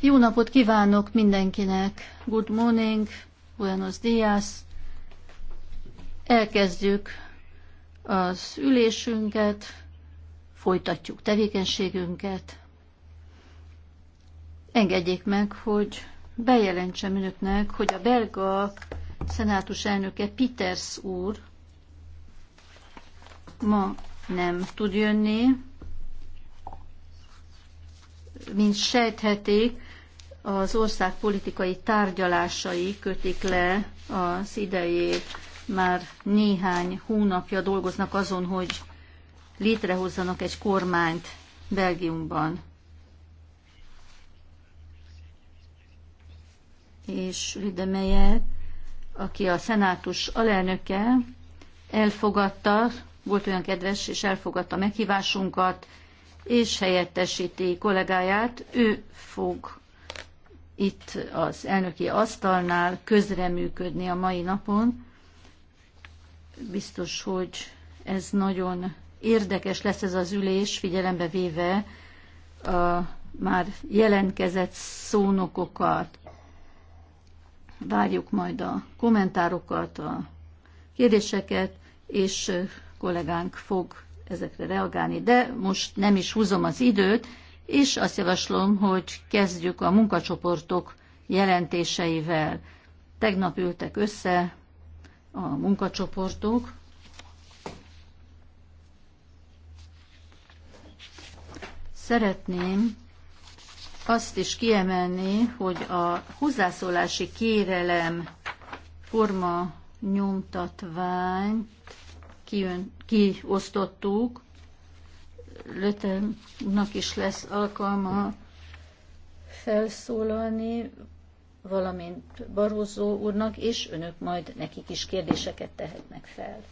Jó napot kívánok mindenkinek! Good morning, buenos dias! Elkezdjük az ülésünket, folytatjuk tevékenységünket. Engedjék meg, hogy bejelentsem önöknek, hogy a belga szenátus elnöke Peters úr ma nem tud jönni, mint sejthetik, az ország politikai tárgyalásai kötik le az idejét. Már néhány hónapja dolgoznak azon, hogy létrehozzanak egy kormányt Belgiumban. És Rüde Meyer, aki a szenátus alelnöke, elfogadta, volt olyan kedves, és elfogadta meghívásunkat, és helyettesíti kollégáját, ő fog itt az elnöki asztalnál közreműködni a mai napon. Biztos, hogy ez nagyon érdekes lesz ez az ülés, figyelembe véve a már jelentkezett szónokokat. Várjuk majd a kommentárokat, a kérdéseket, és kollégánk fog ezekre reagálni. De most nem is húzom az időt, és azt javaslom, hogy kezdjük a munkacsoportok jelentéseivel. Tegnap ültek össze a munkacsoportok, szeretném azt is kiemelni, hogy a hozzászólási kérelem forma nyomtatványt kijön kiosztottuk. Lötemnak is lesz alkalma felszólalni, valamint Barózó úrnak, és önök majd nekik is kérdéseket tehetnek fel.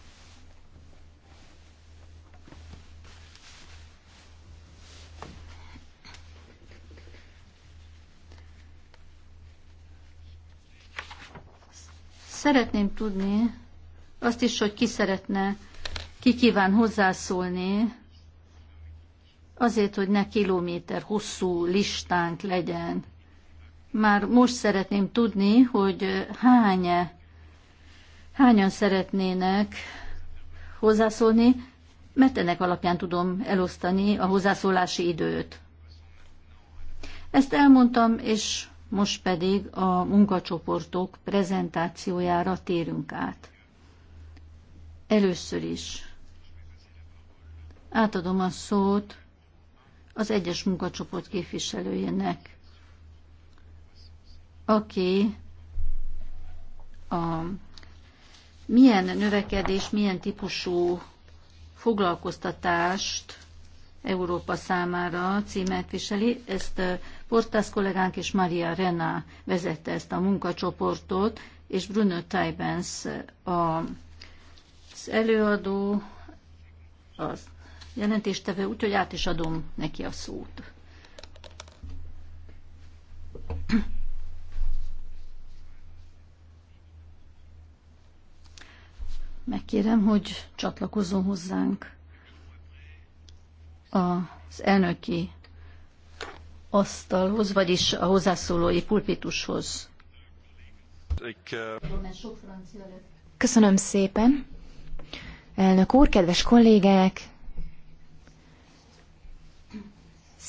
Szeretném tudni azt is, hogy ki szeretne ki kíván hozzászólni, azért, hogy ne kilométer hosszú listánk legyen. Már most szeretném tudni, hogy hány, hányan szeretnének hozzászólni, mert ennek alapján tudom elosztani a hozzászólási időt. Ezt elmondtam, és most pedig a munkacsoportok prezentációjára térünk át. Először is Átadom a szót az egyes munkacsoport képviselőjének, aki a milyen növekedés, milyen típusú foglalkoztatást Európa számára címet viseli. Ezt Portász kollégánk és Maria Rena vezette ezt a munkacsoportot, és Bruno Taibens az előadó, az jelentéstevő, úgyhogy át is adom neki a szót. Megkérem, hogy csatlakozzon hozzánk az elnöki asztalhoz, vagyis a hozzászólói pulpitushoz. Köszönöm szépen. Elnök úr, kedves kollégák,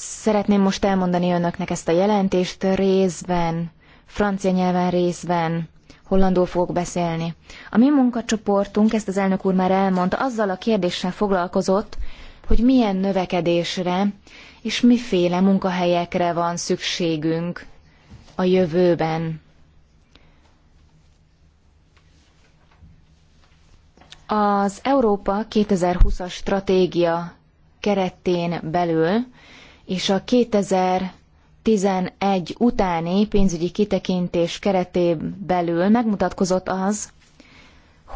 Szeretném most elmondani önöknek ezt a jelentést részben, francia nyelven részben, hollandul fogok beszélni. A mi munkacsoportunk, ezt az elnök úr már elmondta, azzal a kérdéssel foglalkozott, hogy milyen növekedésre és miféle munkahelyekre van szükségünk a jövőben. Az Európa 2020-as stratégia keretén belül és a 2011 utáni pénzügyi kitekintés keretében belül megmutatkozott az,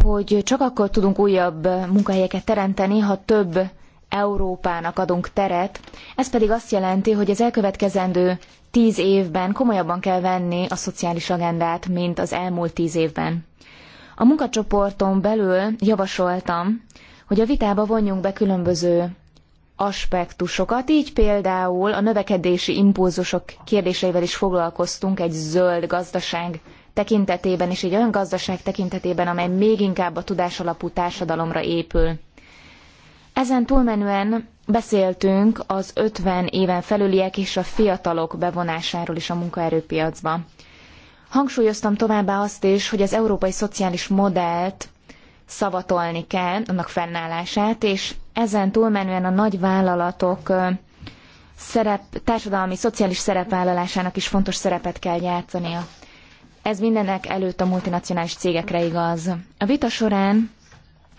hogy csak akkor tudunk újabb munkahelyeket teremteni, ha több Európának adunk teret. Ez pedig azt jelenti, hogy az elkövetkezendő tíz évben komolyabban kell venni a szociális agendát, mint az elmúlt tíz évben. A munkacsoporton belül javasoltam, hogy a vitába vonjunk be különböző aspektusokat, így például a növekedési impulzusok kérdéseivel is foglalkoztunk egy zöld gazdaság tekintetében, és egy olyan gazdaság tekintetében, amely még inkább a tudás alapú társadalomra épül. Ezen túlmenően beszéltünk az 50 éven felüliek és a fiatalok bevonásáról is a munkaerőpiacba. Hangsúlyoztam továbbá azt is, hogy az európai szociális modellt szavatolni kell, annak fennállását, és ezen túlmenően a nagy vállalatok szerep, társadalmi, szociális szerepvállalásának is fontos szerepet kell játszania. Ez mindenek előtt a multinacionális cégekre igaz. A vita során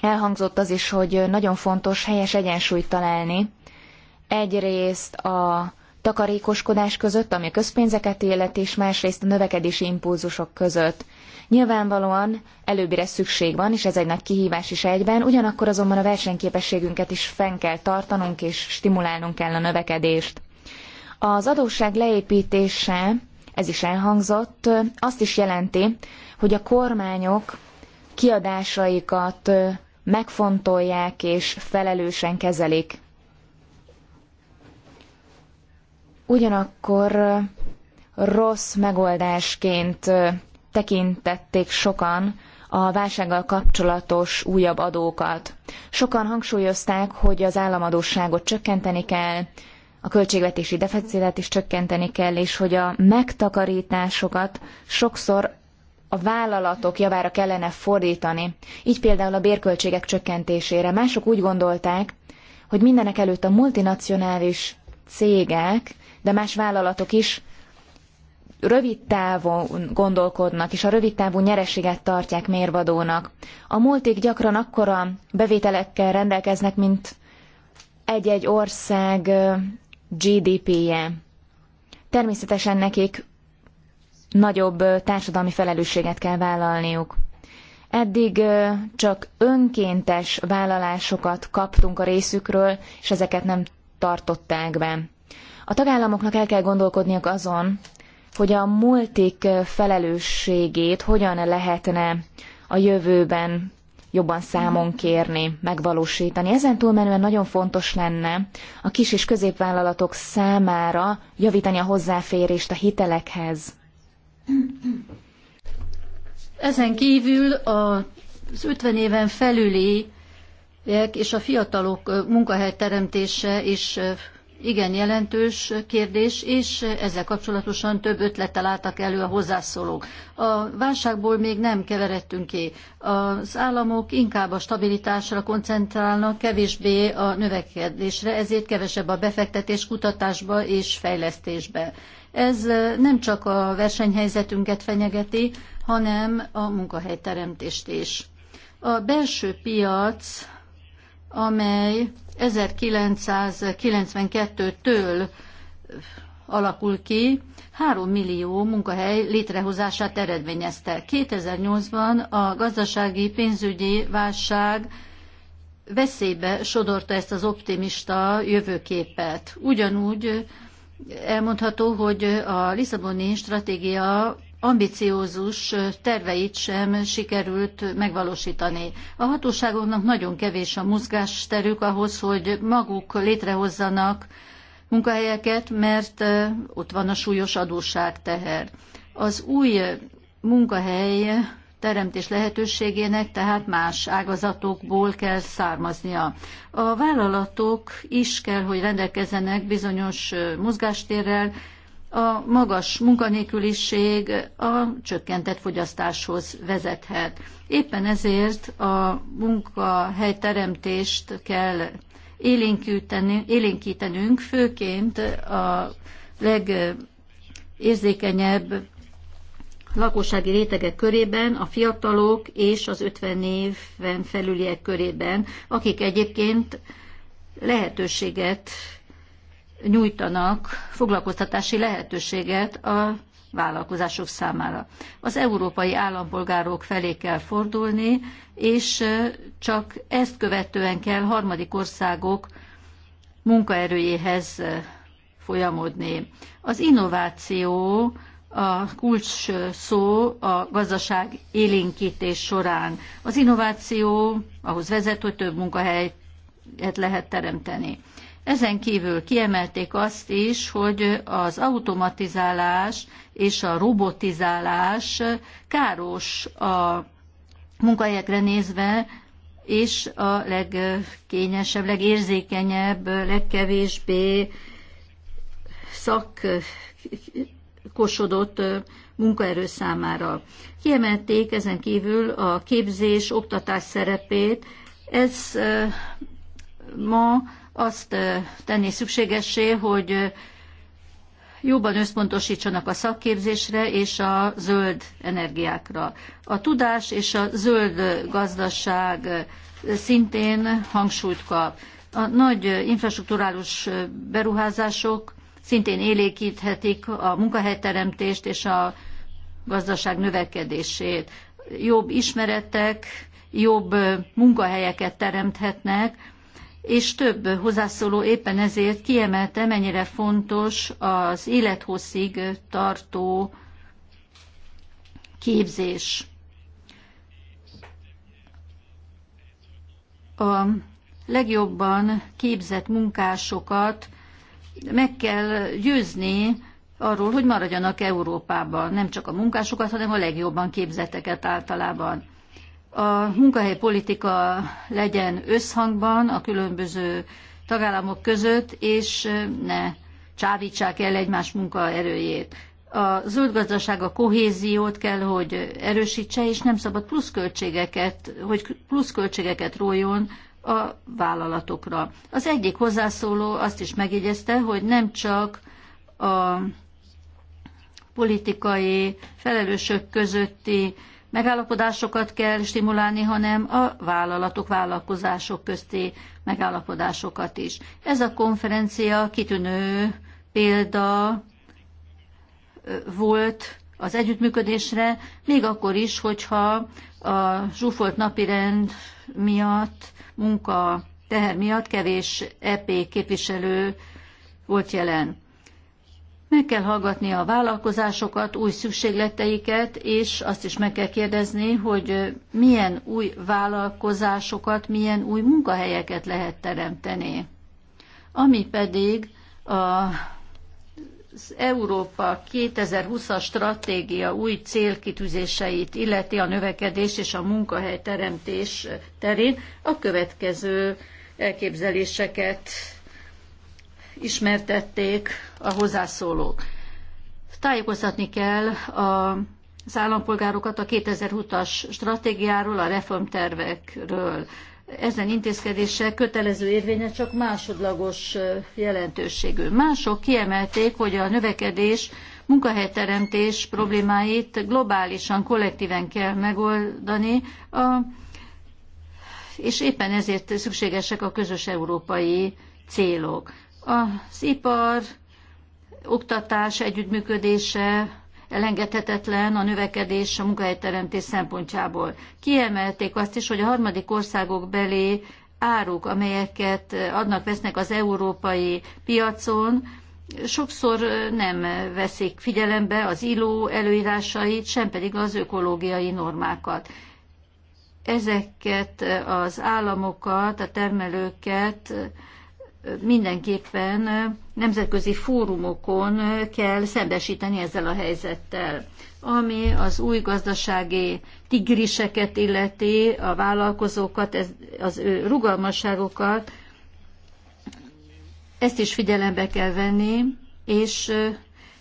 elhangzott az is, hogy nagyon fontos helyes egyensúlyt találni. Egyrészt a takarékoskodás között, ami a közpénzeket illeti, és másrészt a növekedési impulzusok között. Nyilvánvalóan előbbire szükség van, és ez egy nagy kihívás is egyben, ugyanakkor azonban a versenyképességünket is fenn kell tartanunk, és stimulálnunk kell a növekedést. Az adósság leépítése, ez is elhangzott, azt is jelenti, hogy a kormányok kiadásaikat megfontolják és felelősen kezelik. Ugyanakkor rossz megoldásként tekintették sokan a válsággal kapcsolatos újabb adókat. Sokan hangsúlyozták, hogy az államadósságot csökkenteni kell, a költségvetési deficitet is csökkenteni kell, és hogy a megtakarításokat sokszor a vállalatok javára kellene fordítani, így például a bérköltségek csökkentésére. Mások úgy gondolták, hogy mindenek előtt a multinacionális cégek, de más vállalatok is rövid távon gondolkodnak, és a rövid távú nyereséget tartják mérvadónak. A multik gyakran akkora bevételekkel rendelkeznek, mint egy-egy ország GDP-je. Természetesen nekik nagyobb társadalmi felelősséget kell vállalniuk. Eddig csak önkéntes vállalásokat kaptunk a részükről, és ezeket nem tartották be. A tagállamoknak el kell gondolkodniuk azon, hogy a múltik eh, felelősségét hogyan lehetne a jövőben jobban számon kérni, megvalósítani. Ezen túlmenően nagyon fontos lenne a kis és középvállalatok számára javítani a hozzáférést a hitelekhez. Ezen kívül az 50 éven felüliek és a fiatalok eh, munkahelyteremtése is eh, igen jelentős kérdés, és ezzel kapcsolatosan több ötlettel álltak elő a hozzászólók. A válságból még nem keveredtünk ki. Az államok inkább a stabilitásra koncentrálnak, kevésbé a növekedésre, ezért kevesebb a befektetés kutatásba és fejlesztésbe. Ez nem csak a versenyhelyzetünket fenyegeti, hanem a munkahelyteremtést is. A belső piac, amely 1992-től alakul ki, 3 millió munkahely létrehozását eredményezte. 2008-ban a gazdasági pénzügyi válság veszélybe sodorta ezt az optimista jövőképet. Ugyanúgy elmondható, hogy a Lisszaboni stratégia ambiciózus terveit sem sikerült megvalósítani. A hatóságoknak nagyon kevés a mozgásterük ahhoz, hogy maguk létrehozzanak munkahelyeket, mert ott van a súlyos adósság teher. Az új munkahely teremtés lehetőségének tehát más ágazatokból kell származnia. A vállalatok is kell, hogy rendelkezzenek bizonyos mozgástérrel, a magas munkanélküliség a csökkentett fogyasztáshoz vezethet. Éppen ezért a munkahelyteremtést kell élénkítenünk, főként a legérzékenyebb lakossági rétegek körében, a fiatalok és az 50 éven felüliek körében, akik egyébként lehetőséget nyújtanak foglalkoztatási lehetőséget a vállalkozások számára. Az európai állampolgárok felé kell fordulni, és csak ezt követően kell harmadik országok munkaerőjéhez folyamodni. Az innováció a kulcs szó a gazdaság élénkítés során. Az innováció ahhoz vezet, hogy több munkahelyet lehet teremteni. Ezen kívül kiemelték azt is, hogy az automatizálás és a robotizálás káros a munkahelyekre nézve, és a legkényesebb, legérzékenyebb, legkevésbé szakkosodott munkaerő számára. Kiemelték ezen kívül a képzés, oktatás szerepét. Ez eh, ma azt tenni szükségessé, hogy jobban összpontosítsanak a szakképzésre és a zöld energiákra. A tudás és a zöld gazdaság szintén hangsúlyt kap. A nagy infrastruktúrális beruházások szintén élékíthetik a munkahelyteremtést és a gazdaság növekedését. Jobb ismeretek, jobb munkahelyeket teremthetnek, és több hozzászóló éppen ezért kiemelte, mennyire fontos az élethosszig tartó képzés. A legjobban képzett munkásokat meg kell győzni arról, hogy maradjanak Európában, nem csak a munkásokat, hanem a legjobban képzetteket általában a munkahelypolitika legyen összhangban a különböző tagállamok között, és ne csávítsák el egymás munkaerőjét. A zöld gazdaság a kohéziót kell, hogy erősítse, és nem szabad pluszköltségeket, hogy pluszköltségeket rójon a vállalatokra. Az egyik hozzászóló azt is megjegyezte, hogy nem csak a politikai felelősök közötti megállapodásokat kell stimulálni, hanem a vállalatok, vállalkozások közti megállapodásokat is. Ez a konferencia kitűnő példa volt az együttműködésre, még akkor is, hogyha a zsúfolt napirend miatt, munka teher miatt kevés EP képviselő volt jelen. Meg kell hallgatni a vállalkozásokat, új szükségleteiket, és azt is meg kell kérdezni, hogy milyen új vállalkozásokat, milyen új munkahelyeket lehet teremteni. Ami pedig a az Európa 2020-as stratégia új célkitűzéseit illeti a növekedés és a munkahelyteremtés terén a következő elképzeléseket ismertették a hozzászólók. Tájékoztatni kell a az állampolgárokat a 2020-as stratégiáról, a reformtervekről. Ezen intézkedések kötelező érvénye csak másodlagos jelentőségű. Mások kiemelték, hogy a növekedés munkahelyteremtés problémáit globálisan, kollektíven kell megoldani, a, és éppen ezért szükségesek a közös európai célok. Az ipar oktatás együttműködése elengedhetetlen a növekedés a munkahelyteremtés szempontjából. Kiemelték azt is, hogy a harmadik országok belé áruk, amelyeket adnak, vesznek az európai piacon, sokszor nem veszik figyelembe az illó előírásait, sem pedig az ökológiai normákat. Ezeket az államokat, a termelőket mindenképpen nemzetközi fórumokon kell szembesíteni ezzel a helyzettel. Ami az új gazdasági tigriseket illeti, a vállalkozókat, ez, az ő rugalmasságokat, ezt is figyelembe kell venni, és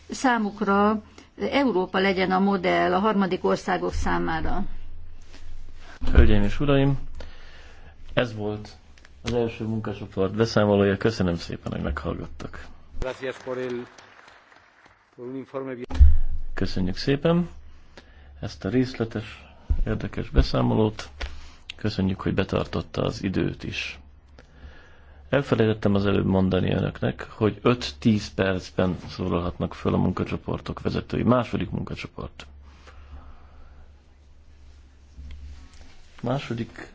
számukra Európa legyen a modell a harmadik országok számára. Hölgyeim és uraim, ez volt az első munkacsoport beszámolója. Köszönöm szépen, hogy meghallgattak. Köszönjük szépen ezt a részletes, érdekes beszámolót. Köszönjük, hogy betartotta az időt is. Elfelejtettem az előbb mondani önöknek, hogy 5-10 percben szólalhatnak föl a munkacsoportok vezetői. Második munkacsoport. Második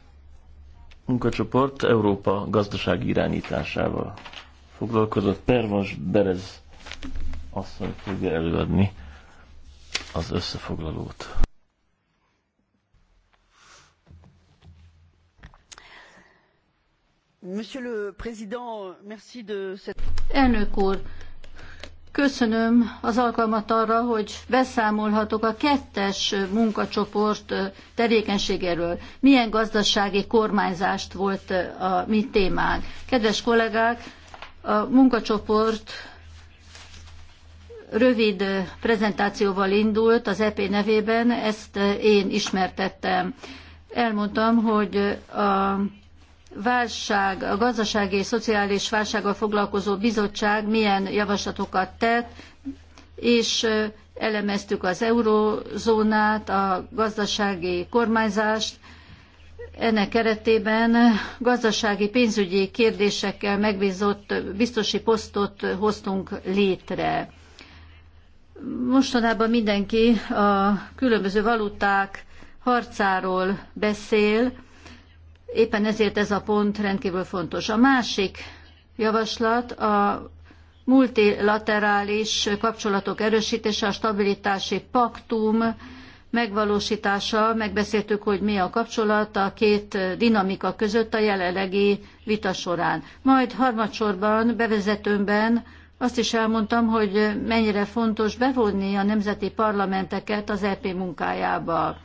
munkacsoport Európa gazdasági irányításával foglalkozott. Pervas Berez asszony fogja előadni az összefoglalót. Monsieur le Président, merci de cette... Elnök úr, Köszönöm az alkalmat arra, hogy beszámolhatok a kettes munkacsoport tevékenységéről. Milyen gazdasági kormányzást volt a mi témánk. Kedves kollégák, a munkacsoport rövid prezentációval indult az EP nevében, ezt én ismertettem. Elmondtam, hogy a válság, a gazdasági és szociális válsággal foglalkozó bizottság milyen javaslatokat tett, és elemeztük az eurózónát, a gazdasági kormányzást, ennek keretében gazdasági pénzügyi kérdésekkel megbízott biztosi posztot hoztunk létre. Mostanában mindenki a különböző valuták harcáról beszél, Éppen ezért ez a pont rendkívül fontos. A másik javaslat a multilaterális kapcsolatok erősítése, a stabilitási paktum megvalósítása. Megbeszéltük, hogy mi a kapcsolat a két dinamika között a jelenlegi vita során. Majd harmadsorban, bevezetőmben azt is elmondtam, hogy mennyire fontos bevonni a nemzeti parlamenteket az EP munkájába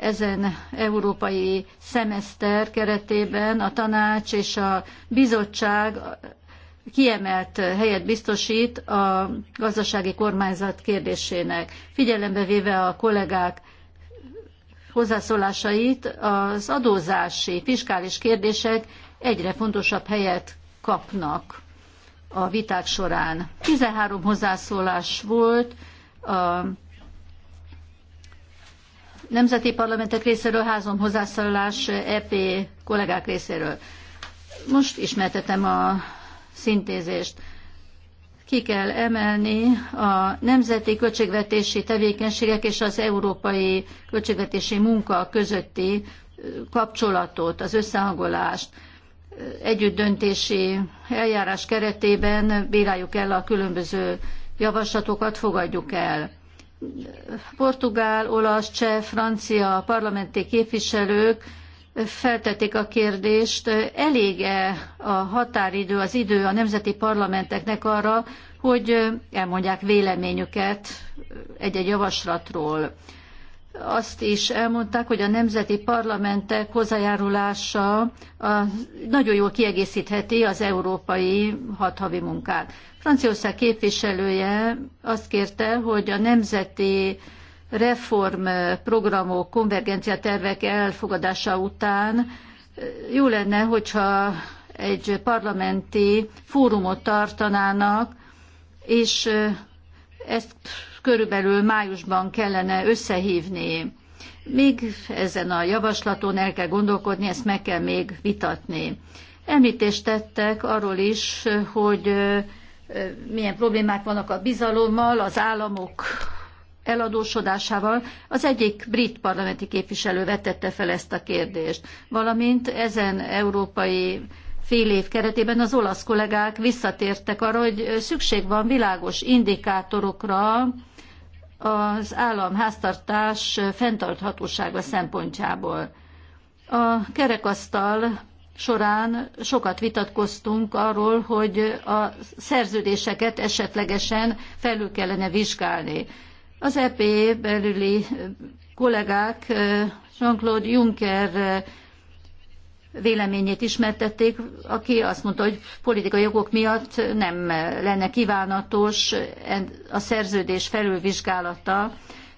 ezen európai szemeszter keretében a tanács és a bizottság kiemelt helyet biztosít a gazdasági kormányzat kérdésének. Figyelembe véve a kollégák hozzászólásait, az adózási, fiskális kérdések egyre fontosabb helyet kapnak a viták során. 13 hozzászólás volt a nemzeti parlamentek részéről, házom hozzászólás EP kollégák részéről. Most ismertetem a szintézést. Ki kell emelni a nemzeti költségvetési tevékenységek és az európai költségvetési munka közötti kapcsolatot, az összehangolást együttdöntési eljárás keretében bíráljuk el a különböző javaslatokat, fogadjuk el portugál, olasz, cseh, francia parlamenti képviselők feltették a kérdést, elég-e a határidő, az idő a nemzeti parlamenteknek arra, hogy elmondják véleményüket egy-egy javaslatról. Azt is elmondták, hogy a nemzeti parlamentek hozzájárulása nagyon jól kiegészítheti az európai hathavi munkát. Franciaország képviselője azt kérte, hogy a nemzeti reformprogramok, konvergencia tervek elfogadása után jó lenne, hogyha egy parlamenti fórumot tartanának, és ezt körülbelül májusban kellene összehívni. Még ezen a javaslaton el kell gondolkodni, ezt meg kell még vitatni. Említést tettek arról is, hogy milyen problémák vannak a bizalommal, az államok eladósodásával. Az egyik brit parlamenti képviselő vetette fel ezt a kérdést, valamint ezen európai fél év keretében az olasz kollégák visszatértek arra, hogy szükség van világos indikátorokra az államháztartás fenntarthatósága szempontjából. A kerekasztal során sokat vitatkoztunk arról, hogy a szerződéseket esetlegesen felül kellene vizsgálni. Az EP belüli kollégák Jean-Claude Juncker véleményét ismertették, aki azt mondta, hogy politikai jogok miatt nem lenne kívánatos a szerződés felülvizsgálata,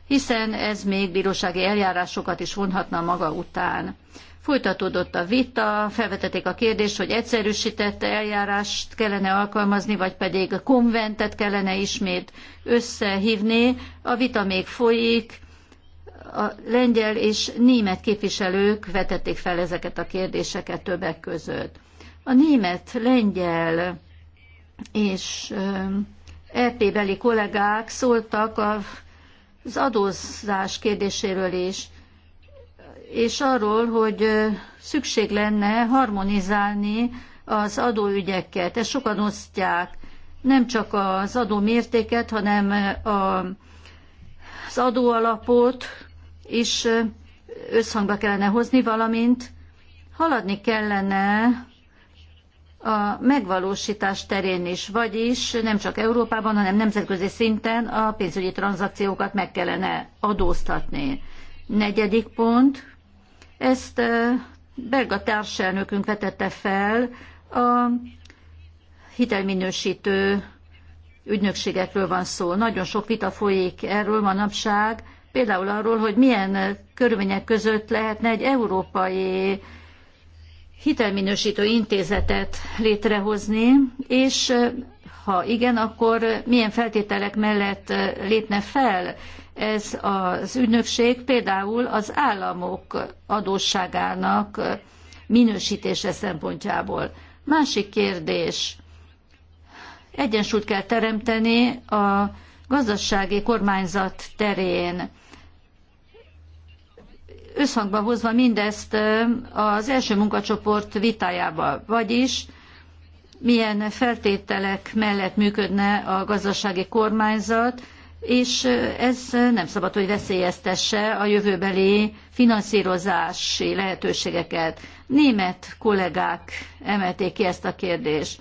hiszen ez még bírósági eljárásokat is vonhatna maga után. Folytatódott a vita, felvetették a kérdést, hogy egyszerűsített eljárást kellene alkalmazni, vagy pedig a konventet kellene ismét összehívni. A vita még folyik, a lengyel és német képviselők vetették fel ezeket a kérdéseket többek között. A német, lengyel és EP-beli kollégák szóltak az adózás kérdéséről is és arról, hogy szükség lenne harmonizálni az adóügyeket. Ezt sokan osztják, nem csak az adó mértéket, hanem a, az adóalapot is összhangba kellene hozni, valamint haladni kellene a megvalósítás terén is, vagyis nem csak Európában, hanem nemzetközi szinten a pénzügyi tranzakciókat meg kellene adóztatni. Negyedik pont, ezt belga társelnökünk vetette fel a hitelminősítő ügynökségekről van szó. Nagyon sok vita folyik erről manapság, például arról, hogy milyen körülmények között lehetne egy európai hitelminősítő intézetet létrehozni, és ha igen, akkor milyen feltételek mellett lépne fel ez az ügynökség például az államok adósságának minősítése szempontjából. Másik kérdés. Egyensúlyt kell teremteni a gazdasági kormányzat terén. Összhangba hozva mindezt az első munkacsoport vitájába, vagyis milyen feltételek mellett működne a gazdasági kormányzat, és ez nem szabad, hogy veszélyeztesse a jövőbeli finanszírozási lehetőségeket. Német kollégák emelték ki ezt a kérdést.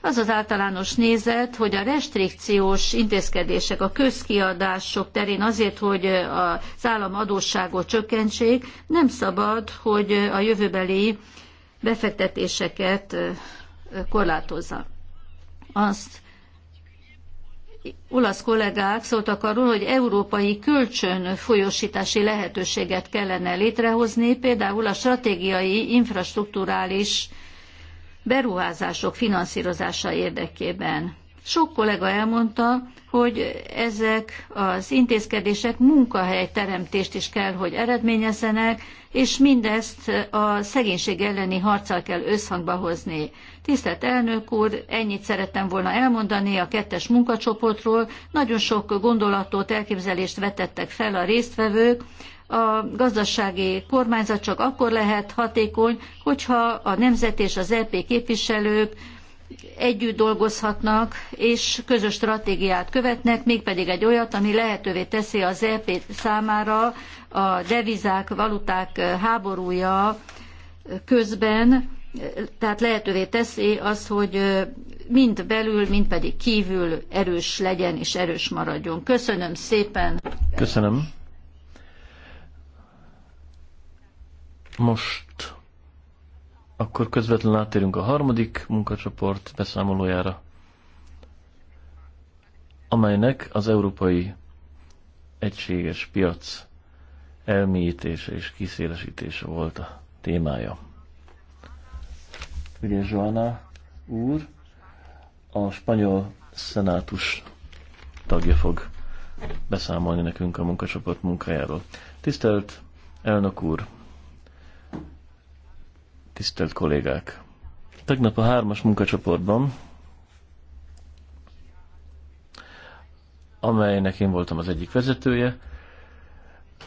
Az az általános nézet, hogy a restrikciós intézkedések a közkiadások terén azért, hogy az állam adósságot csökkentsék, nem szabad, hogy a jövőbeli befektetéseket korlátozza. Azt olasz kollégák szóltak arról, hogy európai kölcsön folyósítási lehetőséget kellene létrehozni, például a stratégiai infrastrukturális beruházások finanszírozása érdekében. Sok kollega elmondta, hogy ezek az intézkedések munkahelyteremtést is kell, hogy eredményezzenek, és mindezt a szegénység elleni harccal kell összhangba hozni. Tisztelt elnök úr, ennyit szerettem volna elmondani a kettes munkacsoportról. Nagyon sok gondolatot, elképzelést vetettek fel a résztvevők. A gazdasági kormányzat csak akkor lehet hatékony, hogyha a nemzet és az EP képviselők együtt dolgozhatnak, és közös stratégiát követnek, mégpedig egy olyat, ami lehetővé teszi az EP számára a devizák, valuták háborúja közben, tehát lehetővé teszi az, hogy mind belül, mind pedig kívül erős legyen és erős maradjon. Köszönöm szépen! Köszönöm! Most akkor közvetlenül áttérünk a harmadik munkacsoport beszámolójára, amelynek az európai egységes piac elmélyítése és kiszélesítése volt a témája ugye Joana úr, a spanyol szenátus tagja fog beszámolni nekünk a munkacsoport munkájáról. Tisztelt elnök úr, tisztelt kollégák! Tegnap a hármas munkacsoportban, amelynek én voltam az egyik vezetője,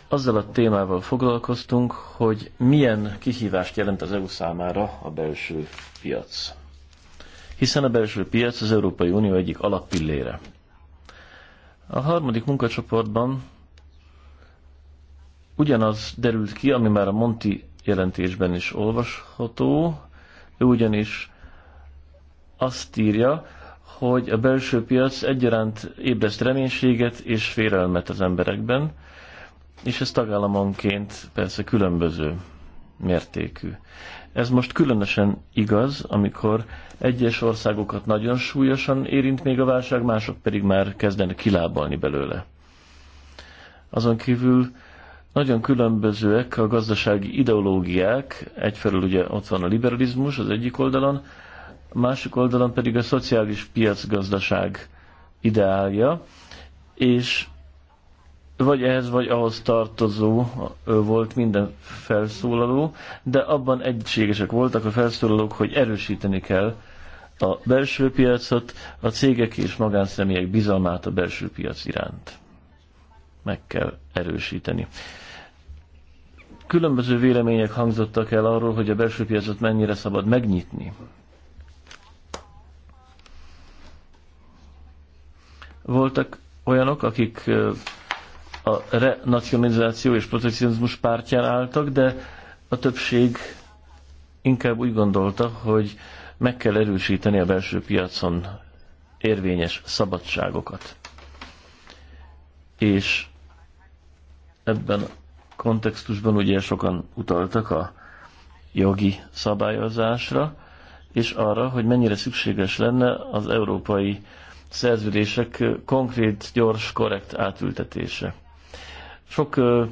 azzal a témával foglalkoztunk, hogy milyen kihívást jelent az EU számára a belső piac. Hiszen a belső piac az Európai Unió egyik alappillére. A harmadik munkacsoportban ugyanaz derült ki, ami már a Monti jelentésben is olvasható, ő ugyanis azt írja, hogy a belső piac egyaránt ébreszt reménységet és félelmet az emberekben, és ez tagállamonként persze különböző mértékű. Ez most különösen igaz, amikor egyes országokat nagyon súlyosan érint még a válság, mások pedig már kezdenek kilábalni belőle. Azon kívül nagyon különbözőek a gazdasági ideológiák, egyfelől ugye ott van a liberalizmus az egyik oldalon, a másik oldalon pedig a szociális piacgazdaság ideálja, és vagy ehhez, vagy ahhoz tartozó volt minden felszólaló, de abban egységesek voltak a felszólalók, hogy erősíteni kell a belső piacot, a cégek és magánszemélyek bizalmát a belső piac iránt. Meg kell erősíteni. Különböző vélemények hangzottak el arról, hogy a belső piacot mennyire szabad megnyitni. Voltak olyanok, akik a renacionalizáció és protekcionizmus pártján álltak, de a többség inkább úgy gondolta, hogy meg kell erősíteni a belső piacon érvényes szabadságokat. És ebben a kontextusban ugye sokan utaltak a jogi szabályozásra, és arra, hogy mennyire szükséges lenne az európai szerződések konkrét, gyors, korrekt átültetése. Sok ö,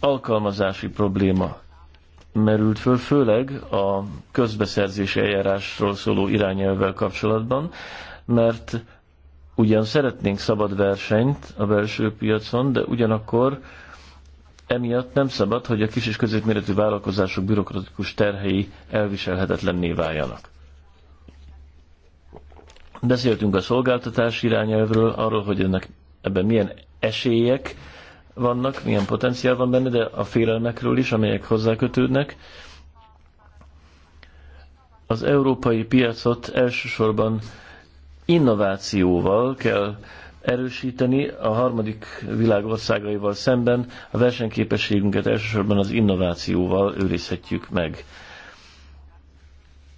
alkalmazási probléma merült föl, főleg a közbeszerzési eljárásról szóló irányelvvel kapcsolatban, mert ugyan szeretnénk szabad versenyt a belső piacon, de ugyanakkor emiatt nem szabad, hogy a kis és középméretű vállalkozások bürokratikus terhei elviselhetetlenné váljanak. Beszéltünk a szolgáltatás irányelvről, arról, hogy ennek ebben milyen esélyek, vannak, milyen potenciál van benne, de a félelmekről is, amelyek hozzákötődnek. Az európai piacot elsősorban innovációval kell erősíteni a harmadik világ országaival szemben. A versenyképességünket elsősorban az innovációval őrizhetjük meg.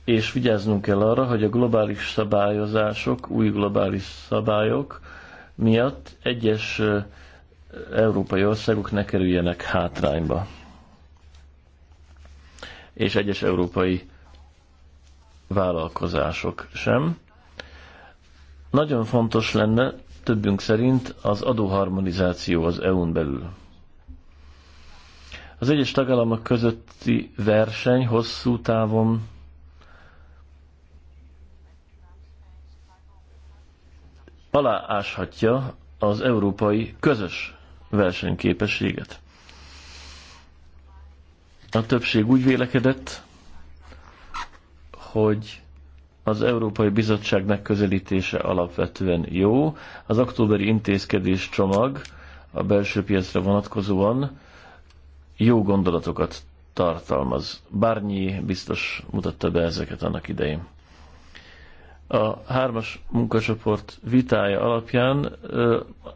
És vigyáznunk kell arra, hogy a globális szabályozások, új globális szabályok miatt egyes európai országok ne kerüljenek hátrányba. És egyes európai vállalkozások sem. Nagyon fontos lenne többünk szerint az adóharmonizáció az EU-n belül. Az egyes tagállamok közötti verseny hosszú távon alááshatja az európai közös versenyképességet. A többség úgy vélekedett, hogy az Európai Bizottság megközelítése alapvetően jó. Az októberi intézkedés csomag a belső piacra vonatkozóan jó gondolatokat tartalmaz. Bárnyi biztos mutatta be ezeket annak idején a hármas munkacsoport vitája alapján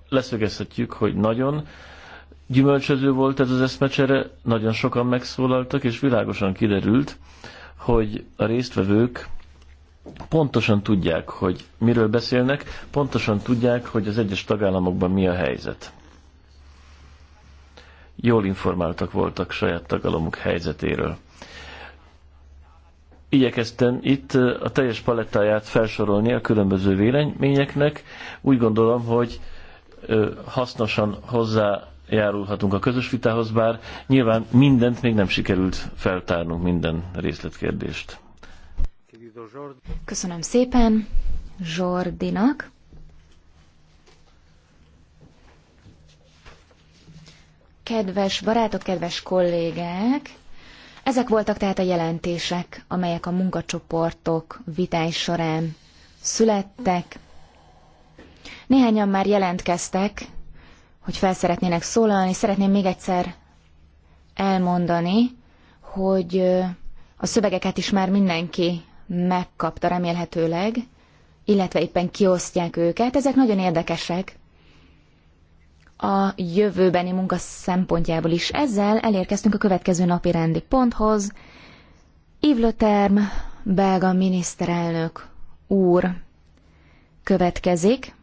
leszögezhetjük, hogy nagyon gyümölcsöző volt ez az eszmecsere, nagyon sokan megszólaltak, és világosan kiderült, hogy a résztvevők pontosan tudják, hogy miről beszélnek, pontosan tudják, hogy az egyes tagállamokban mi a helyzet. Jól informáltak voltak saját tagalomuk helyzetéről igyekeztem itt a teljes palettáját felsorolni a különböző véleményeknek. Úgy gondolom, hogy hasznosan hozzájárulhatunk a közös vitához, bár nyilván mindent még nem sikerült feltárnunk, minden részletkérdést. Köszönöm szépen Zsordinak. Kedves barátok, kedves kollégák, ezek voltak tehát a jelentések, amelyek a munkacsoportok vitái során születtek. Néhányan már jelentkeztek, hogy felszeretnének szólalni. Szeretném még egyszer elmondani, hogy a szövegeket is már mindenki megkapta remélhetőleg, illetve éppen kiosztják őket. Ezek nagyon érdekesek, a jövőbeni munka szempontjából is. Ezzel elérkeztünk a következő napi rendi ponthoz. Yves Le belga miniszterelnök úr következik,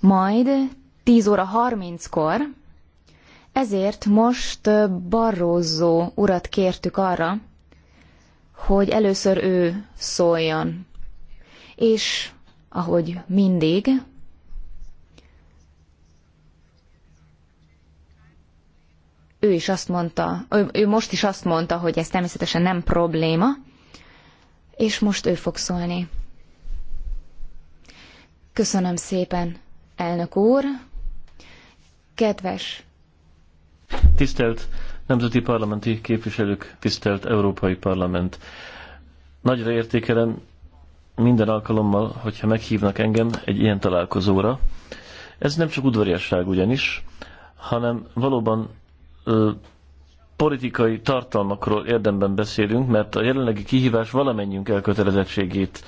majd 10 óra 30-kor, ezért most Barrózó urat kértük arra, hogy először ő szóljon. És ahogy mindig, ő is azt mondta, ő, ő most is azt mondta, hogy ez természetesen nem probléma, és most ő fog szólni. Köszönöm szépen, elnök úr. Kedves! Tisztelt nemzeti parlamenti képviselők, tisztelt Európai Parlament! Nagyra értékelem minden alkalommal, hogyha meghívnak engem egy ilyen találkozóra. Ez nem csak udvariasság ugyanis, hanem valóban politikai tartalmakról érdemben beszélünk, mert a jelenlegi kihívás valamennyünk elkötelezettségét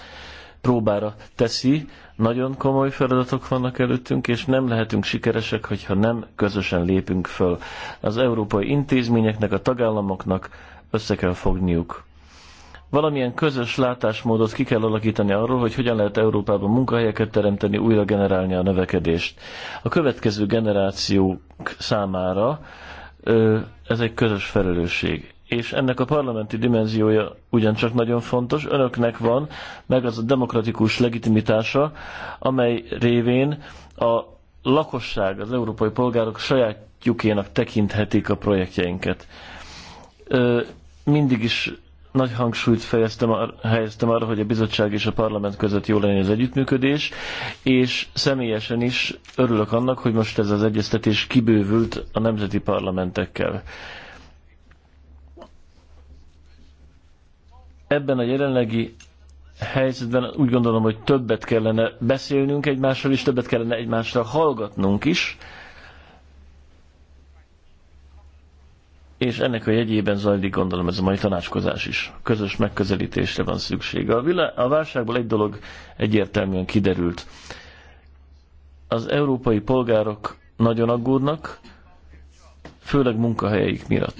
próbára teszi. Nagyon komoly feladatok vannak előttünk, és nem lehetünk sikeresek, hogyha nem közösen lépünk föl. Az európai intézményeknek, a tagállamoknak össze kell fogniuk. Valamilyen közös látásmódot ki kell alakítani arról, hogy hogyan lehet Európában munkahelyeket teremteni, újra generálni a növekedést. A következő generációk számára ez egy közös felelősség. És ennek a parlamenti dimenziója ugyancsak nagyon fontos. Önöknek van meg az a demokratikus legitimitása, amely révén a lakosság, az európai polgárok sajátjukénak tekinthetik a projektjeinket. Mindig is nagy hangsúlyt fejeztem ar- helyeztem arra, hogy a bizottság és a parlament között jó legyen az együttműködés, és személyesen is örülök annak, hogy most ez az egyeztetés kibővült a nemzeti parlamentekkel. Ebben a jelenlegi helyzetben úgy gondolom, hogy többet kellene beszélnünk egymással, és többet kellene egymásra hallgatnunk is, és ennek a jegyében zajlik gondolom ez a mai tanácskozás is. Közös megközelítésre van szüksége. A, vilá- a válságból egy dolog egyértelműen kiderült. Az európai polgárok nagyon aggódnak, főleg munkahelyeik miatt.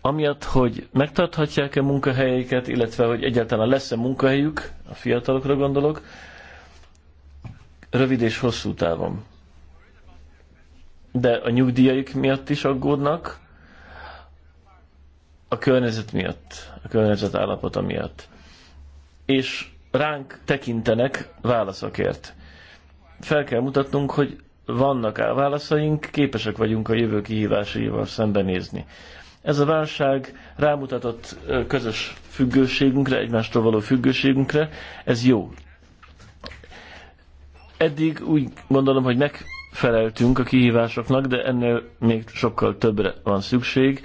Amiatt, hogy megtarthatják-e munkahelyeiket, illetve hogy egyáltalán lesz-e munkahelyük, a fiatalokra gondolok, rövid és hosszú távon de a nyugdíjaik miatt is aggódnak, a környezet miatt, a környezet állapota miatt. És ránk tekintenek válaszokért. Fel kell mutatnunk, hogy vannak -e válaszaink, képesek vagyunk a jövő kihívásaival szembenézni. Ez a válság rámutatott közös függőségünkre, egymástól való függőségünkre, ez jó. Eddig úgy gondolom, hogy meg feleltünk a kihívásoknak, de ennél még sokkal többre van szükség.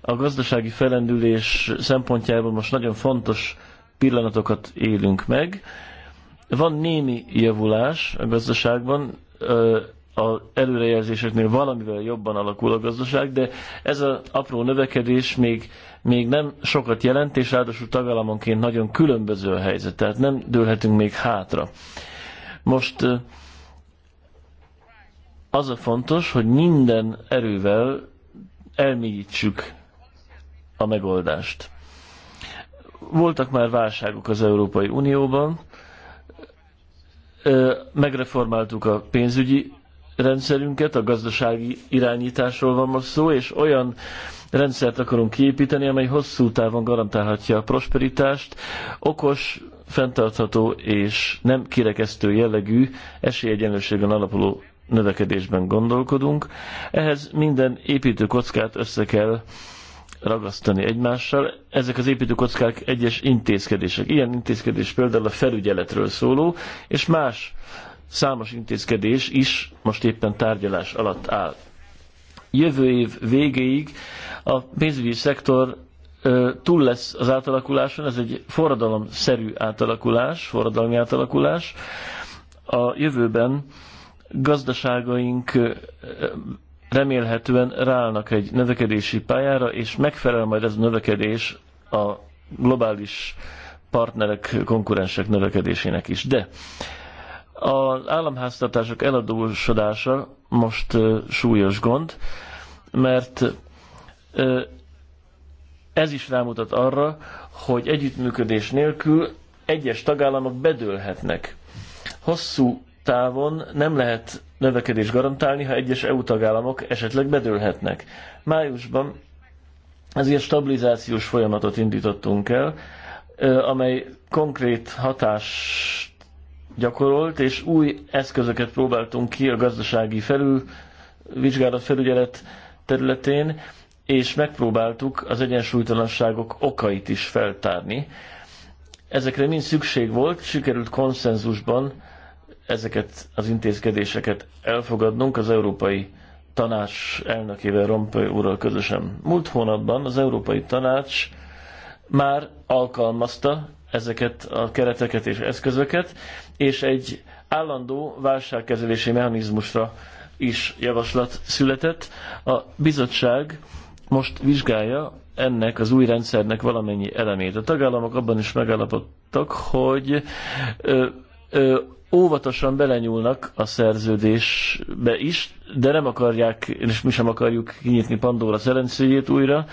A gazdasági felendülés szempontjából most nagyon fontos pillanatokat élünk meg. Van némi javulás a gazdaságban, a előrejelzéseknél valamivel jobban alakul a gazdaság, de ez az apró növekedés még, még nem sokat jelent, és ráadásul tagállamonként nagyon különböző a helyzet, tehát nem dőlhetünk még hátra. Most az a fontos, hogy minden erővel elmélyítsük a megoldást. Voltak már válságok az Európai Unióban, megreformáltuk a pénzügyi rendszerünket, a gazdasági irányításról van most szó, és olyan rendszert akarunk kiépíteni, amely hosszú távon garantálhatja a prosperitást, okos, fenntartható és nem kirekesztő jellegű esélyegyenlőségen alapuló növekedésben gondolkodunk. Ehhez minden építőkockát össze kell ragasztani egymással. Ezek az építőkockák egyes intézkedések. Ilyen intézkedés például a felügyeletről szóló, és más számos intézkedés is most éppen tárgyalás alatt áll. Jövő év végéig a pénzügyi szektor túl lesz az átalakuláson, ez egy forradalomszerű átalakulás, forradalmi átalakulás. A jövőben gazdaságaink remélhetően ráállnak egy növekedési pályára, és megfelel majd ez a növekedés a globális partnerek, konkurensek növekedésének is. De az államháztartások eladósodása most súlyos gond, mert ez is rámutat arra, hogy együttműködés nélkül egyes tagállamok bedőlhetnek. Hosszú távon nem lehet növekedés garantálni, ha egyes EU tagállamok esetleg bedőlhetnek. Májusban ezért stabilizációs folyamatot indítottunk el, amely konkrét hatást gyakorolt, és új eszközöket próbáltunk ki a gazdasági felül, vizsgálat felügyelet területén, és megpróbáltuk az egyensúlytalanságok okait is feltárni. Ezekre mind szükség volt, sikerült konszenzusban ezeket az intézkedéseket elfogadnunk az Európai Tanács elnökével, Rompuy úrral közösen. Múlt hónapban az Európai Tanács már alkalmazta ezeket a kereteket és eszközöket, és egy állandó válságkezelési mechanizmusra is javaslat született. A bizottság most vizsgálja ennek az új rendszernek valamennyi elemét. A tagállamok abban is megállapodtak, hogy ö, ö, óvatosan belenyúlnak a szerződésbe is, de nem akarják, és mi sem akarjuk kinyitni Pandora szerencséjét újra,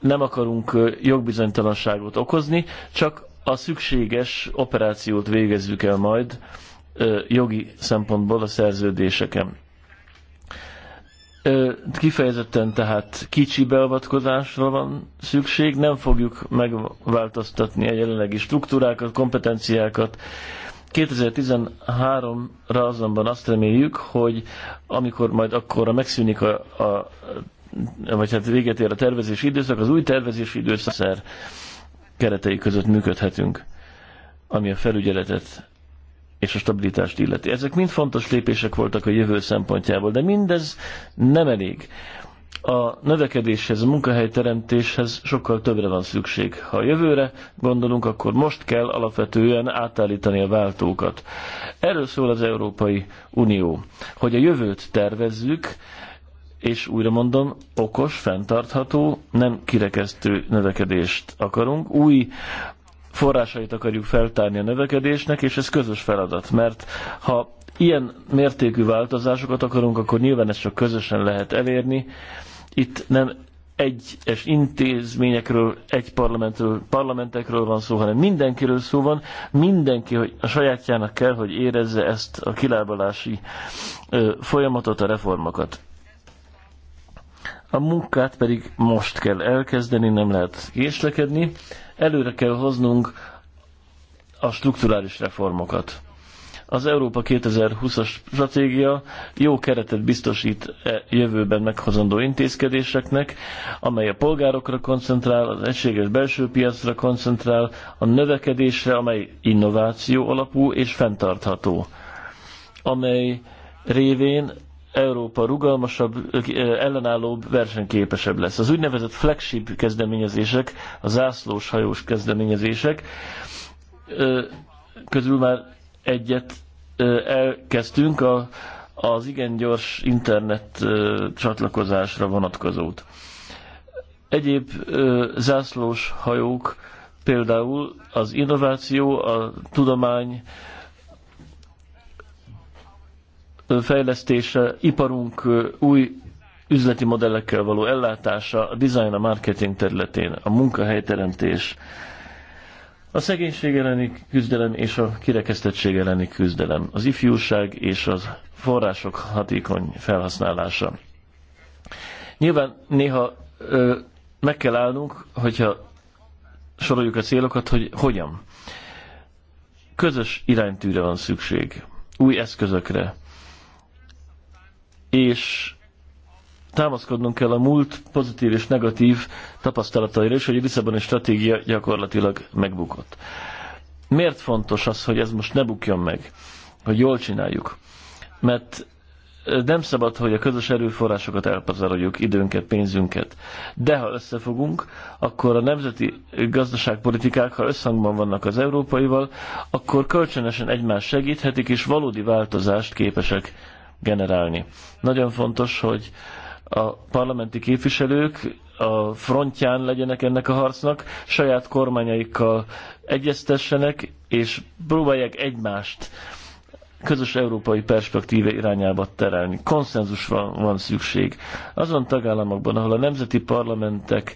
nem akarunk jogbizonytalanságot okozni, csak a szükséges operációt végezzük el majd jogi szempontból a szerződéseken. Kifejezetten tehát kicsi beavatkozásra van szükség, nem fogjuk megváltoztatni a jelenlegi struktúrákat, kompetenciákat, 2013-ra azonban azt reméljük, hogy amikor majd akkorra megszűnik a, a vagy hát véget ér a tervezési időszak, az új tervezési időszak keretei között működhetünk, ami a felügyeletet és a stabilitást illeti. Ezek mind fontos lépések voltak a jövő szempontjából, de mindez nem elég a növekedéshez, a munkahelyteremtéshez sokkal többre van szükség. Ha a jövőre gondolunk, akkor most kell alapvetően átállítani a váltókat. Erről szól az Európai Unió, hogy a jövőt tervezzük, és újra mondom, okos, fenntartható, nem kirekesztő növekedést akarunk. Új forrásait akarjuk feltárni a növekedésnek, és ez közös feladat, mert ha ilyen mértékű változásokat akarunk, akkor nyilván ezt csak közösen lehet elérni, itt nem egyes intézményekről, egy parlamentről, parlamentekről van szó, hanem mindenkiről szó van. Mindenki hogy a sajátjának kell, hogy érezze ezt a kilábalási ö, folyamatot, a reformokat. A munkát pedig most kell elkezdeni, nem lehet késlekedni. Előre kell hoznunk a strukturális reformokat. Az Európa 2020-as stratégia jó keretet biztosít e jövőben meghozandó intézkedéseknek, amely a polgárokra koncentrál, az egységes belső piacra koncentrál, a növekedésre, amely innováció alapú és fenntartható, amely révén Európa rugalmasabb, ellenállóbb, versenyképesebb lesz. Az úgynevezett flagship kezdeményezések, a zászlós hajós kezdeményezések közül már egyet elkezdtünk a, az igen gyors internet csatlakozásra vonatkozót. Egyéb zászlós hajók például az innováció, a tudomány fejlesztése, iparunk új üzleti modellekkel való ellátása, a design, a marketing területén, a munkahelyteremtés, teremtés a szegénység elleni küzdelem és a kirekesztettség elleni küzdelem, az ifjúság és az források hatékony felhasználása. Nyilván néha ö, meg kell állnunk, hogyha soroljuk a célokat, hogy hogyan. Közös iránytűre van szükség, új eszközökre, és támaszkodnunk kell a múlt pozitív és negatív tapasztalataira is, hogy a Lisszaboni stratégia gyakorlatilag megbukott. Miért fontos az, hogy ez most ne bukjon meg? Hogy jól csináljuk? Mert nem szabad, hogy a közös erőforrásokat elpazaroljuk, időnket, pénzünket. De ha összefogunk, akkor a nemzeti gazdaságpolitikák, ha összhangban vannak az európaival, akkor kölcsönösen egymást segíthetik, és valódi változást képesek generálni. Nagyon fontos, hogy a parlamenti képviselők a frontján legyenek ennek a harcnak, saját kormányaikkal egyeztessenek, és próbálják egymást közös európai perspektíve irányába terelni. Konszenzusra van szükség. Azon tagállamokban, ahol a nemzeti parlamentek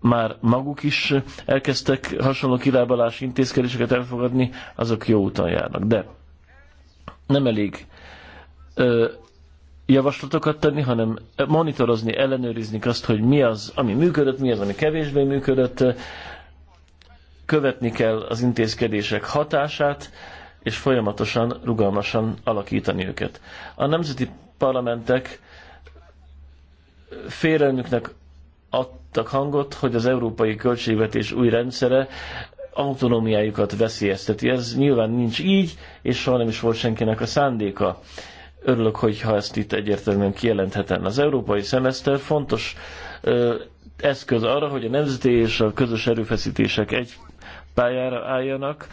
már maguk is elkezdtek hasonló kilábalási intézkedéseket elfogadni, azok jó úton járnak. De nem elég javaslatokat tenni, hanem monitorozni, ellenőrizni azt, hogy mi az, ami működött, mi az, ami kevésbé működött, követni kell az intézkedések hatását, és folyamatosan, rugalmasan alakítani őket. A nemzeti parlamentek félelmüknek adtak hangot, hogy az európai költségvetés új rendszere autonómiájukat veszélyezteti. Ez nyilván nincs így, és soha nem is volt senkinek a szándéka Örülök, hogyha ezt itt egyértelműen kijelenthetem. Az európai szemeszter fontos ö, eszköz arra, hogy a nemzeti és a közös erőfeszítések egy pályára álljanak.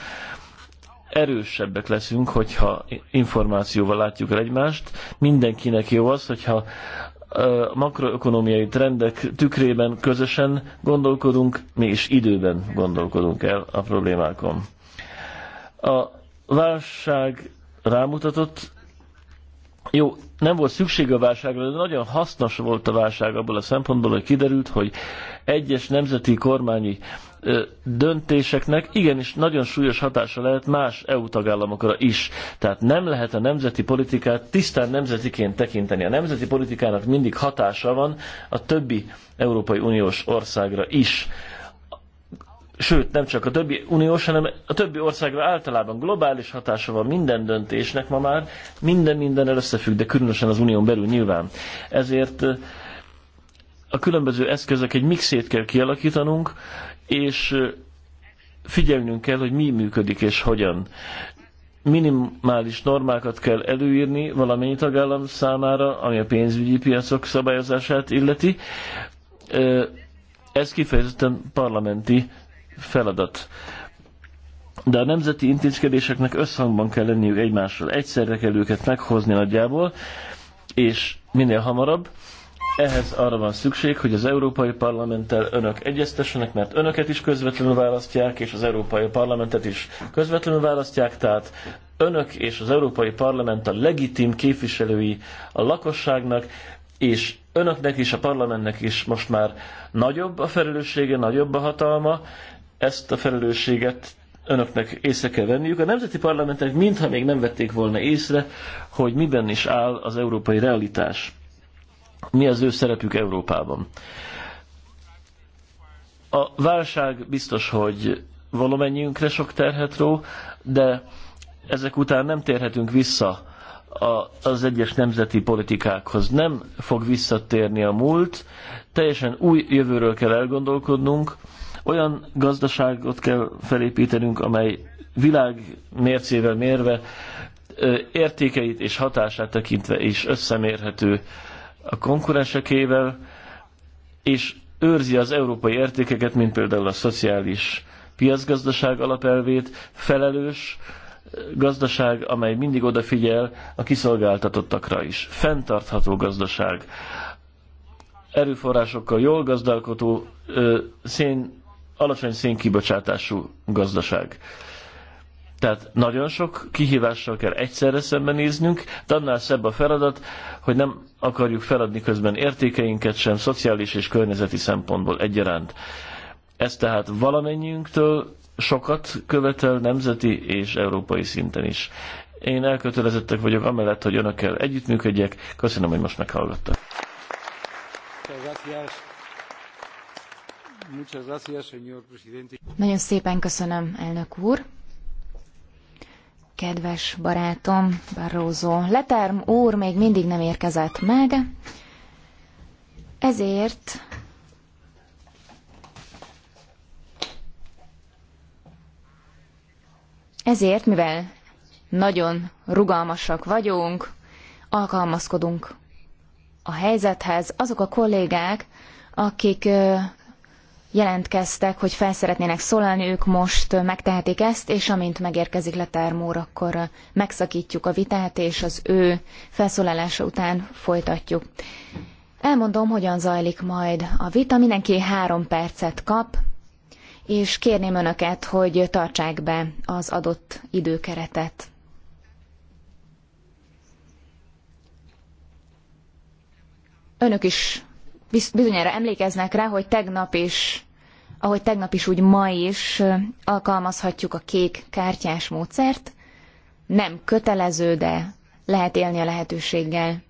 Erősebbek leszünk, hogyha információval látjuk el egymást. Mindenkinek jó az, hogyha makroökonomiai trendek tükrében közösen gondolkodunk, mi is időben gondolkodunk el a problémákon. A válság rámutatott jó, nem volt szükség a válságra, de nagyon hasznos volt a válság abból a szempontból, hogy kiderült, hogy egyes nemzeti kormányi döntéseknek igenis nagyon súlyos hatása lehet más EU tagállamokra is. Tehát nem lehet a nemzeti politikát tisztán nemzetiként tekinteni. A nemzeti politikának mindig hatása van a többi Európai Uniós országra is sőt nem csak a többi uniós, hanem a többi országra általában globális hatása van minden döntésnek ma már, minden minden összefügg, de különösen az unión belül nyilván. Ezért a különböző eszközök egy mixét kell kialakítanunk, és figyelnünk kell, hogy mi működik és hogyan. Minimális normákat kell előírni valamennyi tagállam számára, ami a pénzügyi piacok szabályozását illeti. Ez kifejezetten parlamenti feladat. De a nemzeti intézkedéseknek összhangban kell lenniük egymással. Egyszerre kell őket meghozni nagyjából, és minél hamarabb. Ehhez arra van szükség, hogy az Európai Parlamenttel önök egyeztessenek, mert önöket is közvetlenül választják, és az Európai Parlamentet is közvetlenül választják, tehát önök és az Európai Parlament a legitim képviselői a lakosságnak, és önöknek is, a parlamentnek is most már nagyobb a felelőssége, nagyobb a hatalma, ezt a felelősséget önöknek észre kell venniük. A nemzeti parlamentek mintha még nem vették volna észre, hogy miben is áll az európai realitás. Mi az ő szerepük Európában. A válság biztos, hogy valamennyiünkre sok terhet ró, de ezek után nem térhetünk vissza a, az egyes nemzeti politikákhoz. Nem fog visszatérni a múlt, teljesen új jövőről kell elgondolkodnunk, olyan gazdaságot kell felépítenünk, amely világ mércével mérve értékeit és hatását tekintve is összemérhető a konkurensekével, és őrzi az európai értékeket, mint például a szociális piacgazdaság alapelvét, felelős gazdaság, amely mindig odafigyel a kiszolgáltatottakra is. fentartható gazdaság, erőforrásokkal jól gazdálkodó, szén alacsony szénkibocsátású gazdaság. Tehát nagyon sok kihívással kell egyszerre szembenéznünk, de annál szebb a feladat, hogy nem akarjuk feladni közben értékeinket sem, szociális és környezeti szempontból egyaránt. Ez tehát valamennyiünktől sokat követel nemzeti és európai szinten is. Én elkötelezettek vagyok amellett, hogy önökkel együttműködjek. Köszönöm, hogy most meghallgattak. Köszönöm. Nagyon szépen köszönöm, elnök úr. Kedves barátom, Barroso, Leterm úr még mindig nem érkezett meg, ezért Ezért, mivel nagyon rugalmasak vagyunk, alkalmazkodunk a helyzethez, azok a kollégák, akik jelentkeztek, hogy fel szeretnének szólalni, ők most megtehetik ezt, és amint megérkezik Letármór, akkor megszakítjuk a vitát, és az ő felszólalása után folytatjuk. Elmondom, hogyan zajlik majd a vita. Mindenki három percet kap, és kérném önöket, hogy tartsák be az adott időkeretet. Önök is bizonyára emlékeznek rá, hogy tegnap is, ahogy tegnap is, úgy ma is alkalmazhatjuk a kék kártyás módszert. Nem kötelező, de lehet élni a lehetőséggel.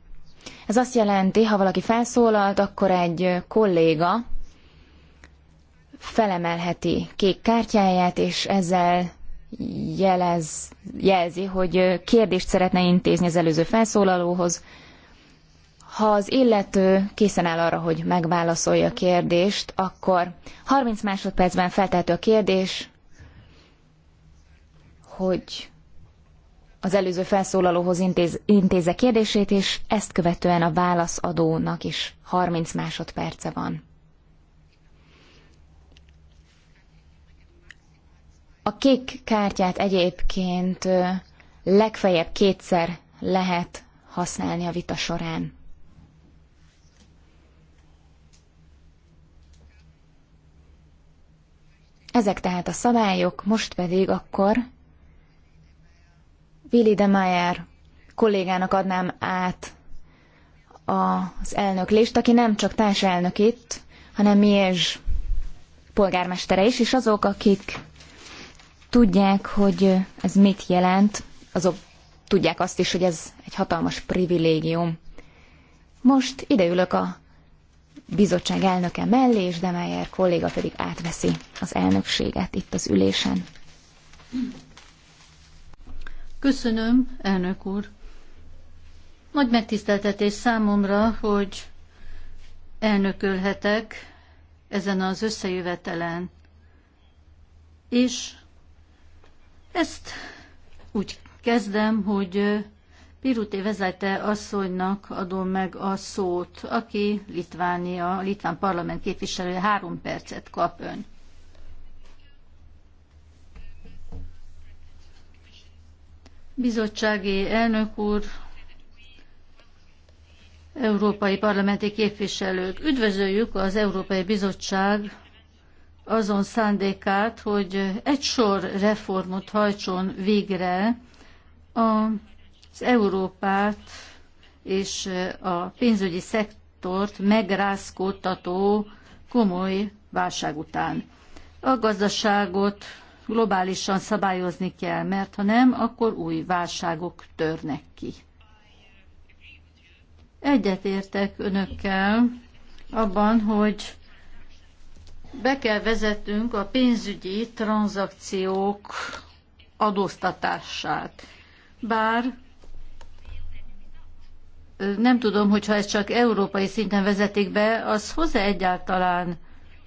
Ez azt jelenti, ha valaki felszólalt, akkor egy kolléga felemelheti kék kártyáját, és ezzel jelez, jelzi, hogy kérdést szeretne intézni az előző felszólalóhoz, ha az illető készen áll arra, hogy megválaszolja a kérdést, akkor 30 másodpercben feltehető a kérdés, hogy az előző felszólalóhoz intéz, intézze kérdését, és ezt követően a válaszadónak is 30 másodperce van. A kék kártyát egyébként legfeljebb kétszer lehet használni a vita során. Ezek tehát a szabályok, most pedig akkor Willy de Meyer kollégának adnám át az elnöklést, aki nem csak társelnök itt, hanem Miezs polgármestere is, és azok, akik tudják, hogy ez mit jelent, azok tudják azt is, hogy ez egy hatalmas privilégium. Most ideülök a bizottság elnöke mellé, és Demeyer kolléga pedig átveszi az elnökséget itt az ülésen. Köszönöm, elnök úr. Nagy megtiszteltetés számomra, hogy elnökölhetek ezen az összejövetelen. És ezt úgy kezdem, hogy Piruté vezette asszonynak adom meg a szót, aki Litvánia, Litván parlament képviselője, három percet kap ön. Bizottsági elnök úr, európai parlamenti képviselők, üdvözöljük az Európai Bizottság azon szándékát, hogy egy sor reformot hajtson végre a az Európát és a pénzügyi szektort megrázkódtató komoly válság után. A gazdaságot globálisan szabályozni kell, mert ha nem, akkor új válságok törnek ki. Egyetértek önökkel abban, hogy be kell vezetnünk a pénzügyi tranzakciók adóztatását. Bár nem tudom, hogy ha ezt csak európai szinten vezetik be, az hozzá egyáltalán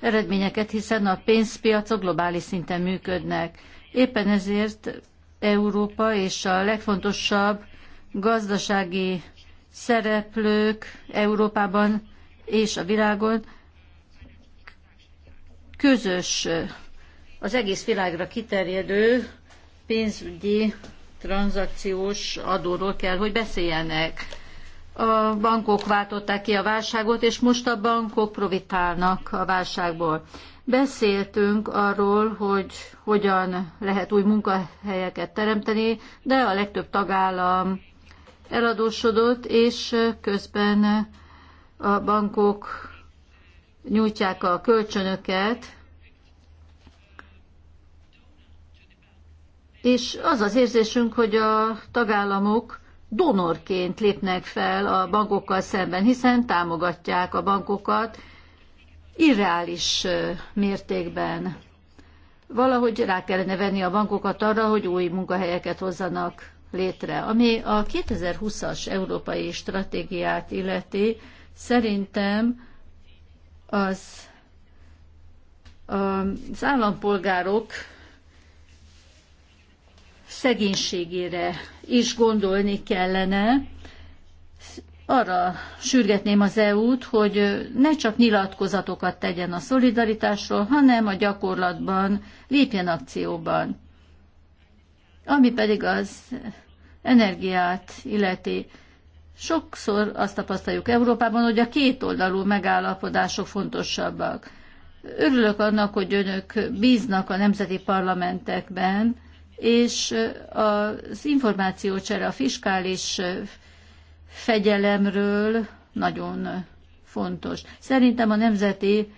eredményeket, hiszen a pénzpiacok globális szinten működnek. Éppen ezért Európa és a legfontosabb gazdasági szereplők Európában és a világon közös, az egész világra kiterjedő pénzügyi tranzakciós adóról kell, hogy beszéljenek a bankok váltották ki a válságot, és most a bankok profitálnak a válságból. Beszéltünk arról, hogy hogyan lehet új munkahelyeket teremteni, de a legtöbb tagállam eladósodott, és közben a bankok nyújtják a kölcsönöket, és az az érzésünk, hogy a tagállamok donorként lépnek fel a bankokkal szemben, hiszen támogatják a bankokat irreális mértékben. Valahogy rá kellene venni a bankokat arra, hogy új munkahelyeket hozzanak létre. Ami a 2020-as európai stratégiát illeti, szerintem az, az állampolgárok szegénységére is gondolni kellene. Arra sürgetném az EU-t, hogy ne csak nyilatkozatokat tegyen a szolidaritásról, hanem a gyakorlatban lépjen akcióban. Ami pedig az energiát illeti. Sokszor azt tapasztaljuk Európában, hogy a kétoldalú megállapodások fontosabbak. Örülök annak, hogy önök bíznak a nemzeti parlamentekben, és az információcsere a fiskális fegyelemről nagyon fontos. Szerintem a nemzeti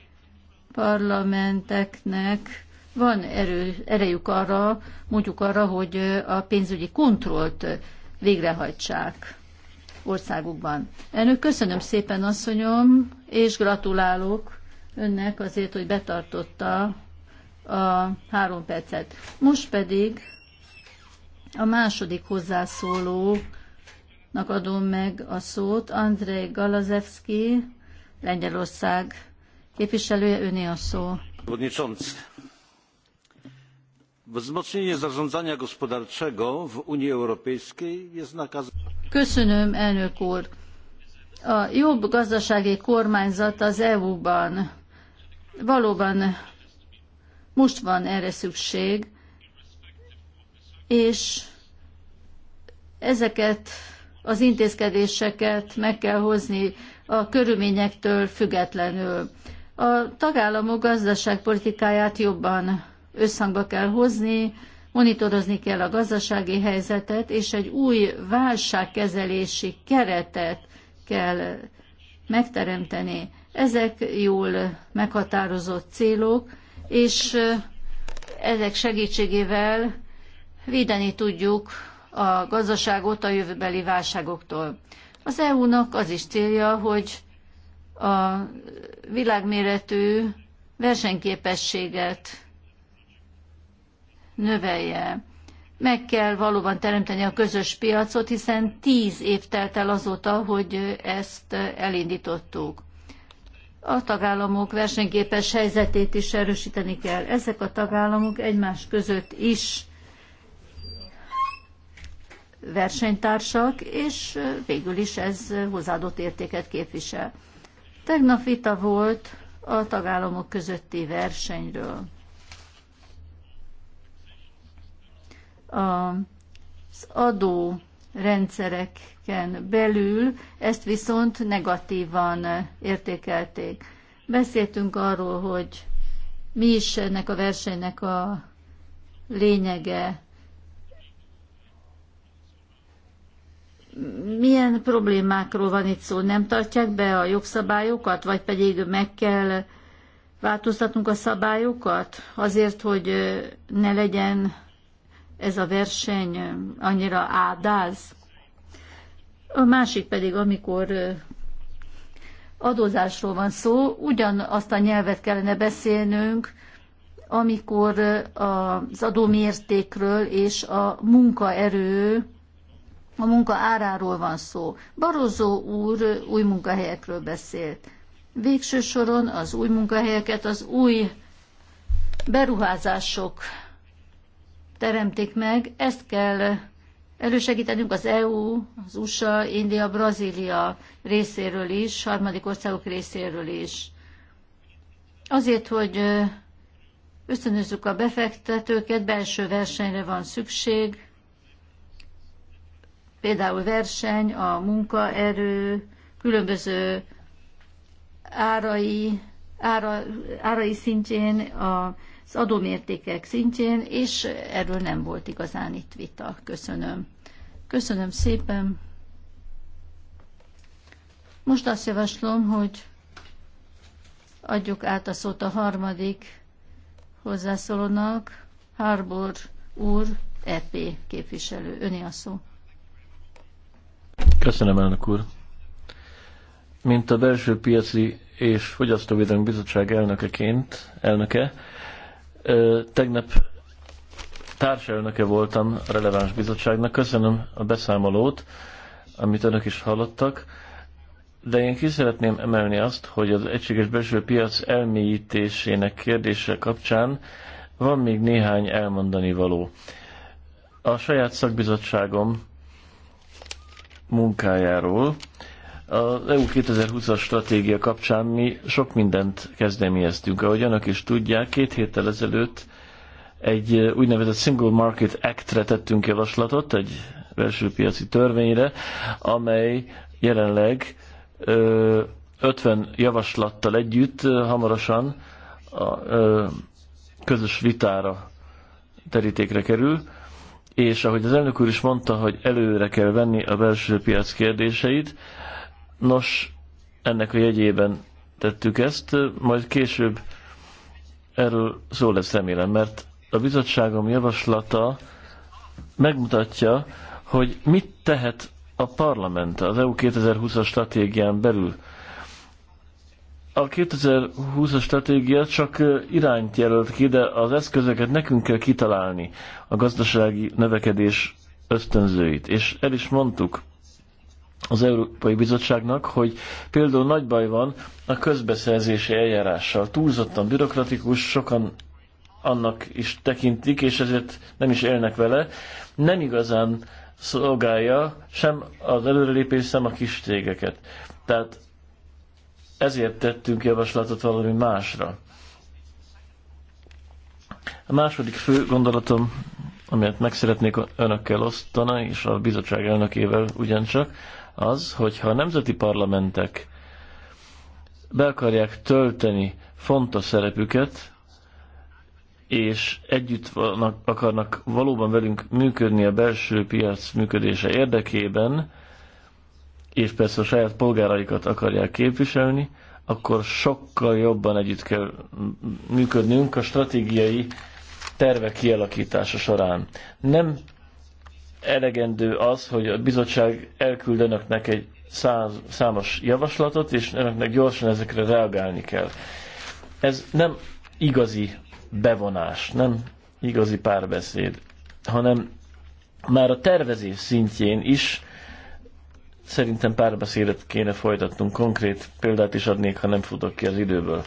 parlamenteknek van erő, erejük arra, mondjuk arra, hogy a pénzügyi kontrollt végrehajtsák országukban. Elnök, köszönöm szépen, asszonyom, és gratulálok önnek azért, hogy betartotta a három percet. Most pedig a második hozzászólónak adom meg a szót, Andrei Galazewski, Lengyelország képviselője, öné a szó. Köszönöm, elnök úr. A jobb gazdasági kormányzat az EU-ban valóban most van erre szükség, és ezeket az intézkedéseket meg kell hozni a körülményektől függetlenül. A tagállamok gazdaságpolitikáját jobban összhangba kell hozni, monitorozni kell a gazdasági helyzetet, és egy új válságkezelési keretet kell megteremteni. Ezek jól meghatározott célok, és ezek segítségével védeni tudjuk a gazdaságot a jövőbeli válságoktól. Az EU-nak az is célja, hogy a világméretű versenyképességet növelje. Meg kell valóban teremteni a közös piacot, hiszen tíz év telt el azóta, hogy ezt elindítottuk a tagállamok versenyképes helyzetét is erősíteni kell. Ezek a tagállamok egymás között is versenytársak, és végül is ez hozzáadott értéket képvisel. Tegnap vita volt a tagállamok közötti versenyről. Az adó rendszerek éveken belül, ezt viszont negatívan értékelték. Beszéltünk arról, hogy mi is ennek a versenynek a lényege, milyen problémákról van itt szó? Nem tartják be a jogszabályokat, vagy pedig meg kell változtatnunk a szabályokat azért, hogy ne legyen ez a verseny annyira ádáz? A másik pedig, amikor adózásról van szó, ugyanazt a nyelvet kellene beszélnünk, amikor az adómértékről és a munkaerő, a munka áráról van szó. Barozó úr új munkahelyekről beszélt. Végső soron az új munkahelyeket az új beruházások teremtik meg, ezt kell elősegítenünk az EU, az USA, India, Brazília részéről is, harmadik országok részéről is. Azért, hogy ösztönözzük a befektetőket, belső versenyre van szükség, például verseny a munkaerő, különböző árai, ára, árai szintjén, a az adómértékek szintjén, és erről nem volt igazán itt vita. Köszönöm. Köszönöm szépen. Most azt javaslom, hogy adjuk át a szót a harmadik hozzászólónak, Harbor úr, EP képviselő. Öné a szó. Köszönöm, elnök úr. Mint a belső piaci és fogyasztóvédelmi bizottság elnökeként, elnöke, Tegnap társelnöke voltam a releváns bizottságnak. Köszönöm a beszámolót, amit önök is hallottak. De én ki szeretném emelni azt, hogy az egységes belső piac elmélyítésének kérdése kapcsán van még néhány elmondani való. A saját szakbizottságom munkájáról az EU 2020-as stratégia kapcsán mi sok mindent kezdeményeztünk. Ahogy önök is tudják, két héttel ezelőtt egy úgynevezett Single Market Act-re tettünk javaslatot, egy belső piaci törvényre, amely jelenleg 50 javaslattal együtt hamarosan a közös vitára terítékre kerül, és ahogy az elnök úr is mondta, hogy előre kell venni a belső piac kérdéseit, Nos, ennek a jegyében tettük ezt, majd később erről szó lesz remélem, mert a bizottságom javaslata megmutatja, hogy mit tehet a parlament az EU 2020-as stratégián belül. A 2020-as stratégia csak irányt jelölt ki, de az eszközöket nekünk kell kitalálni, a gazdasági növekedés ösztönzőit. És el is mondtuk, az Európai Bizottságnak, hogy például nagy baj van a közbeszerzési eljárással. Túlzottan bürokratikus, sokan annak is tekintik, és ezért nem is élnek vele. Nem igazán szolgálja sem az előrelépés, sem a kis cégeket. Tehát ezért tettünk javaslatot valami másra. A második fő gondolatom, amelyet meg szeretnék önökkel osztani, és a bizottság elnökével ugyancsak, az, hogyha a nemzeti parlamentek be akarják tölteni fontos szerepüket, és együtt vannak, akarnak valóban velünk működni a belső piac működése érdekében, és persze a saját polgáraikat akarják képviselni, akkor sokkal jobban együtt kell működnünk a stratégiai tervek kialakítása során. Nem elegendő az, hogy a bizottság elküld önöknek egy száz, számos javaslatot, és önöknek gyorsan ezekre reagálni kell. Ez nem igazi bevonás, nem igazi párbeszéd, hanem már a tervezés szintjén is szerintem párbeszédet kéne folytatnunk. Konkrét példát is adnék, ha nem futok ki az időből.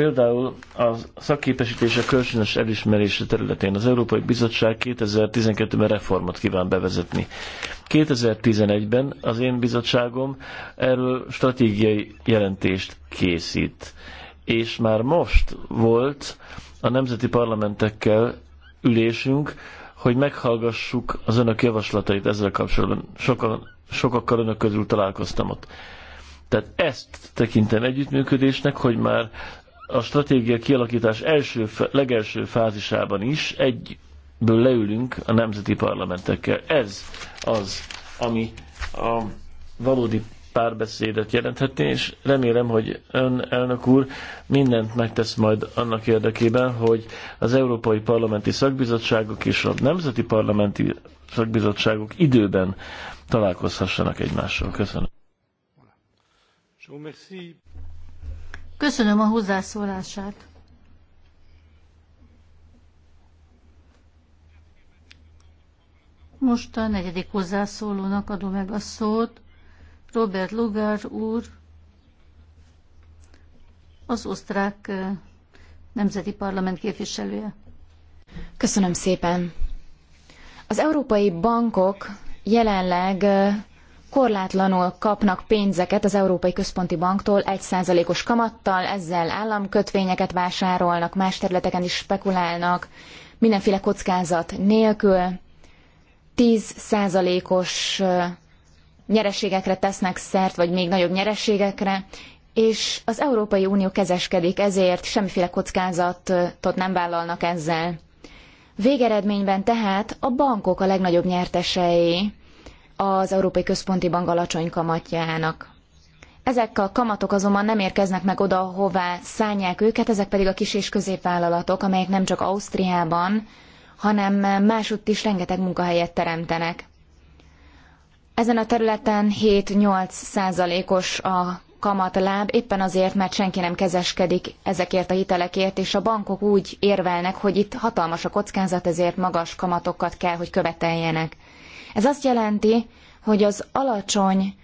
Például a szakképesítés a kölcsönös elismerése területén az Európai Bizottság 2012-ben reformot kíván bevezetni. 2011-ben az én bizottságom erről stratégiai jelentést készít, és már most volt a nemzeti parlamentekkel ülésünk, hogy meghallgassuk az önök javaslatait ezzel kapcsolatban. Sokan, sokakkal önök közül találkoztam ott. Tehát ezt tekintem együttműködésnek, hogy már a stratégia kialakítás első, legelső fázisában is egyből leülünk a nemzeti parlamentekkel. Ez az, ami a valódi párbeszédet jelenthetné, és remélem, hogy ön, elnök úr, mindent megtesz majd annak érdekében, hogy az európai parlamenti szakbizottságok és a nemzeti parlamenti szakbizottságok időben találkozhassanak egymással. Köszönöm. Köszönöm a hozzászólását. Most a negyedik hozzászólónak adom meg a szót. Robert Lugar úr, az osztrák eh, nemzeti parlament képviselője. Köszönöm szépen. Az európai bankok jelenleg eh, korlátlanul kapnak pénzeket az Európai Központi Banktól 1%-os kamattal, ezzel államkötvényeket vásárolnak, más területeken is spekulálnak, mindenféle kockázat nélkül. 10%-os nyereségekre tesznek szert, vagy még nagyobb nyereségekre, és az Európai Unió kezeskedik ezért, semmiféle kockázatot nem vállalnak ezzel. Végeredményben tehát a bankok a legnagyobb nyertesei az Európai Központi Bank alacsony kamatjának. Ezek a kamatok azonban nem érkeznek meg oda, hová szállják őket, ezek pedig a kis és középvállalatok, amelyek nem csak Ausztriában, hanem másutt is rengeteg munkahelyet teremtenek. Ezen a területen 7-8 százalékos a kamatláb, éppen azért, mert senki nem kezeskedik ezekért a hitelekért, és a bankok úgy érvelnek, hogy itt hatalmas a kockázat, ezért magas kamatokat kell, hogy követeljenek. Ez azt jelenti, hogy az alacsony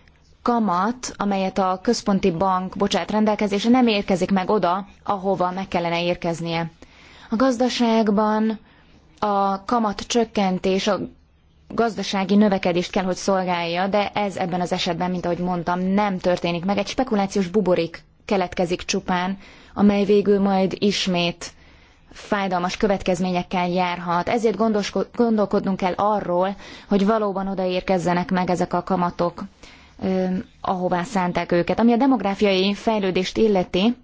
kamat, amelyet a központi bank bocsát rendelkezésre, nem érkezik meg oda, ahova meg kellene érkeznie. A gazdaságban a kamat csökkentés a gazdasági növekedést kell, hogy szolgálja, de ez ebben az esetben, mint ahogy mondtam, nem történik meg. Egy spekulációs buborék keletkezik csupán, amely végül majd ismét fájdalmas következményekkel járhat. Ezért gondolkodnunk kell arról, hogy valóban odaérkezzenek meg ezek a kamatok, ahová szánták őket. Ami a demográfiai fejlődést illeti,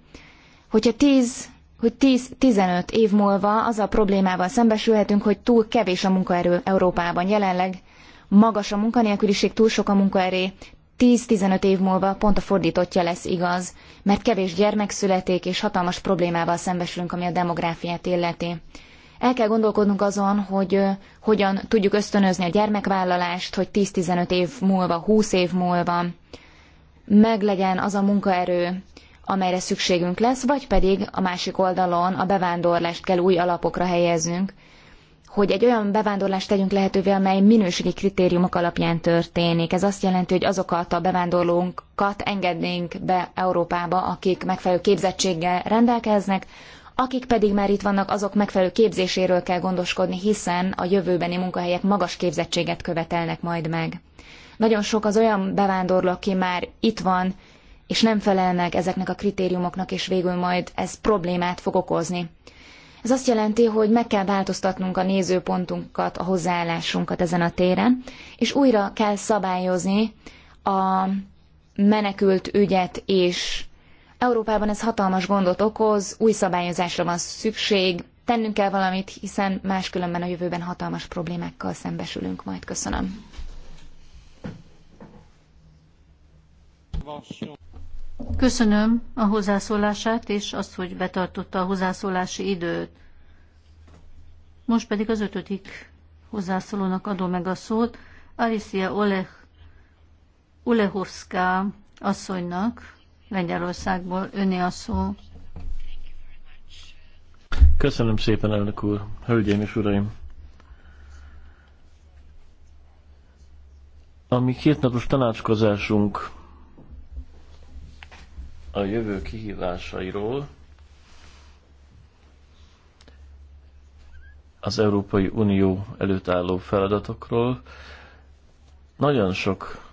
hogyha 10 hogy 10-15 év múlva az a problémával szembesülhetünk, hogy túl kevés a munkaerő Európában. Jelenleg magas a munkanélküliség, túl sok a munkaerő, 10-15 év múlva pont a fordítottja lesz igaz, mert kevés gyermek születik, és hatalmas problémával szembesülünk, ami a demográfiát illeti. El kell gondolkodnunk azon, hogy hogyan tudjuk ösztönözni a gyermekvállalást, hogy 10-15 év múlva, 20 év múlva meglegyen az a munkaerő, amelyre szükségünk lesz, vagy pedig a másik oldalon a bevándorlást kell új alapokra helyeznünk, hogy egy olyan bevándorlást tegyünk lehetővé, amely minőségi kritériumok alapján történik. Ez azt jelenti, hogy azokat a bevándorlónkat engednénk be Európába, akik megfelelő képzettséggel rendelkeznek, akik pedig már itt vannak, azok megfelelő képzéséről kell gondoskodni, hiszen a jövőbeni munkahelyek magas képzettséget követelnek majd meg. Nagyon sok az olyan bevándorló, aki már itt van, és nem felel meg ezeknek a kritériumoknak, és végül majd ez problémát fog okozni. Ez azt jelenti, hogy meg kell változtatnunk a nézőpontunkat, a hozzáállásunkat ezen a téren, és újra kell szabályozni a menekült ügyet és Európában ez hatalmas gondot okoz, új szabályozásra van szükség, tennünk kell valamit, hiszen máskülönben a jövőben hatalmas problémákkal szembesülünk majd. Köszönöm. Köszönöm a hozzászólását és azt, hogy betartotta a hozzászólási időt. Most pedig az ötödik hozzászólónak adom meg a szót, Alicia Oleh, Olehovská asszonynak, Lengyelországból öné a szó. Köszönöm szépen, elnök úr, hölgyeim és uraim! Ami kétnapos tanácskozásunk a jövő kihívásairól az Európai Unió előtt álló feladatokról. Nagyon sok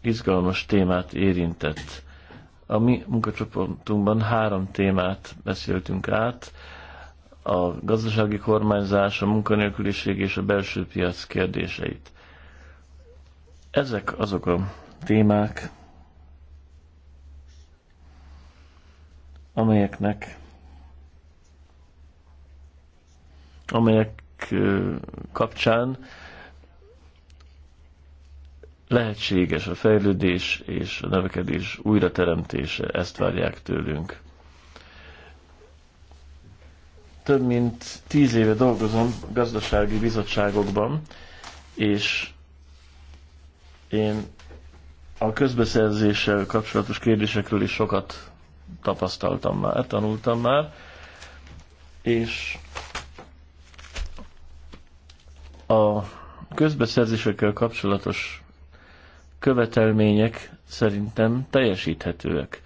izgalmas témát érintett. A mi munkacsoportunkban három témát beszéltünk át, a gazdasági kormányzás, a munkanélküliség és a belső piac kérdéseit. Ezek azok a témák, amelyeknek amelyek kapcsán lehetséges a fejlődés és a növekedés újrateremtése, ezt várják tőlünk. Több mint tíz éve dolgozom gazdasági bizottságokban, és én a közbeszerzéssel kapcsolatos kérdésekről is sokat tapasztaltam már, tanultam már, és a közbeszerzésekkel kapcsolatos követelmények szerintem teljesíthetőek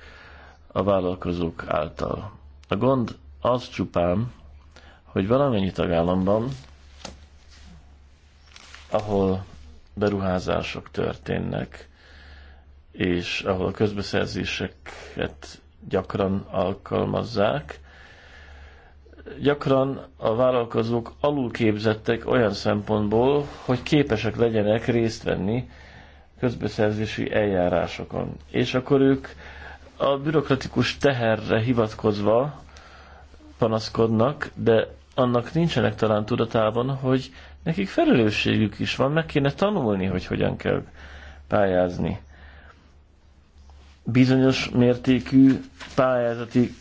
a vállalkozók által. A gond az csupán, hogy valamennyi tagállamban, ahol beruházások történnek, és ahol a közbeszerzéseket gyakran alkalmazzák. Gyakran a vállalkozók alulképzettek olyan szempontból, hogy képesek legyenek részt venni közbeszerzési eljárásokon. És akkor ők a bürokratikus teherre hivatkozva panaszkodnak, de annak nincsenek talán tudatában, hogy nekik felelősségük is van, meg kéne tanulni, hogy hogyan kell pályázni bizonyos mértékű pályázati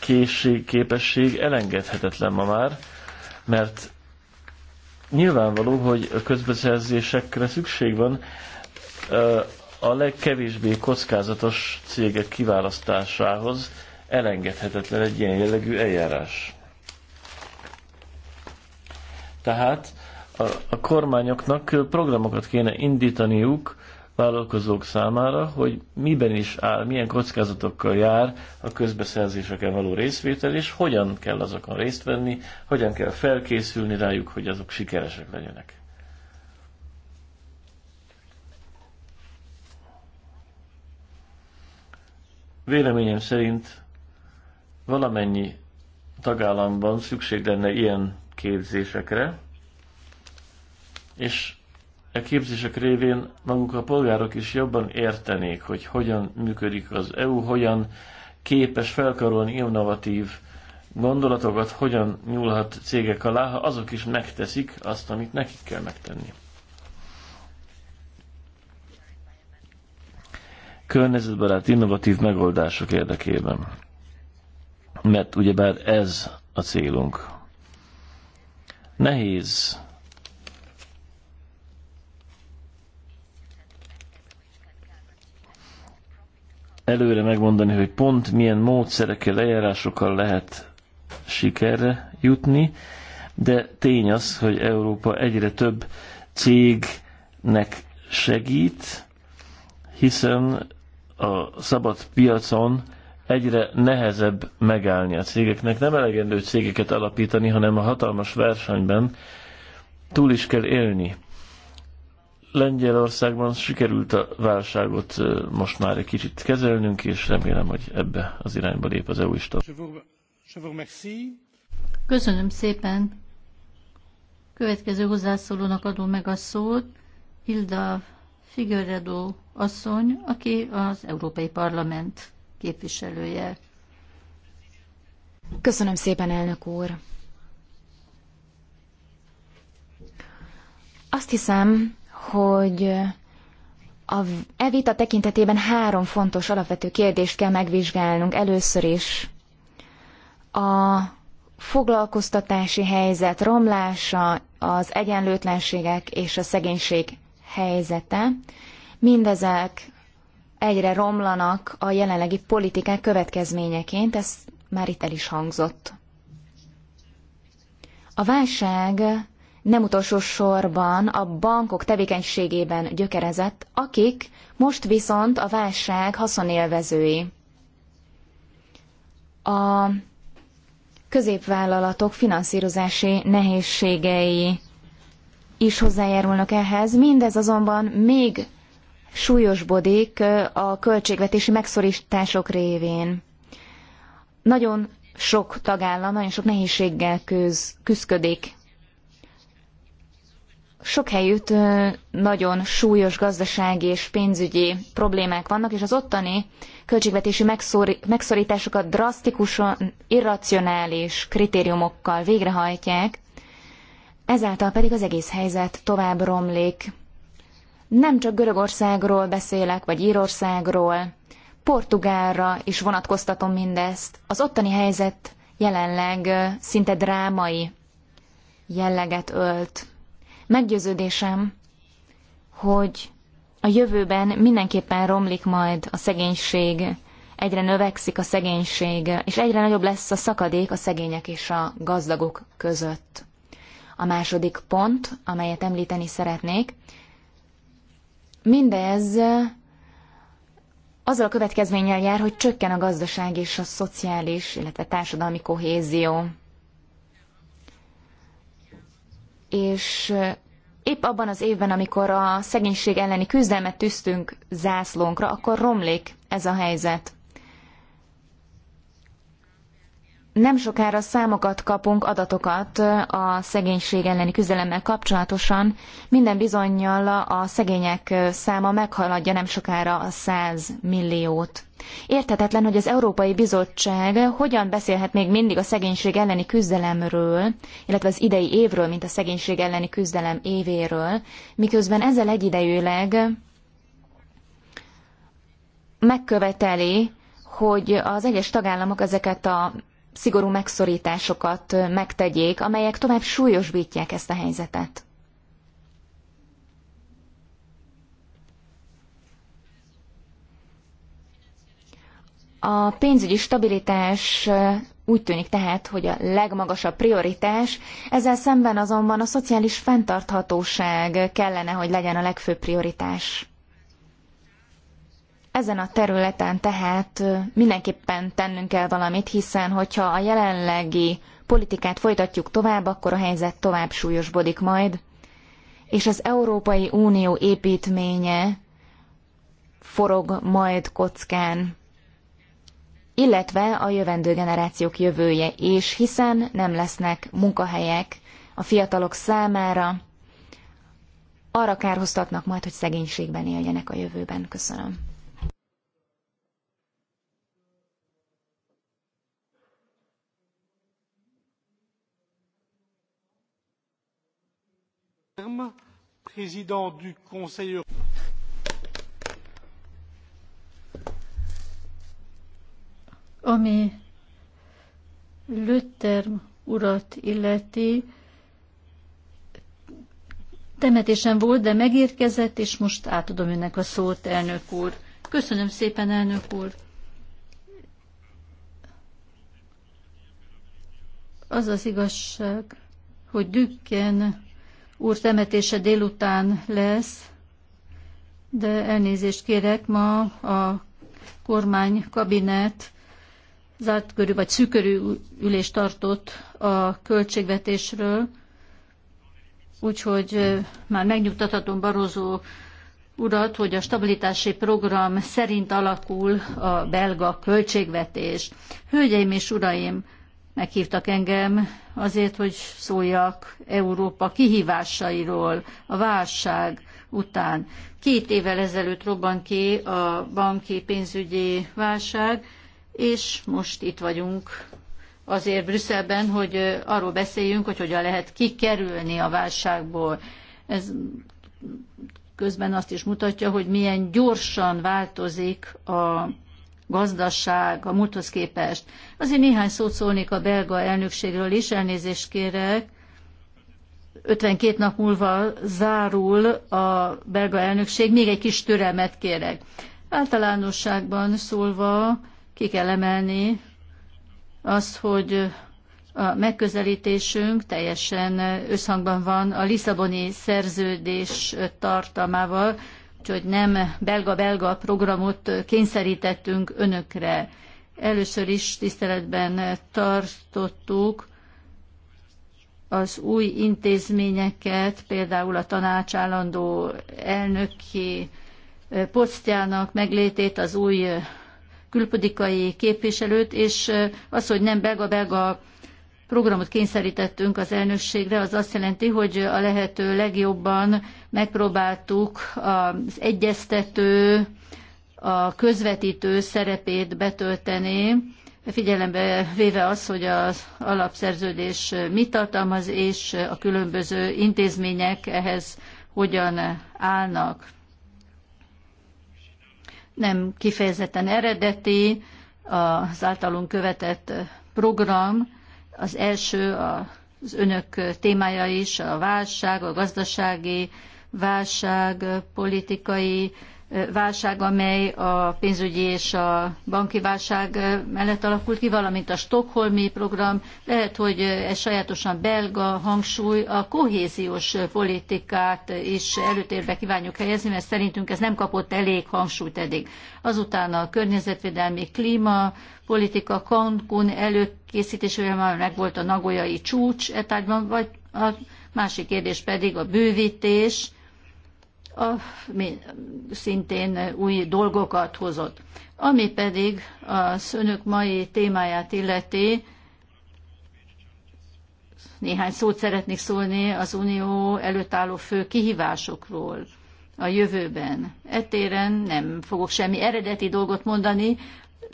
készség, képesség elengedhetetlen ma már, mert nyilvánvaló, hogy a közbeszerzésekre szükség van a legkevésbé kockázatos cégek kiválasztásához elengedhetetlen egy ilyen jellegű eljárás. Tehát a, a kormányoknak programokat kéne indítaniuk vállalkozók számára, hogy miben is áll, milyen kockázatokkal jár a közbeszerzéseken való részvétel, és hogyan kell azokon részt venni, hogyan kell felkészülni rájuk, hogy azok sikeresek legyenek. Véleményem szerint valamennyi tagállamban szükség lenne ilyen képzésekre, és e képzések révén maguk a polgárok is jobban értenék, hogy hogyan működik az EU, hogyan képes felkarolni innovatív gondolatokat, hogyan nyúlhat cégek alá, ha azok is megteszik azt, amit nekik kell megtenni. Környezetbarát innovatív megoldások érdekében. Mert ugyebár ez a célunk. Nehéz előre megmondani, hogy pont milyen módszerekkel, eljárásokkal lehet sikerre jutni, de tény az, hogy Európa egyre több cégnek segít, hiszen a szabad piacon egyre nehezebb megállni a cégeknek. Nem elegendő cégeket alapítani, hanem a hatalmas versenyben túl is kell élni. Lengyelországban sikerült a válságot most már egy kicsit kezelnünk, és remélem, hogy ebbe az irányba lép az EU ista. Köszönöm szépen. Következő hozzászólónak adom meg a szót, Hilda Figueredo asszony, aki az Európai Parlament képviselője. Köszönöm szépen, elnök úr. Azt hiszem, hogy a evita tekintetében három fontos alapvető kérdést kell megvizsgálnunk először is. A foglalkoztatási helyzet romlása, az egyenlőtlenségek és a szegénység helyzete, mindezek egyre romlanak a jelenlegi politikák következményeként, ez már itt el is hangzott. A válság nem utolsó sorban a bankok tevékenységében gyökerezett, akik most viszont a válság haszonélvezői. A középvállalatok finanszírozási nehézségei is hozzájárulnak ehhez, mindez azonban még súlyosbodik a költségvetési megszorítások révén. Nagyon sok tagállam nagyon sok nehézséggel küz, sok helyütt nagyon súlyos gazdasági és pénzügyi problémák vannak, és az ottani költségvetési megszorításokat drasztikusan irracionális kritériumokkal végrehajtják, ezáltal pedig az egész helyzet tovább romlik. Nem csak Görögországról beszélek, vagy Írországról, Portugálra is vonatkoztatom mindezt. Az ottani helyzet jelenleg szinte drámai jelleget ölt. Meggyőződésem, hogy a jövőben mindenképpen romlik majd a szegénység, egyre növekszik a szegénység, és egyre nagyobb lesz a szakadék a szegények és a gazdagok között. A második pont, amelyet említeni szeretnék, mindez azzal a következménnyel jár, hogy csökken a gazdaság és a szociális, illetve társadalmi kohézió. És épp abban az évben, amikor a szegénység elleni küzdelmet tűztünk zászlónkra, akkor romlik ez a helyzet. Nem sokára számokat kapunk, adatokat a szegénység elleni küzdelemmel kapcsolatosan. Minden bizonyal a szegények száma meghaladja nem sokára a 100 milliót. Érthetetlen, hogy az Európai Bizottság hogyan beszélhet még mindig a szegénység elleni küzdelemről, illetve az idei évről, mint a szegénység elleni küzdelem évéről, miközben ezzel egyidejűleg megköveteli, hogy az egyes tagállamok ezeket a szigorú megszorításokat megtegyék, amelyek tovább súlyosbítják ezt a helyzetet. A pénzügyi stabilitás úgy tűnik tehát, hogy a legmagasabb prioritás, ezzel szemben azonban a szociális fenntarthatóság kellene, hogy legyen a legfőbb prioritás. Ezen a területen tehát mindenképpen tennünk kell valamit, hiszen hogyha a jelenlegi politikát folytatjuk tovább, akkor a helyzet tovább súlyosbodik majd, és az Európai Unió építménye forog majd kockán illetve a jövendő generációk jövője is, hiszen nem lesznek munkahelyek a fiatalok számára, arra kárhoztatnak majd, hogy szegénységben éljenek a jövőben. Köszönöm. Président du Conseil Ami Luther urat illeti, temetésen volt, de megérkezett, és most átadom önnek a szót, elnök úr. Köszönöm szépen, elnök úr. Az az igazság, hogy Dükken úr temetése délután lesz, de elnézést kérek, ma a kormány kabinet zárt körű vagy szűkörű ülést tartott a költségvetésről, úgyhogy már megnyugtathatom Barozó urat, hogy a stabilitási program szerint alakul a belga költségvetés. Hölgyeim és uraim, meghívtak engem azért, hogy szóljak Európa kihívásairól a válság után. Két évvel ezelőtt robban ki a banki pénzügyi válság, és most itt vagyunk azért Brüsszelben, hogy arról beszéljünk, hogy hogyan lehet kikerülni a válságból. Ez közben azt is mutatja, hogy milyen gyorsan változik a gazdaság a múlthoz képest. Azért néhány szót szólnék a belga elnökségről is, elnézést kérek. 52 nap múlva zárul a belga elnökség, még egy kis türelmet kérek. Általánosságban szólva ki kell emelni azt, hogy a megközelítésünk teljesen összhangban van a Lisszaboni szerződés tartalmával, úgyhogy nem belga-belga programot kényszerítettünk önökre. Először is tiszteletben tartottuk az új intézményeket, például a tanács állandó elnöki posztjának meglétét, az új külpolitikai képviselőt, és az, hogy nem belga-belga programot kényszerítettünk az elnökségre, az azt jelenti, hogy a lehető legjobban megpróbáltuk az egyeztető, a közvetítő szerepét betölteni, figyelembe véve az, hogy az alapszerződés mit tartalmaz, és a különböző intézmények ehhez hogyan állnak nem kifejezetten eredeti az általunk követett program. Az első az önök témája is, a válság, a gazdasági válság, politikai válság, amely a pénzügyi és a banki válság mellett alakult ki, valamint a Stockholmi program. Lehet, hogy ez sajátosan belga hangsúly, a kohéziós politikát is előtérbe kívánjuk helyezni, mert szerintünk ez nem kapott elég hangsúlyt eddig. Azután a környezetvédelmi klíma politika Cancun előkészítésével már megvolt a nagoyai csúcs etágyban, vagy a másik kérdés pedig a bővítés, a, szintén új dolgokat hozott. Ami pedig a szönök mai témáját illeti, néhány szót szeretnék szólni az Unió előtt álló fő kihívásokról a jövőben. Etéren nem fogok semmi eredeti dolgot mondani,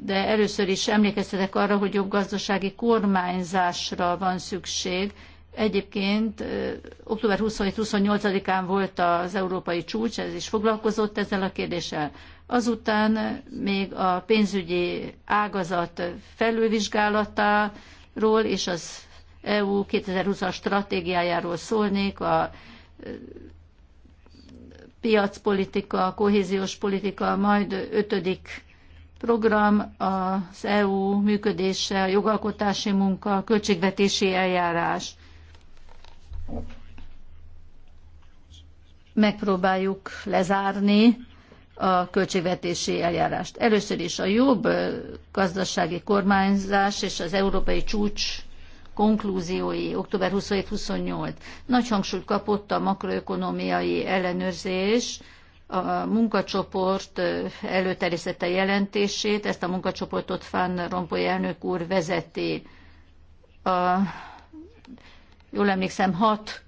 de először is emlékeztetek arra, hogy jobb gazdasági kormányzásra van szükség, Egyébként október 27-28-án volt az európai csúcs, ez is foglalkozott ezzel a kérdéssel. Azután még a pénzügyi ágazat felülvizsgálatáról és az EU 2020-as stratégiájáról szólnék, a piacpolitika, kohéziós politika, majd ötödik program az EU működése, jogalkotási munka, költségvetési eljárás – megpróbáljuk lezárni a költségvetési eljárást. Először is a jobb gazdasági kormányzás és az európai csúcs konklúziói, október 27-28. Nagy hangsúlyt kapott a makroökonomiai ellenőrzés, a munkacsoport előterészete jelentését, ezt a munkacsoportot Fán Rompoly elnök úr vezeti. A jól emlékszem, hat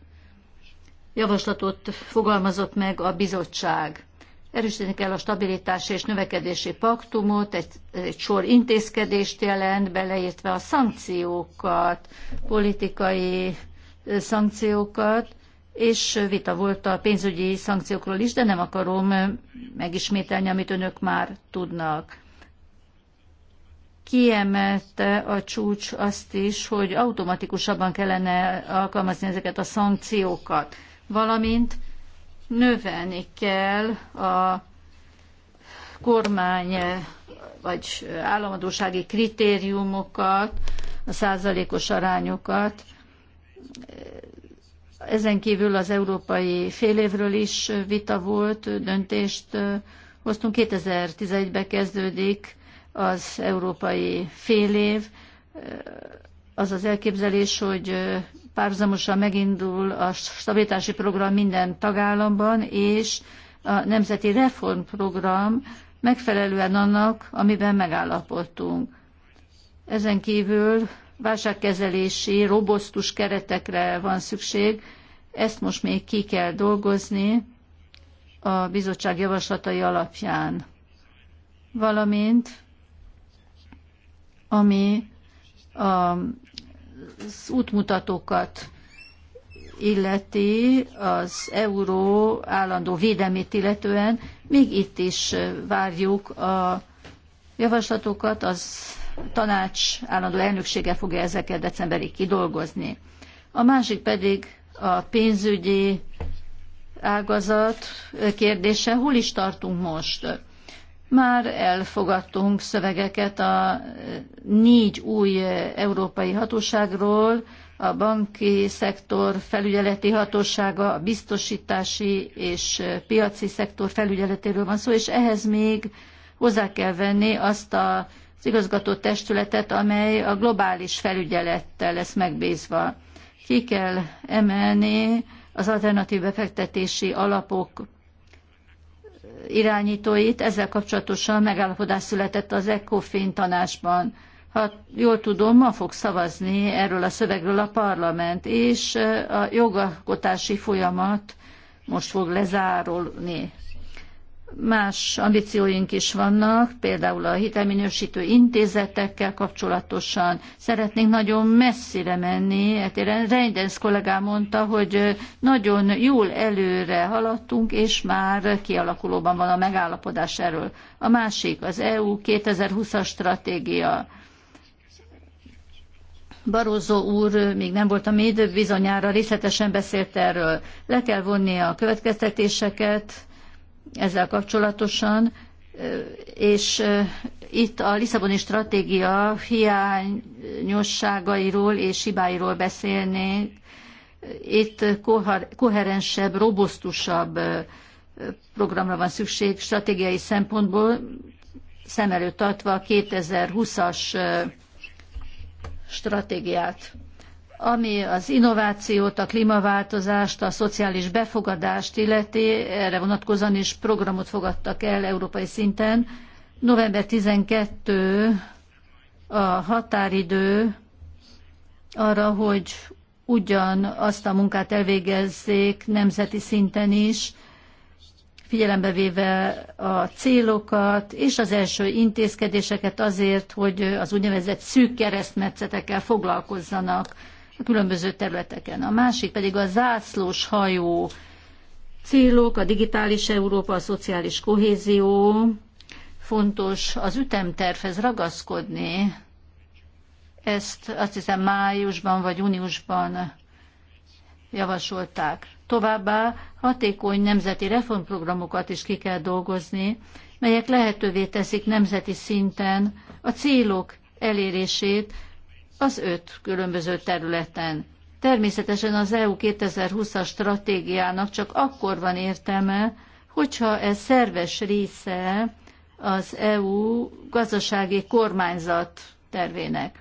javaslatot fogalmazott meg a bizottság. Erősíteni kell a stabilitási és növekedési paktumot, egy, egy sor intézkedést jelent, beleértve a szankciókat, politikai szankciókat, és vita volt a pénzügyi szankciókról is, de nem akarom megismételni, amit önök már tudnak kiemelte a csúcs azt is, hogy automatikusabban kellene alkalmazni ezeket a szankciókat, valamint növelni kell a kormány vagy államadósági kritériumokat, a százalékos arányokat. Ezen kívül az európai évről is vita volt, döntést hoztunk. 2011-ben kezdődik az európai fél év, az az elképzelés, hogy párhuzamosan megindul a stabilitási program minden tagállamban, és a nemzeti reformprogram megfelelően annak, amiben megállapodtunk. Ezen kívül válságkezelési, robosztus keretekre van szükség, ezt most még ki kell dolgozni a bizottság javaslatai alapján. Valamint ami az útmutatókat illeti, az euró állandó védelmét illetően, még itt is várjuk a javaslatokat, az tanács állandó elnöksége fogja ezeket decemberig kidolgozni. A másik pedig a pénzügyi ágazat kérdése, hol is tartunk most? Már elfogadtunk szövegeket a eh, négy új eh, európai hatóságról, a banki szektor felügyeleti hatósága, a biztosítási és eh, piaci szektor felügyeletéről van szó, és ehhez még hozzá kell venni azt a az igazgató testületet, amely a globális felügyelettel lesz megbízva. Ki kell emelni az alternatív befektetési alapok irányítóit, ezzel kapcsolatosan megállapodás született az ECOFIN tanácsban. Ha jól tudom, ma fog szavazni erről a szövegről a parlament, és a jogalkotási folyamat most fog lezárulni. Más ambícióink is vannak, például a hitelminősítő intézetekkel kapcsolatosan. Szeretnénk nagyon messzire menni. Etéren hát Reindens kollégám mondta, hogy nagyon jól előre haladtunk, és már kialakulóban van a megállapodás erről. A másik az EU 2020-as stratégia. Barózó úr még nem volt a mi bizonyára részletesen beszélt erről. Le kell vonni a következtetéseket, ezzel kapcsolatosan, és itt a Lisszaboni stratégia hiányosságairól és hibáiról beszélnék. Itt koherensebb, robosztusabb programra van szükség stratégiai szempontból, szem előtt tartva a 2020-as stratégiát. Ami az innovációt, a klímaváltozást, a szociális befogadást illeti, erre vonatkozóan is programot fogadtak el európai szinten. November 12 a határidő arra, hogy ugyanazt a munkát elvégezzék nemzeti szinten is, figyelembe véve a célokat és az első intézkedéseket azért, hogy az úgynevezett szűk keresztmetszetekkel foglalkozzanak különböző területeken. A másik pedig a zászlós hajó célok, a digitális Európa, a szociális kohézió. Fontos az ütemtervhez ragaszkodni. Ezt azt hiszem májusban vagy júniusban javasolták. Továbbá hatékony nemzeti reformprogramokat is ki kell dolgozni, melyek lehetővé teszik nemzeti szinten a célok elérését, az öt különböző területen. Természetesen az EU 2020-as stratégiának csak akkor van értelme, hogyha ez szerves része az EU gazdasági kormányzat tervének.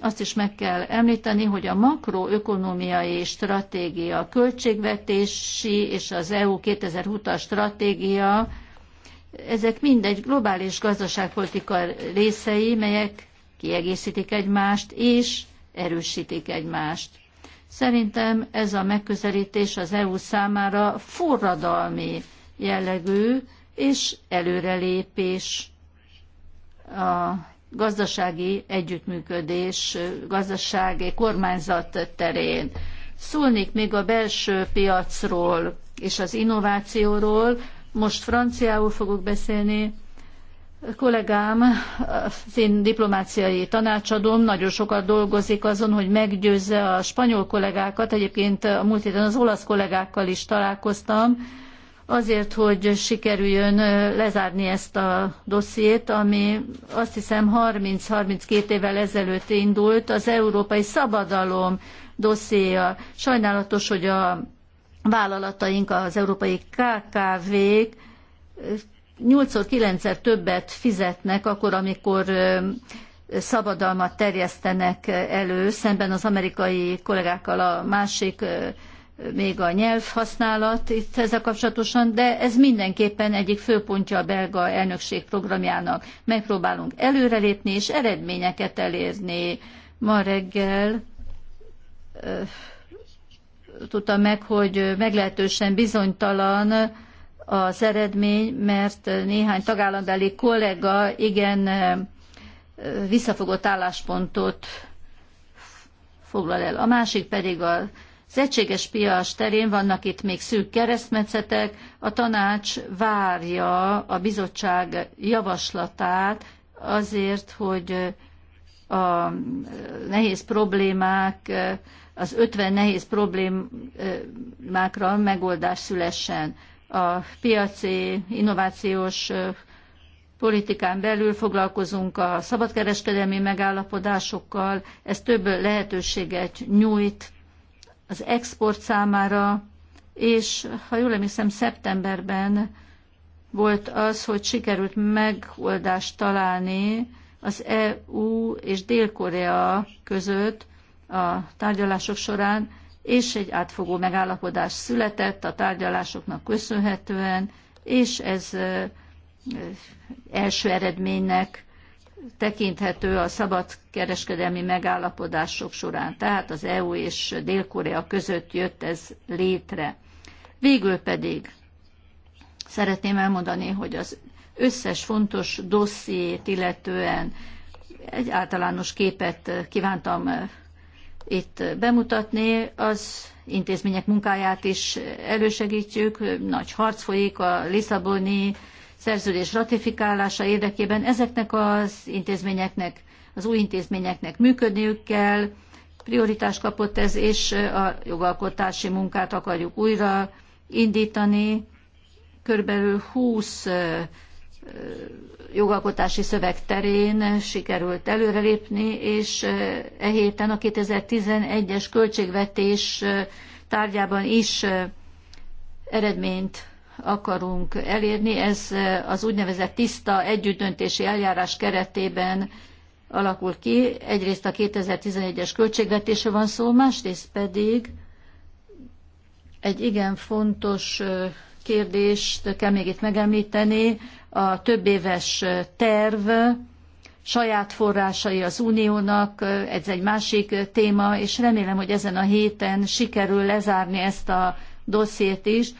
Azt is meg kell említeni, hogy a makroökonomiai stratégia, a költségvetési és az EU 2020-as stratégia, ezek mindegy globális gazdaságpolitika részei, melyek kiegészítik egymást, és erősítik egymást. Szerintem ez a megközelítés az EU számára forradalmi jellegű és előrelépés a gazdasági együttműködés, gazdasági kormányzat terén. Szólnék még a belső piacról és az innovációról. Most franciául fogok beszélni kollégám, az én diplomáciai tanácsadóm nagyon sokat dolgozik azon, hogy meggyőzze a spanyol kollégákat, egyébként a múlt héten az olasz kollégákkal is találkoztam, azért, hogy sikerüljön lezárni ezt a dossziét, ami azt hiszem 30-32 évvel ezelőtt indult, az európai szabadalom dossziéja. Sajnálatos, hogy a vállalataink, az európai KKV-k nyolcszor, kilencszer többet fizetnek akkor, amikor szabadalmat terjesztenek elő, szemben az amerikai kollégákkal a másik még a nyelvhasználat itt ezzel kapcsolatosan, de ez mindenképpen egyik főpontja a belga elnökség programjának. Megpróbálunk előrelépni és eredményeket elérni. Ma reggel tudtam meg, hogy meglehetősen bizonytalan az eredmény, mert néhány tagállambeli kollega igen visszafogott álláspontot foglal el. A másik pedig a az egységes piac terén vannak itt még szűk keresztmetszetek, a tanács várja a bizottság javaslatát azért, hogy a nehéz problémák, az 50 nehéz problémákra megoldás szülessen a piaci innovációs politikán belül foglalkozunk a szabadkereskedelmi megállapodásokkal, ez több lehetőséget nyújt az export számára, és ha jól emlékszem, szeptemberben volt az, hogy sikerült megoldást találni az EU és Dél-Korea között a tárgyalások során, és egy átfogó megállapodás született a tárgyalásoknak köszönhetően, és ez első eredménynek tekinthető a szabad kereskedelmi megállapodások során, tehát az EU és Dél-Korea között jött ez létre. Végül pedig szeretném elmondani, hogy az összes fontos dossziét illetően egy általános képet kívántam itt bemutatni, az intézmények munkáját is elősegítjük. Nagy harc folyik a Lisszaboni szerződés ratifikálása érdekében. Ezeknek az intézményeknek, az új intézményeknek működniük kell, prioritás kapott ez, és a jogalkotási munkát akarjuk újra indítani. Körülbelül 20 jogalkotási szöveg terén sikerült előrelépni, és e héten a 2011-es költségvetés tárgyában is e, eredményt akarunk elérni. Ez az úgynevezett tiszta együttdöntési eljárás keretében alakul ki. Egyrészt a 2011-es költségvetésre van szó, másrészt pedig egy igen fontos e, kérdést kell még itt megemlíteni, a több éves terv, saját forrásai az uniónak, ez egy másik téma, és remélem, hogy ezen a héten sikerül lezárni ezt a dossziét is.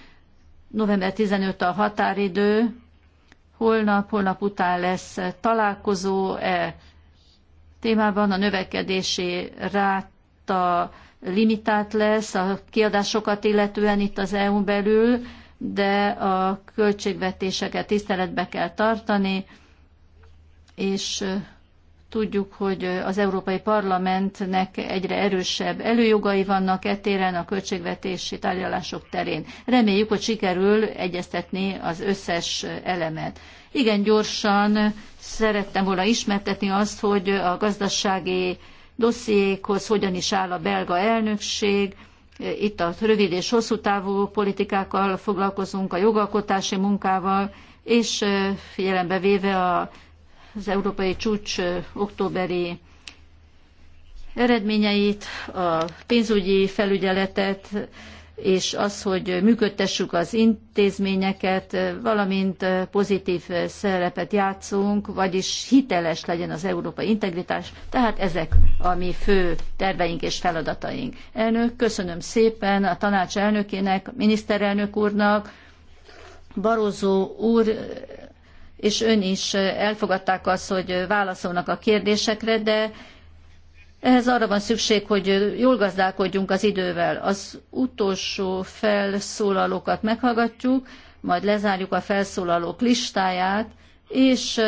November 15 a határidő, holnap, holnap után lesz találkozó e témában a növekedési ráta limitált lesz a kiadásokat illetően itt az EU-n belül, de a költségvetéseket tiszteletbe kell tartani, és tudjuk, hogy az Európai Parlamentnek egyre erősebb előjogai vannak etéren a költségvetési tárgyalások terén. Reméljük, hogy sikerül egyeztetni az összes elemet. Igen, gyorsan szerettem volna ismertetni azt, hogy a gazdasági dossziékhoz hogyan is áll a belga elnökség, itt a rövid és hosszú távú politikákkal foglalkozunk, a jogalkotási munkával, és figyelembe véve az európai csúcs októberi eredményeit, a pénzügyi felügyeletet, és az, hogy működtessük az intézményeket, valamint pozitív szerepet játszunk, vagyis hiteles legyen az európai integritás. Tehát ezek a mi fő terveink és feladataink. Elnök, köszönöm szépen a tanács elnökének, miniszterelnök úrnak, Barozó úr és ön is elfogadták azt, hogy válaszolnak a kérdésekre, de ehhez arra van szükség, hogy jól gazdálkodjunk az idővel. Az utolsó felszólalókat meghallgatjuk, majd lezárjuk a felszólalók listáját, és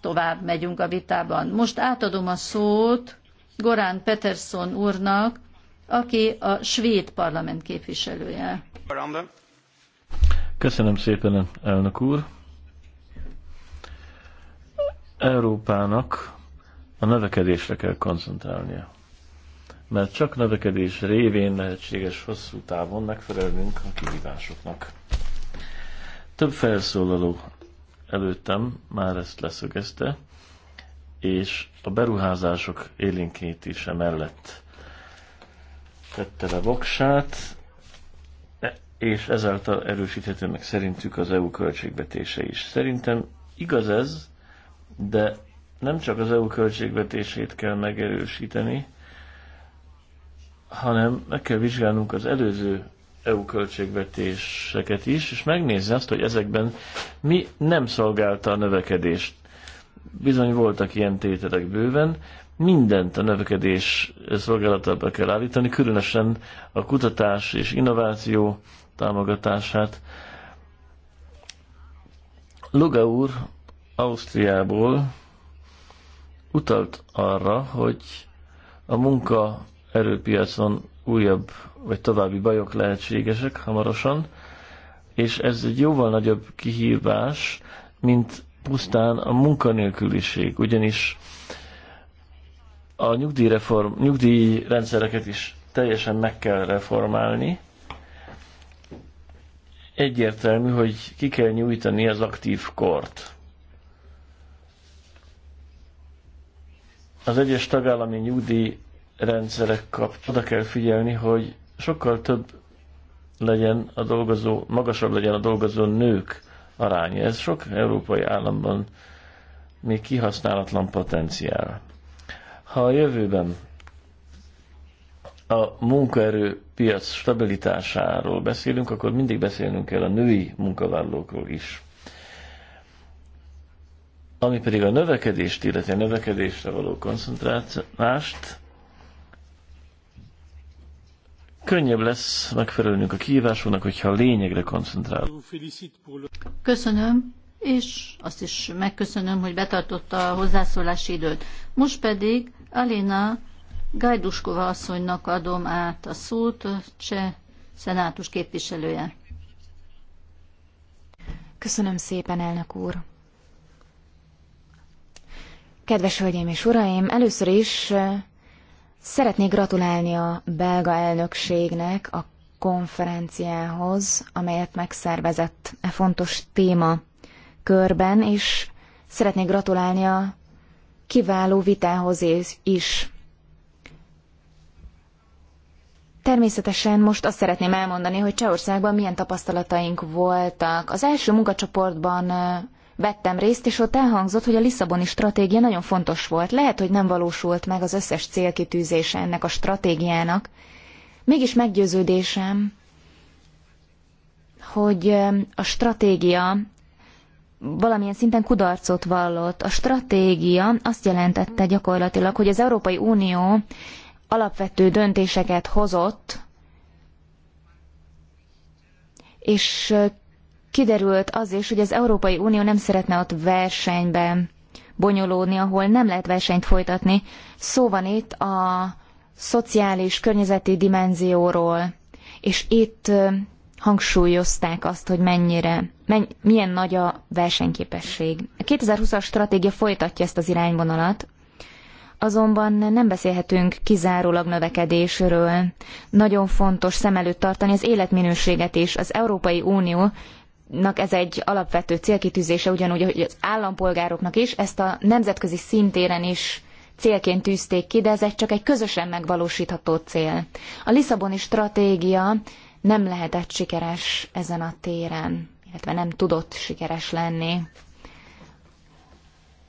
tovább megyünk a vitában. Most átadom a szót Gorán Peterson úrnak, aki a svéd parlament képviselője. Köszönöm szépen, elnök úr. Európának a növekedésre kell koncentrálnia. Mert csak növekedés révén lehetséges hosszú távon megfelelnünk a kihívásoknak. Több felszólaló előttem már ezt leszögezte, és a beruházások élénkítése mellett tette le voksát, és ezáltal erősíthető meg szerintük az EU költségvetése is. Szerintem igaz ez, de nem csak az EU költségvetését kell megerősíteni, hanem meg kell vizsgálnunk az előző EU költségvetéseket is, és megnézni azt, hogy ezekben mi nem szolgálta a növekedést. Bizony voltak ilyen tételek bőven, mindent a növekedés szolgálatába kell állítani, különösen a kutatás és innováció támogatását. Luga úr Ausztriából utalt arra, hogy a munka erőpiacon újabb vagy további bajok lehetségesek hamarosan, és ez egy jóval nagyobb kihívás, mint pusztán a munkanélküliség, ugyanis a nyugdíjreform, nyugdíjrendszereket is teljesen meg kell reformálni. Egyértelmű, hogy ki kell nyújtani az aktív kort. az egyes tagállami rendszerek kap, oda kell figyelni, hogy sokkal több legyen a dolgozó, magasabb legyen a dolgozó nők aránya. Ez sok európai államban még kihasználatlan potenciál. Ha a jövőben a munkaerőpiac stabilitásáról beszélünk, akkor mindig beszélnünk kell a női munkavállalókról is. Ami pedig a növekedést illeti, a növekedésre való koncentrálást, könnyebb lesz megfelelnünk a kihívásunknak, hogyha a lényegre koncentrálunk. Köszönöm, és azt is megköszönöm, hogy betartotta a hozzászólási időt. Most pedig Alina Gajduskova asszonynak adom át a szót, cseh szenátus képviselője. Köszönöm szépen, elnök úr. Kedves hölgyeim és uraim, először is szeretnék gratulálni a belga elnökségnek a konferenciához, amelyet megszervezett e fontos téma körben, és szeretnék gratulálni a kiváló vitához is. Természetesen most azt szeretném elmondani, hogy Csehországban milyen tapasztalataink voltak. Az első munkacsoportban vettem részt, és ott elhangzott, hogy a Lisszaboni stratégia nagyon fontos volt. Lehet, hogy nem valósult meg az összes célkitűzése ennek a stratégiának. Mégis meggyőződésem, hogy a stratégia valamilyen szinten kudarcot vallott. A stratégia azt jelentette gyakorlatilag, hogy az Európai Unió alapvető döntéseket hozott, és kiderült az is, hogy az Európai Unió nem szeretne ott versenybe bonyolódni, ahol nem lehet versenyt folytatni. Szó van itt a szociális, környezeti dimenzióról, és itt hangsúlyozták azt, hogy mennyire, menny, milyen nagy a versenyképesség. A 2020-as stratégia folytatja ezt az irányvonalat, azonban nem beszélhetünk kizárólag növekedésről. Nagyon fontos szem előtt tartani az életminőséget is. Az Európai Unió ez egy alapvető célkitűzése, ugyanúgy, hogy az állampolgároknak is, ezt a nemzetközi szintéren is célként tűzték ki, de ez egy csak egy közösen megvalósítható cél. A Lisszaboni stratégia nem lehetett sikeres ezen a téren, illetve nem tudott sikeres lenni.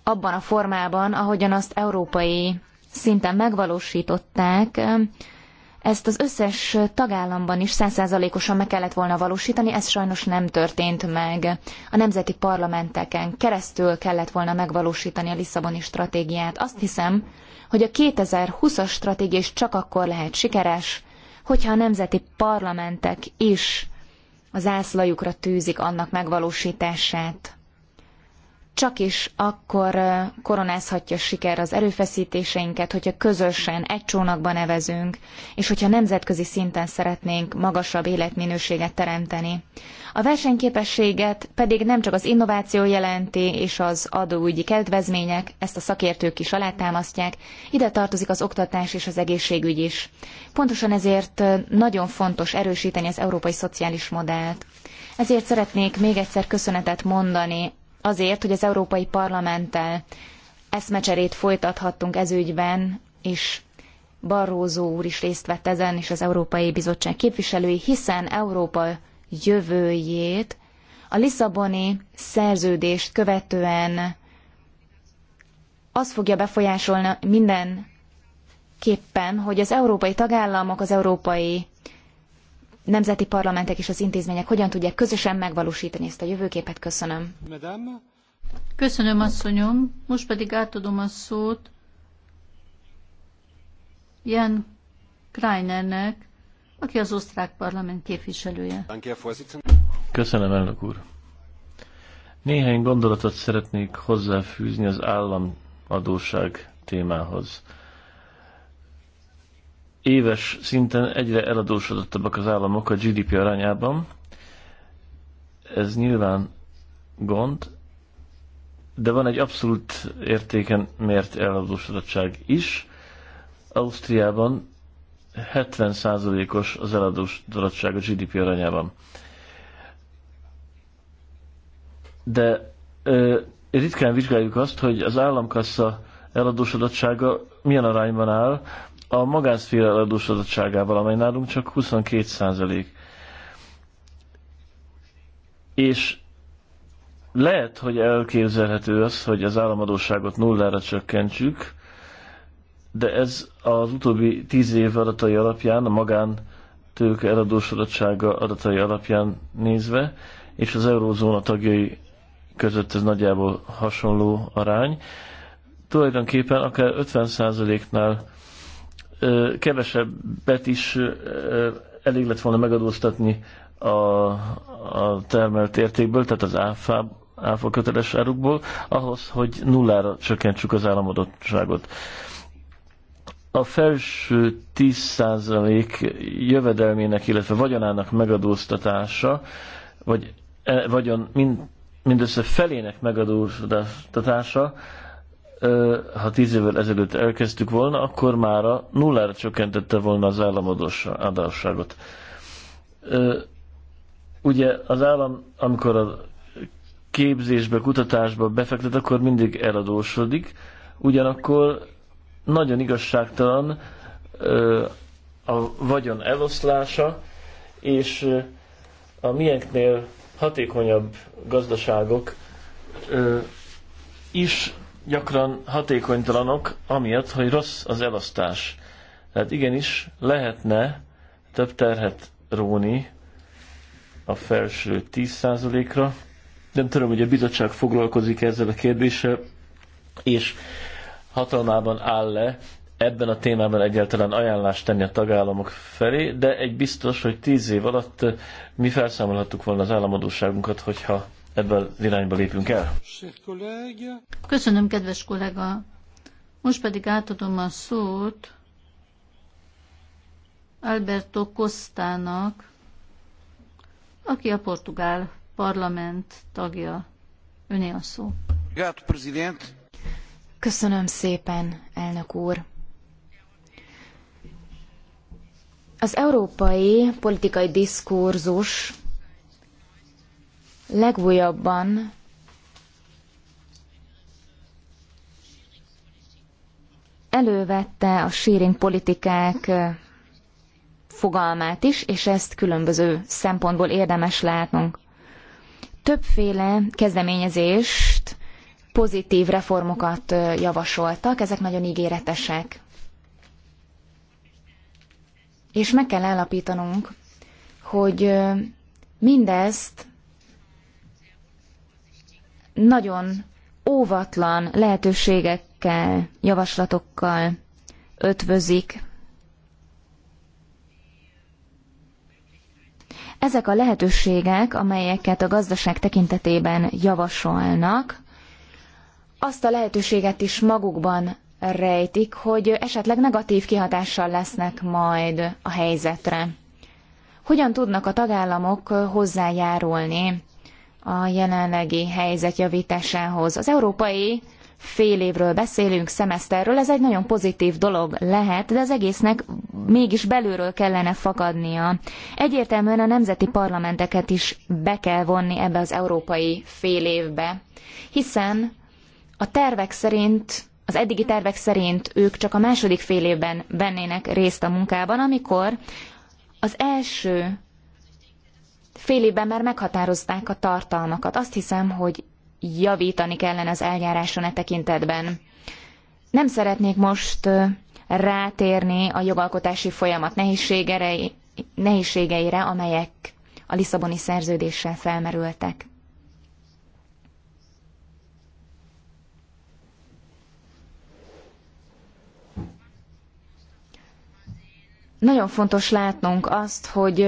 Abban a formában, ahogyan azt európai szinten megvalósították, ezt az összes tagállamban is százszázalékosan meg kellett volna valósítani, ez sajnos nem történt meg. A nemzeti parlamenteken keresztül kellett volna megvalósítani a Lisszaboni stratégiát. Azt hiszem, hogy a 2020-as stratégia is csak akkor lehet sikeres, hogyha a nemzeti parlamentek is az ászlajukra tűzik annak megvalósítását csak is akkor koronázhatja siker az erőfeszítéseinket, hogyha közösen egy csónakban nevezünk, és hogyha nemzetközi szinten szeretnénk magasabb életminőséget teremteni. A versenyképességet pedig nem csak az innováció jelenti, és az adóügyi kedvezmények, ezt a szakértők is alátámasztják, ide tartozik az oktatás és az egészségügy is. Pontosan ezért nagyon fontos erősíteni az európai szociális modellt. Ezért szeretnék még egyszer köszönetet mondani azért, hogy az Európai Parlamenttel eszmecserét folytathattunk ezügyben, és Barroso úr is részt vett ezen, és az Európai Bizottság képviselői, hiszen Európa jövőjét a Lisszaboni szerződést követően az fogja befolyásolni mindenképpen, hogy az európai tagállamok, az európai nemzeti parlamentek és az intézmények hogyan tudják közösen megvalósítani ezt a jövőképet. Köszönöm. Köszönöm, asszonyom. Most pedig átadom a szót Jan Kreinernek, aki az osztrák parlament képviselője. Köszönöm, elnök úr. Néhány gondolatot szeretnék hozzáfűzni az államadóság témához éves szinten egyre eladósodottabbak az államok a GDP arányában. Ez nyilván gond, de van egy abszolút értéken mért eladósodottság is. Ausztriában 70%-os az eladósodottság a GDP arányában. De ö, ritkán vizsgáljuk azt, hogy az államkassa eladósodottsága milyen arányban áll a magánszféra adósodottságával, amely nálunk csak 22 százalék. És lehet, hogy elképzelhető az, hogy az államadóságot nullára csökkentsük, de ez az utóbbi tíz év adatai alapján, a magán tőke eladósodottsága adatai alapján nézve, és az eurózóna tagjai között ez nagyjából hasonló arány. Tulajdonképpen akár 50%-nál kevesebbet is elég lett volna megadóztatni a, a termelt értékből, tehát az áfa, áfa köteles árukból, ahhoz, hogy nullára csökkentsük az államodottságot. A felső 10% jövedelmének, illetve vagyonának megadóztatása, vagy e, vagyon mind, mindössze felének megadóztatása, ha tíz évvel ezelőtt elkezdtük volna, akkor már a nullára csökkentette volna az adósságot. Ugye az állam, amikor a képzésbe, kutatásba befektet, akkor mindig eladósodik, ugyanakkor nagyon igazságtalan a vagyon eloszlása, és a miénknél hatékonyabb gazdaságok is gyakran hatékonytalanok, amiatt, hogy rossz az elosztás. Tehát igenis lehetne több terhet róni a felső 10%-ra. Nem tudom, hogy a bizottság foglalkozik -e ezzel a kérdéssel, és hatalmában áll le ebben a témában egyáltalán ajánlást tenni a tagállamok felé, de egy biztos, hogy tíz év alatt mi felszámolhattuk volna az államadóságunkat, hogyha ebből az irányba lépünk el. Köszönöm, kedves kollega. Most pedig átadom a szót Alberto Costának, aki a portugál parlament tagja. Öné a szó. Köszönöm szépen, elnök úr. Az európai politikai diskurzus legújabban elővette a sharing politikák fogalmát is, és ezt különböző szempontból érdemes látnunk. Többféle kezdeményezést, pozitív reformokat javasoltak, ezek nagyon ígéretesek. És meg kell állapítanunk, hogy mindezt nagyon óvatlan lehetőségekkel, javaslatokkal ötvözik. Ezek a lehetőségek, amelyeket a gazdaság tekintetében javasolnak, azt a lehetőséget is magukban rejtik, hogy esetleg negatív kihatással lesznek majd a helyzetre. Hogyan tudnak a tagállamok hozzájárulni a jelenlegi helyzet javításához. Az európai fél évről beszélünk, szemeszterről, ez egy nagyon pozitív dolog lehet, de az egésznek mégis belülről kellene fakadnia. Egyértelműen a nemzeti parlamenteket is be kell vonni ebbe az európai fél évbe, hiszen a tervek szerint az eddigi tervek szerint ők csak a második fél évben vennének részt a munkában, amikor az első fél már meghatározták a tartalmakat. Azt hiszem, hogy javítani kellene az eljáráson e tekintetben. Nem szeretnék most rátérni a jogalkotási folyamat nehézségeire, amelyek a Lisszaboni szerződéssel felmerültek. Nagyon fontos látnunk azt, hogy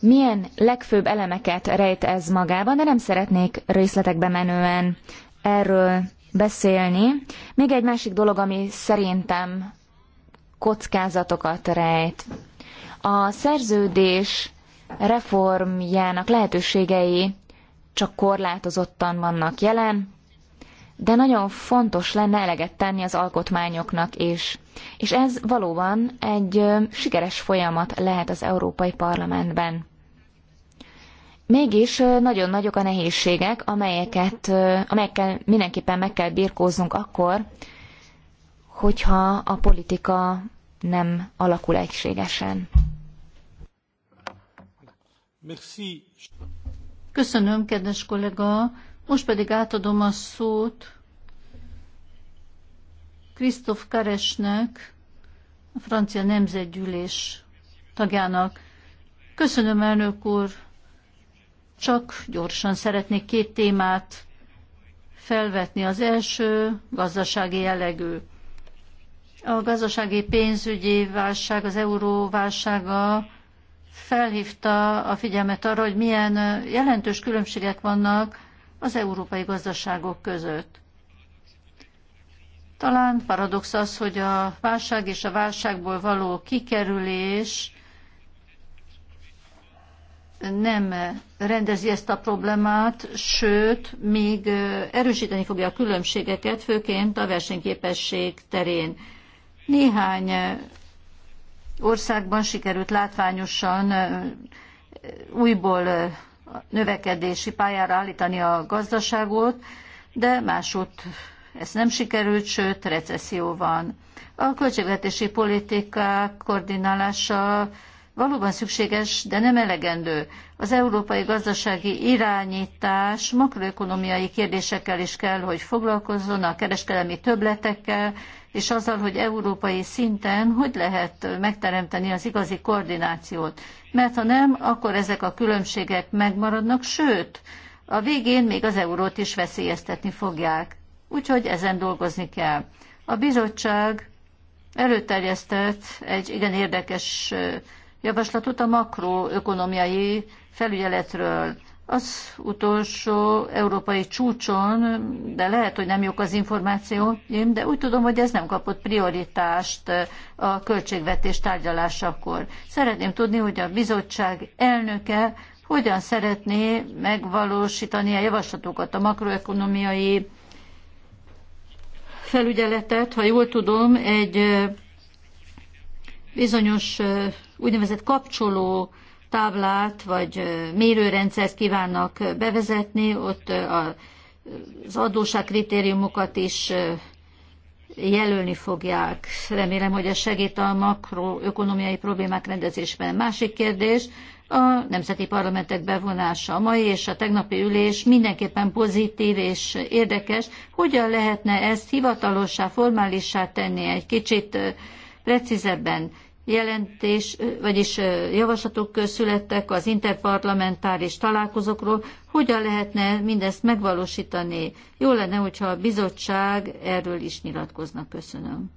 milyen legfőbb elemeket rejt ez magában, de nem szeretnék részletekbe menően erről beszélni. Még egy másik dolog, ami szerintem kockázatokat rejt. A szerződés reformjának lehetőségei csak korlátozottan vannak jelen, de nagyon fontos lenne eleget tenni az alkotmányoknak is. És ez valóban egy sikeres folyamat lehet az Európai Parlamentben. Mégis nagyon nagyok a nehézségek, amelyeket, amelyekkel mindenképpen meg kell birkóznunk akkor, hogyha a politika nem alakul egységesen. Köszönöm, kedves kollega! Most pedig átadom a szót Krisztof Karesnek, a francia nemzetgyűlés tagjának. Köszönöm, elnök úr! Csak gyorsan szeretnék két témát felvetni. Az első gazdasági jellegű. A gazdasági pénzügyi válság, az euró válsága felhívta a figyelmet arra, hogy milyen jelentős különbségek vannak az európai gazdaságok között. Talán paradox az, hogy a válság és a válságból való kikerülés nem rendezi ezt a problémát, sőt, még erősíteni fogja a különbségeket, főként a versenyképesség terén. Néhány országban sikerült látványosan újból növekedési pályára állítani a gazdaságot, de másút ez nem sikerült, sőt, recesszió van. A költségvetési politikák koordinálása valóban szükséges, de nem elegendő. Az európai gazdasági irányítás makroekonomiai kérdésekkel is kell, hogy foglalkozzon, a kereskedelmi többletekkel, és azzal, hogy európai szinten hogy lehet megteremteni az igazi koordinációt. Mert ha nem, akkor ezek a különbségek megmaradnak, sőt, a végén még az eurót is veszélyeztetni fogják. Úgyhogy ezen dolgozni kell. A bizottság előterjesztett egy igen érdekes javaslatot a makroökonomiai felügyeletről. Az utolsó európai csúcson, de lehet, hogy nem jók az információ, de úgy tudom, hogy ez nem kapott prioritást a költségvetés tárgyalásakor. Szeretném tudni, hogy a bizottság elnöke hogyan szeretné megvalósítani a javaslatokat a makroekonomiai felügyeletet, ha jól tudom, egy bizonyos úgynevezett kapcsoló táblát vagy mérőrendszert kívánnak bevezetni, ott az adósság kritériumokat is jelölni fogják. Remélem, hogy ez segít a makroökonomiai problémák rendezésben. Másik kérdés, a nemzeti parlamentek bevonása. A mai és a tegnapi ülés mindenképpen pozitív és érdekes. Hogyan lehetne ezt hivatalossá, formálissá tenni egy kicsit precízebben? jelentés, vagyis javaslatok születtek az interparlamentáris találkozókról, hogyan lehetne mindezt megvalósítani. Jó lenne, hogyha a bizottság erről is nyilatkozna. Köszönöm.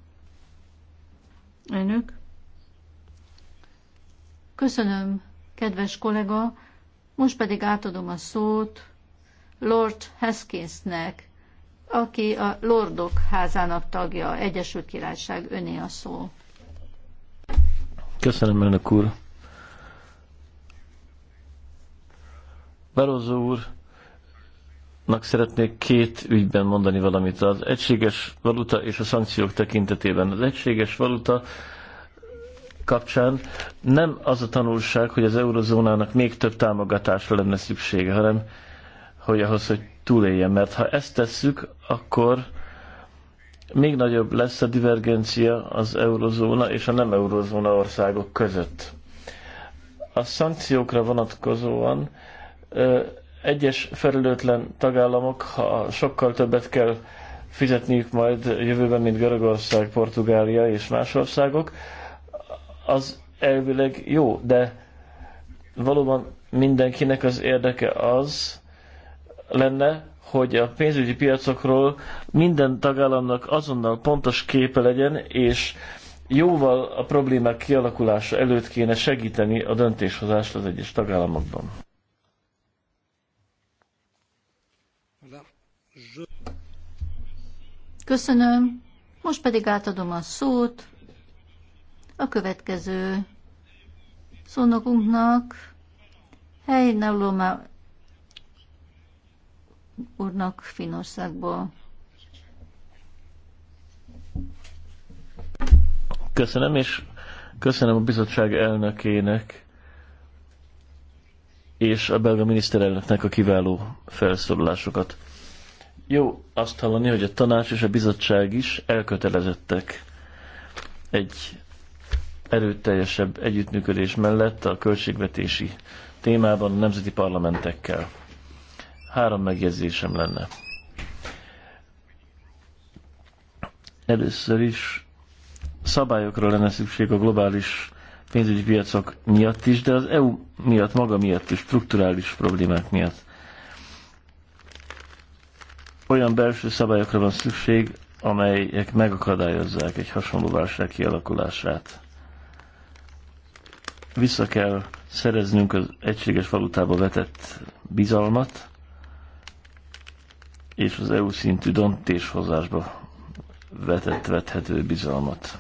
Önök? Köszönöm, kedves kollega. Most pedig átadom a szót Lord Haskinsnek, aki a Lordok házának tagja, Egyesült Királyság öné a szó. Köszönöm, elnök úr. Barozó úrnak szeretnék két ügyben mondani valamit. Az egységes valuta és a szankciók tekintetében. Az egységes valuta kapcsán nem az a tanulság, hogy az eurozónának még több támogatásra lenne szüksége, hanem hogy ahhoz, hogy túléljen. Mert ha ezt tesszük, akkor még nagyobb lesz a divergencia az eurozóna és a nem eurozóna országok között. A szankciókra vonatkozóan egyes felelőtlen tagállamok, ha sokkal többet kell fizetniük majd jövőben, mint Görögország, Portugália és más országok, az elvileg jó, de valóban mindenkinek az érdeke az lenne, hogy a pénzügyi piacokról minden tagállamnak azonnal pontos képe legyen, és jóval a problémák kialakulása előtt kéne segíteni a döntéshozást az egyes tagállamokban. Köszönöm. Most pedig átadom a szót a következő szónokunknak, Hely Nauloma úrnak Finországból. Köszönöm, és köszönöm a bizottság elnökének és a belga miniszterelnöknek a kiváló felszólalásokat. Jó azt hallani, hogy a tanács és a bizottság is elkötelezettek egy erőteljesebb együttműködés mellett a költségvetési témában a nemzeti parlamentekkel három megjegyzésem lenne. Először is szabályokra lenne szükség a globális pénzügyi piacok miatt is, de az EU miatt, maga miatt is, strukturális problémák miatt. Olyan belső szabályokra van szükség, amelyek megakadályozzák egy hasonló válság kialakulását. Vissza kell szereznünk az egységes valutába vetett bizalmat, és az EU szintű döntéshozásba vetett vethető bizalmat.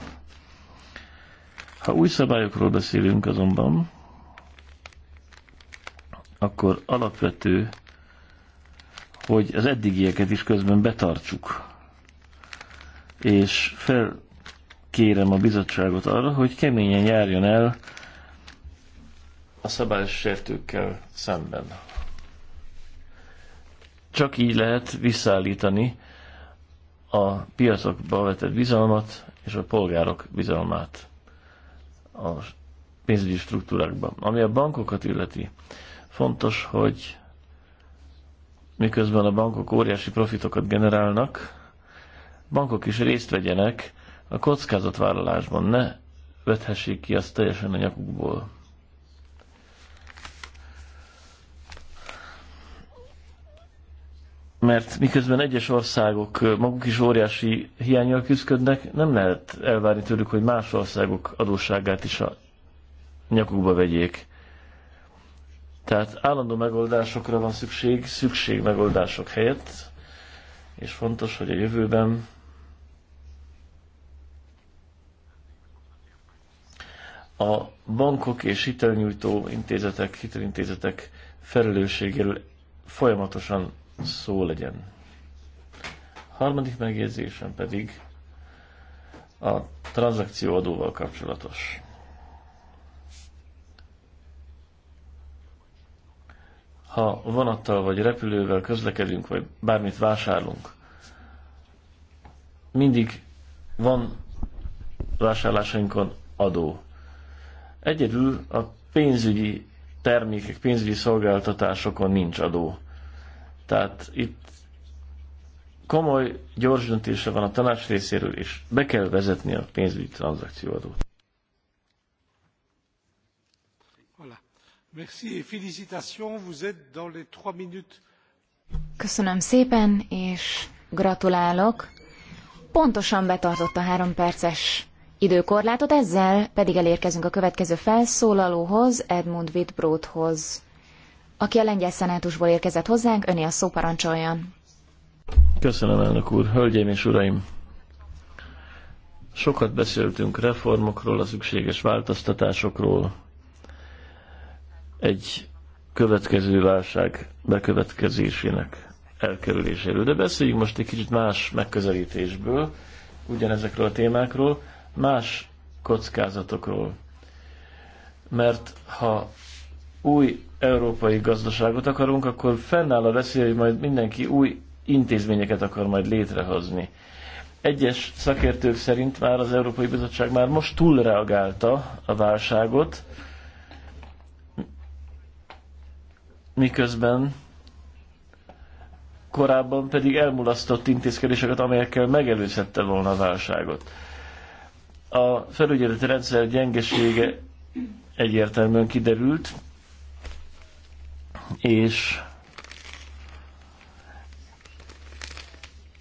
Ha új szabályokról beszélünk azonban, akkor alapvető, hogy az eddigieket is közben betartsuk. És felkérem a bizottságot arra, hogy keményen járjon el a sértőkkel szemben. Csak így lehet visszaállítani a piacokba vetett bizalmat és a polgárok bizalmát a pénzügyi struktúrákban. Ami a bankokat illeti, fontos, hogy miközben a bankok óriási profitokat generálnak, bankok is részt vegyenek a kockázatvállalásban, ne vethessék ki azt teljesen a nyakukból. mert miközben egyes országok maguk is óriási hiányjal küzdködnek, nem lehet elvárni tőlük, hogy más országok adósságát is a nyakukba vegyék. Tehát állandó megoldásokra van szükség, szükség megoldások helyett, és fontos, hogy a jövőben a bankok és hitelnyújtó intézetek, hitelintézetek felelősségéről folyamatosan szó legyen. Harmadik megjegyzésem pedig a tranzakcióadóval kapcsolatos. Ha vonattal vagy repülővel közlekedünk, vagy bármit vásárlunk, mindig van vásárlásainkon adó. Egyedül a pénzügyi termékek, pénzügyi szolgáltatásokon nincs adó. Tehát itt komoly, gyors döntése van a tanács részéről, és be kell vezetni a pénzügyi tranzakcióadót. Köszönöm szépen, és gratulálok. Pontosan betartotta a három perces időkorlátot, ezzel pedig elérkezünk a következő felszólalóhoz, Edmund Wittbrothoz aki a lengyel szenátusból érkezett hozzánk, öné a szó parancsoljon. Köszönöm, elnök úr, hölgyeim és uraim! Sokat beszéltünk reformokról, a szükséges változtatásokról. Egy következő válság bekövetkezésének elkerüléséről. De beszéljünk most egy kicsit más megközelítésből, ugyanezekről a témákról, más kockázatokról. Mert ha új európai gazdaságot akarunk, akkor fennáll a veszély, hogy majd mindenki új intézményeket akar majd létrehozni. Egyes szakértők szerint már az Európai Bizottság már most túlreagálta a válságot, miközben korábban pedig elmulasztott intézkedéseket, amelyekkel megelőzhette volna a válságot. A felügyeleti rendszer gyengesége egyértelműen kiderült, és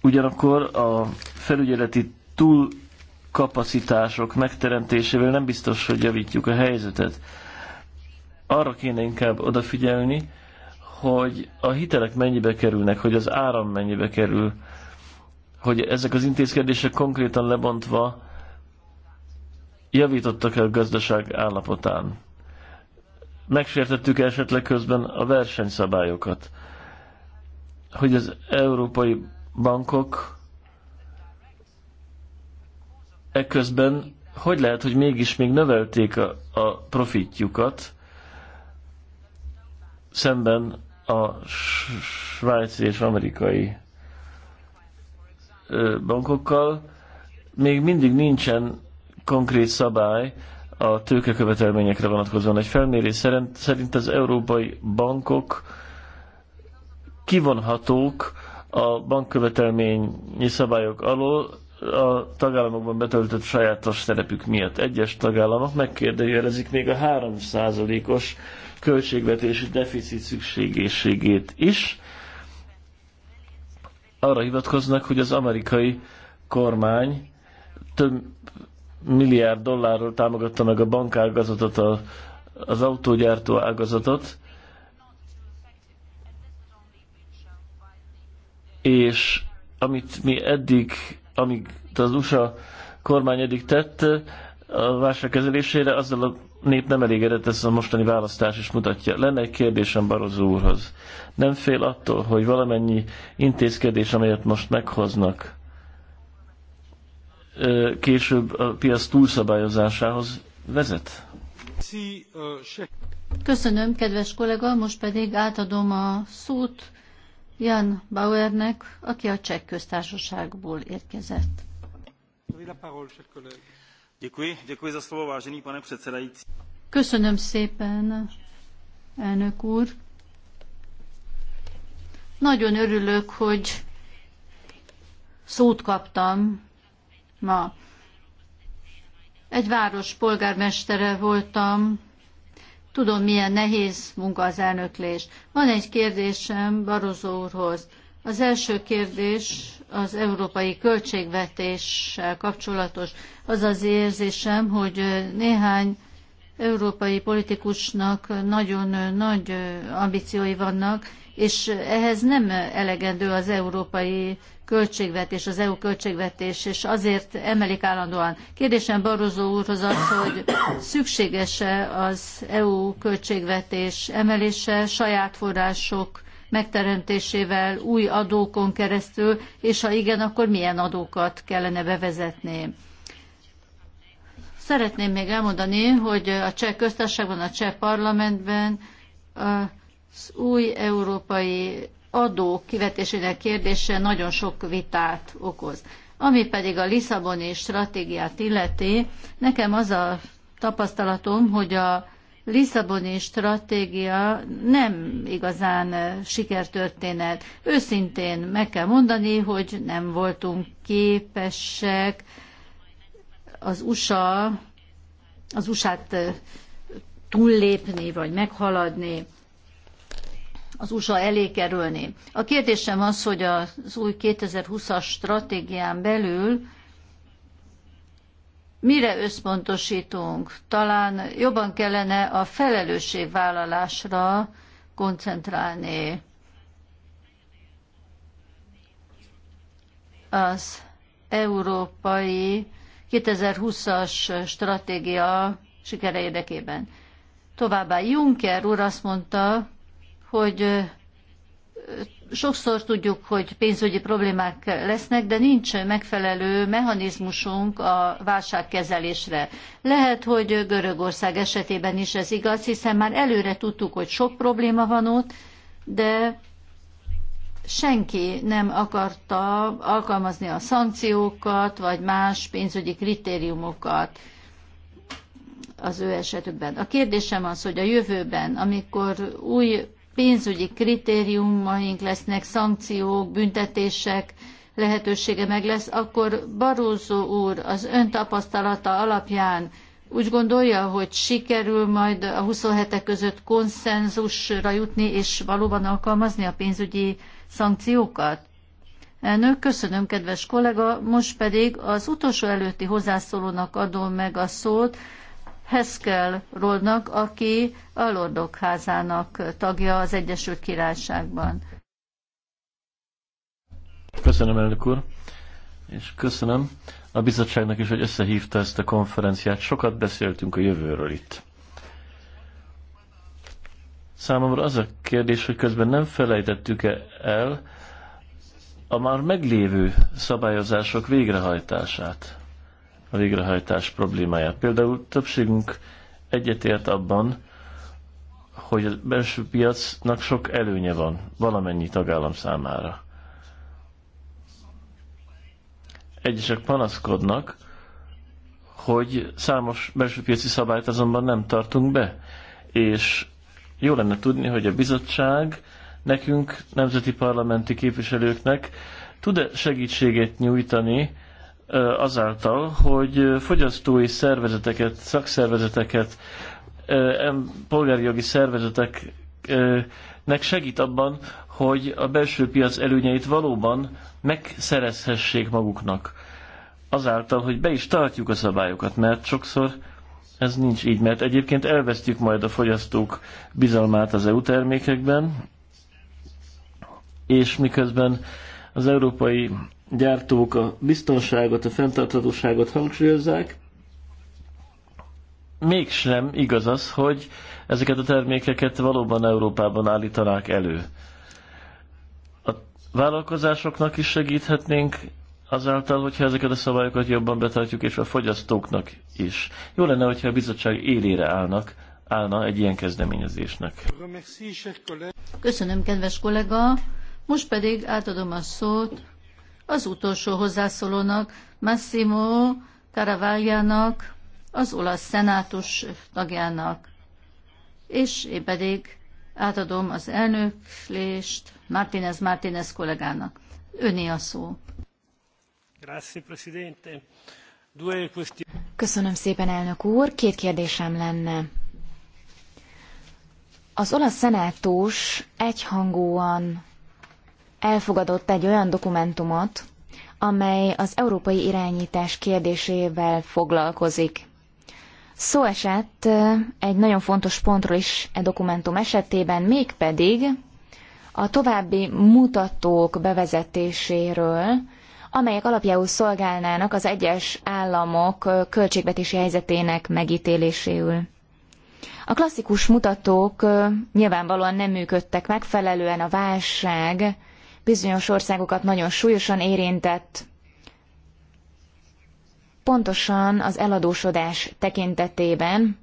ugyanakkor a felügyeleti túlkapacitások megteremtésével nem biztos, hogy javítjuk a helyzetet. Arra kéne inkább odafigyelni, hogy a hitelek mennyibe kerülnek, hogy az áram mennyibe kerül, hogy ezek az intézkedések konkrétan lebontva javítottak el a gazdaság állapotán megsértettük esetleg közben a versenyszabályokat, hogy az európai bankok ekközben hogy lehet, hogy mégis még növelték a, a profitjukat szemben a svájci és amerikai bankokkal, még mindig nincsen konkrét szabály a tőkekövetelményekre vonatkozóan egy felmérés szerint szerint az európai bankok kivonhatók a bankkövetelményi szabályok alól a tagállamokban betöltött sajátos szerepük miatt. Egyes tagállamok megkérdőjelezik még a 3%-os költségvetési deficit szükségességét is. Arra hivatkoznak, hogy az amerikai kormány több milliárd dollárról támogatta meg a bankágazatot, a, az autógyártó ágazatot, és amit mi eddig, amíg az USA kormány eddig tett a válság kezelésére, azzal a nép nem elégedett, ez a mostani választás is mutatja. Lenne egy kérdésem Barozó úrhoz. Nem fél attól, hogy valamennyi intézkedés, amelyet most meghoznak, később a piac túlszabályozásához vezet. Köszönöm, kedves kollega, most pedig átadom a szót Jan Bauernek, aki a Cseh köztársaságból érkezett. Köszönöm szépen, elnök úr. Nagyon örülök, hogy szót kaptam ma. Egy város polgármestere voltam, tudom, milyen nehéz munka az elnöklés. Van egy kérdésem Barozó úrhoz. Az első kérdés az európai költségvetéssel kapcsolatos. Az az érzésem, hogy néhány európai politikusnak nagyon nagy ambíciói vannak, és ehhez nem elegendő az európai költségvetés, az EU költségvetés, és azért emelik állandóan. Kérdésem Barozó úrhoz az, hogy szükséges-e az EU költségvetés emelése saját források megteremtésével, új adókon keresztül, és ha igen, akkor milyen adókat kellene bevezetni. Szeretném még elmondani, hogy a cseh köztársaságban, a cseh parlamentben az új európai adó kivetésének kérdése nagyon sok vitát okoz. Ami pedig a Lisszaboni stratégiát illeti, nekem az a tapasztalatom, hogy a Lisszaboni stratégia nem igazán sikertörténet. Őszintén meg kell mondani, hogy nem voltunk képesek az USA, az USA-t túllépni vagy meghaladni az USA elé kerülni. A kérdésem az, hogy az új 2020-as stratégián belül mire összpontosítunk? Talán jobban kellene a felelősségvállalásra koncentrálni. Az európai 2020-as stratégia sikere érdekében. Továbbá Juncker úr azt mondta, hogy sokszor tudjuk, hogy pénzügyi problémák lesznek, de nincs megfelelő mechanizmusunk a válságkezelésre. Lehet, hogy Görögország esetében is ez igaz, hiszen már előre tudtuk, hogy sok probléma van ott, de senki nem akarta alkalmazni a szankciókat, vagy más pénzügyi kritériumokat az ő esetükben. A kérdésem az, hogy a jövőben, amikor új pénzügyi kritériumaink lesznek, szankciók, büntetések lehetősége meg lesz, akkor Barózó úr az ön tapasztalata alapján úgy gondolja, hogy sikerül majd a 27 között konszenzusra jutni, és valóban alkalmazni a pénzügyi szankciókat? Elnök, köszönöm, kedves kollega. Most pedig az utolsó előtti hozzászólónak adom meg a szót, Heskel Roldnak, aki a Lordok házának tagja az Egyesült Királyságban. Köszönöm, elnök úr, és köszönöm a bizottságnak is, hogy összehívta ezt a konferenciát. Sokat beszéltünk a jövőről itt. Számomra az a kérdés, hogy közben nem felejtettük-e el a már meglévő szabályozások végrehajtását a végrehajtás problémáját. Például többségünk egyetért abban, hogy a belső piacnak sok előnye van valamennyi tagállam számára. Egyesek panaszkodnak, hogy számos belső piaci szabályt azonban nem tartunk be, és jó lenne tudni, hogy a bizottság nekünk, nemzeti parlamenti képviselőknek tud-e segítséget nyújtani, azáltal, hogy fogyasztói szervezeteket, szakszervezeteket, polgári jogi szervezeteknek segít abban, hogy a belső piac előnyeit valóban megszerezhessék maguknak. Azáltal, hogy be is tartjuk a szabályokat, mert sokszor ez nincs így, mert egyébként elvesztjük majd a fogyasztók bizalmát az EU termékekben, és miközben az európai gyártók a biztonságot, a fenntarthatóságot hangsúlyozzák, mégsem igaz az, hogy ezeket a termékeket valóban Európában állítanák elő. A vállalkozásoknak is segíthetnénk azáltal, hogyha ezeket a szabályokat jobban betartjuk, és a fogyasztóknak is. Jó lenne, hogyha a bizottság élére állnak, állna egy ilyen kezdeményezésnek. Köszönöm, kedves kollega! Most pedig átadom a szót az utolsó hozzászólónak, Massimo Caravagliának, az olasz szenátus tagjának. És én pedig átadom az elnöklést Martínez Martínez kollégának. Öné a szó. Köszönöm szépen, elnök úr. Két kérdésem lenne. Az olasz szenátus egyhangúan elfogadott egy olyan dokumentumot, amely az európai irányítás kérdésével foglalkozik. Szó esett egy nagyon fontos pontról is e dokumentum esetében, mégpedig a további mutatók bevezetéséről, amelyek alapjául szolgálnának az egyes államok költségvetési helyzetének megítéléséül. A klasszikus mutatók nyilvánvalóan nem működtek megfelelően, a válság bizonyos országokat nagyon súlyosan érintett, pontosan az eladósodás tekintetében,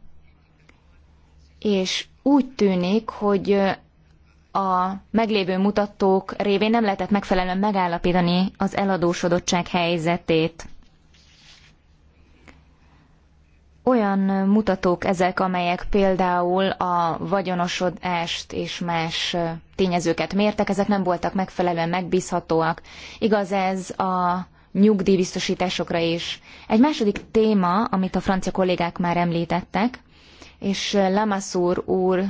és úgy tűnik, hogy a meglévő mutatók révén nem lehetett megfelelően megállapítani az eladósodottság helyzetét. olyan mutatók ezek, amelyek például a vagyonosodást és más tényezőket mértek, ezek nem voltak megfelelően megbízhatóak. Igaz ez a nyugdíjbiztosításokra is. Egy második téma, amit a francia kollégák már említettek, és Lamassur úr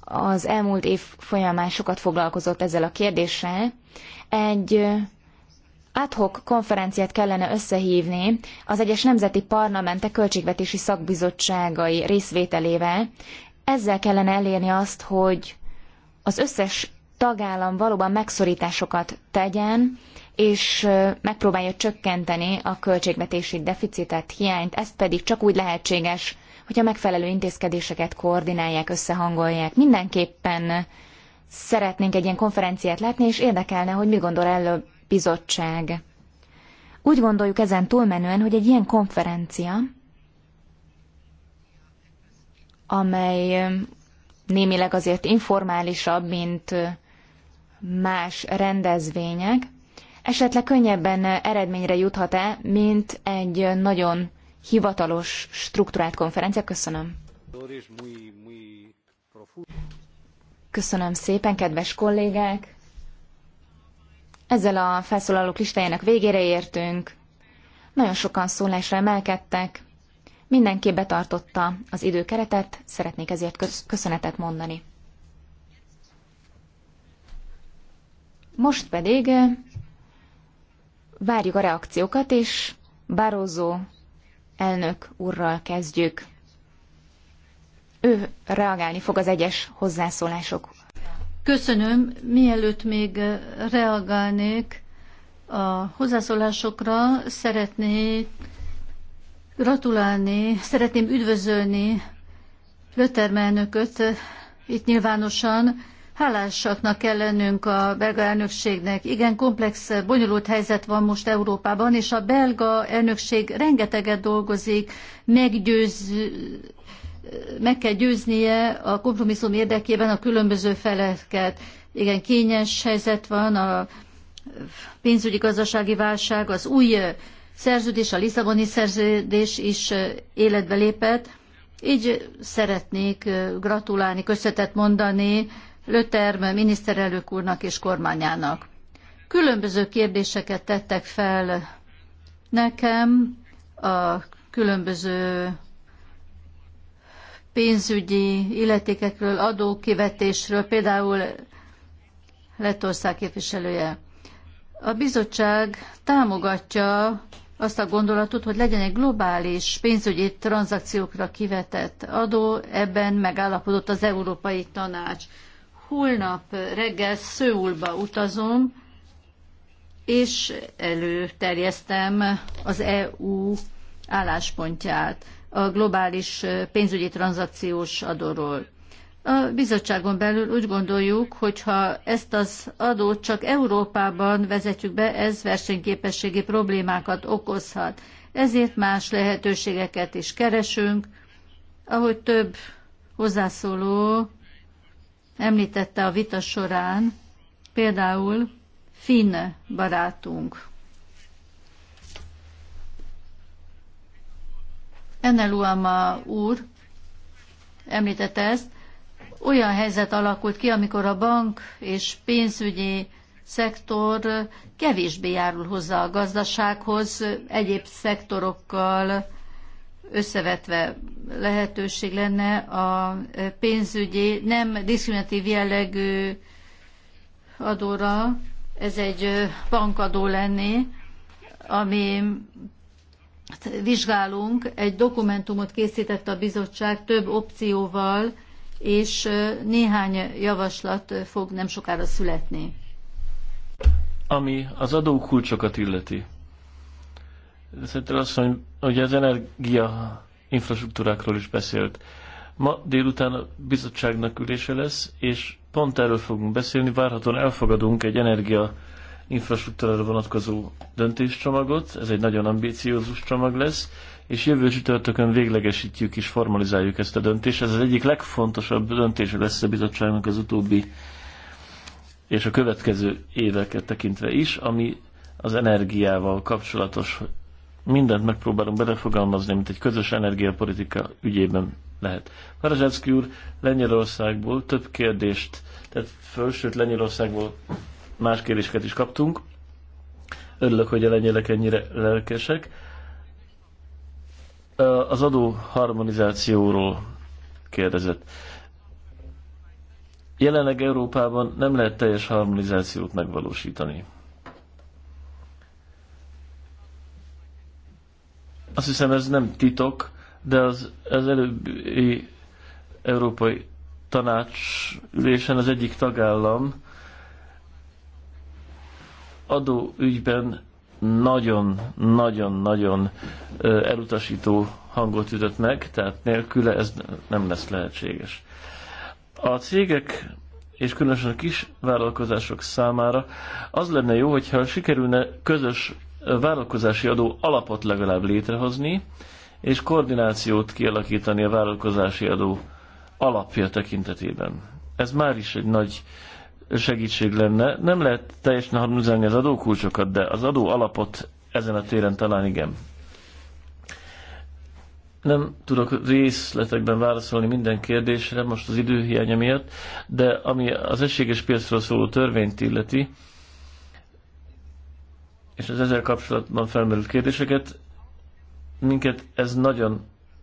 az elmúlt év folyamán sokat foglalkozott ezzel a kérdéssel, egy adhok konferenciát kellene összehívni az egyes nemzeti parlamentek költségvetési szakbizottságai részvételével. Ezzel kellene elérni azt, hogy az összes tagállam valóban megszorításokat tegyen, és megpróbálja csökkenteni a költségvetési deficitet, hiányt, ez pedig csak úgy lehetséges, hogy a megfelelő intézkedéseket koordinálják, összehangolják. Mindenképpen szeretnénk egy ilyen konferenciát látni, és érdekelne, hogy mi gondol elő bizottság. Úgy gondoljuk ezen túlmenően, hogy egy ilyen konferencia, amely um, némileg azért informálisabb, mint uh, más rendezvények, esetleg könnyebben uh, eredményre juthat-e, mint egy uh, nagyon hivatalos, struktúrált konferencia. Köszönöm. Köszönöm szépen, kedves kollégák! Ezzel a felszólalók listájának végére értünk. Nagyon sokan szólásra emelkedtek. Mindenki betartotta az időkeretet, szeretnék ezért köszönetet mondani. Most pedig eh, várjuk a reakciókat, és Barroso elnök úrral kezdjük. Ő reagálni fog az egyes hozzászólások Köszönöm, mielőtt még eh, reagálnék a hozzászólásokra, szeretnék gratulálni, szeretném üdvözölni Lötermelnököt eh, itt nyilvánosan. Hálásaknak kell lennünk a belga elnökségnek. Igen, komplex, eh, bonyolult helyzet van most Európában, és a belga elnökség rengeteget dolgozik, meggyőz, meg kell győznie a kompromisszum érdekében a különböző feleket. Igen, kényes helyzet van, a pénzügyi gazdasági válság, az új szerződés, a Lisszaboni szerződés is életbe lépett. Így szeretnék gratulálni, köszönetet mondani Löterm miniszterelnök úrnak és kormányának. Különböző kérdéseket tettek fel nekem a különböző pénzügyi illetékekről, adókivetésről, például Lettország képviselője. A bizottság támogatja azt a gondolatot, hogy legyen egy globális pénzügyi tranzakciókra kivetett adó, ebben megállapodott az Európai Tanács. Holnap reggel Szőulba utazom, és előterjesztem az EU álláspontját a globális pénzügyi tranzakciós adóról. A bizottságon belül úgy gondoljuk, hogy ha ezt az adót csak Európában vezetjük be, ez versenyképességi problémákat okozhat. Ezért más lehetőségeket is keresünk. Ahogy több hozzászóló említette a vita során, például Finn barátunk Eneluama úr említette ezt, olyan helyzet alakult ki, amikor a bank és pénzügyi szektor kevésbé járul hozzá a gazdasághoz, egyéb szektorokkal összevetve lehetőség lenne a pénzügyi, nem diszkriminatív jellegű adóra, ez egy bankadó lenné, ami Hát vizsgálunk, egy dokumentumot készített a bizottság több opcióval, és néhány javaslat fog nem sokára születni. Ami az adókulcsokat illeti. Szerintem azt mondja, hogy az energia infrastruktúrákról is beszélt. Ma délután a bizottságnak ülése lesz, és pont erről fogunk beszélni. Várhatóan elfogadunk egy energia infrastruktúrára vonatkozó döntéscsomagot, ez egy nagyon ambíciózus csomag lesz, és jövő csütörtökön véglegesítjük és formalizáljuk ezt a döntést. Ez az egyik legfontosabb döntése lesz a bizottságnak az utóbbi és a következő éveket tekintve is, ami az energiával kapcsolatos. Mindent megpróbálunk belefogalmazni, mint egy közös energiapolitika ügyében lehet. Parazsácki úr Lengyelországból több kérdést tehát föl, Lengyelországból más kérdéseket is kaptunk. Örülök, hogy a lengyelek ennyire lelkesek. Az adó harmonizációról kérdezett. Jelenleg Európában nem lehet teljes harmonizációt megvalósítani. Azt hiszem ez nem titok, de az, az előbbi Európai Tanács ülésen az egyik tagállam adó ügyben nagyon-nagyon-nagyon elutasító hangot ütött meg, tehát nélküle ez nem lesz lehetséges. A cégek és különösen a kis vállalkozások számára az lenne jó, hogyha sikerülne közös vállalkozási adó alapot legalább létrehozni, és koordinációt kialakítani a vállalkozási adó alapja tekintetében. Ez már is egy nagy uh, segítség lenne. Nem lehet teljesen harmonizálni az adókulcsokat, de az adó alapot ezen a téren talán igen. Nem tudok részletekben válaszolni minden kérdésre most az időhiánya miatt, de ami az egységes piacról szóló törvényt illeti, és az ezzel kapcsolatban felmerült kérdéseket, minket ez nagyon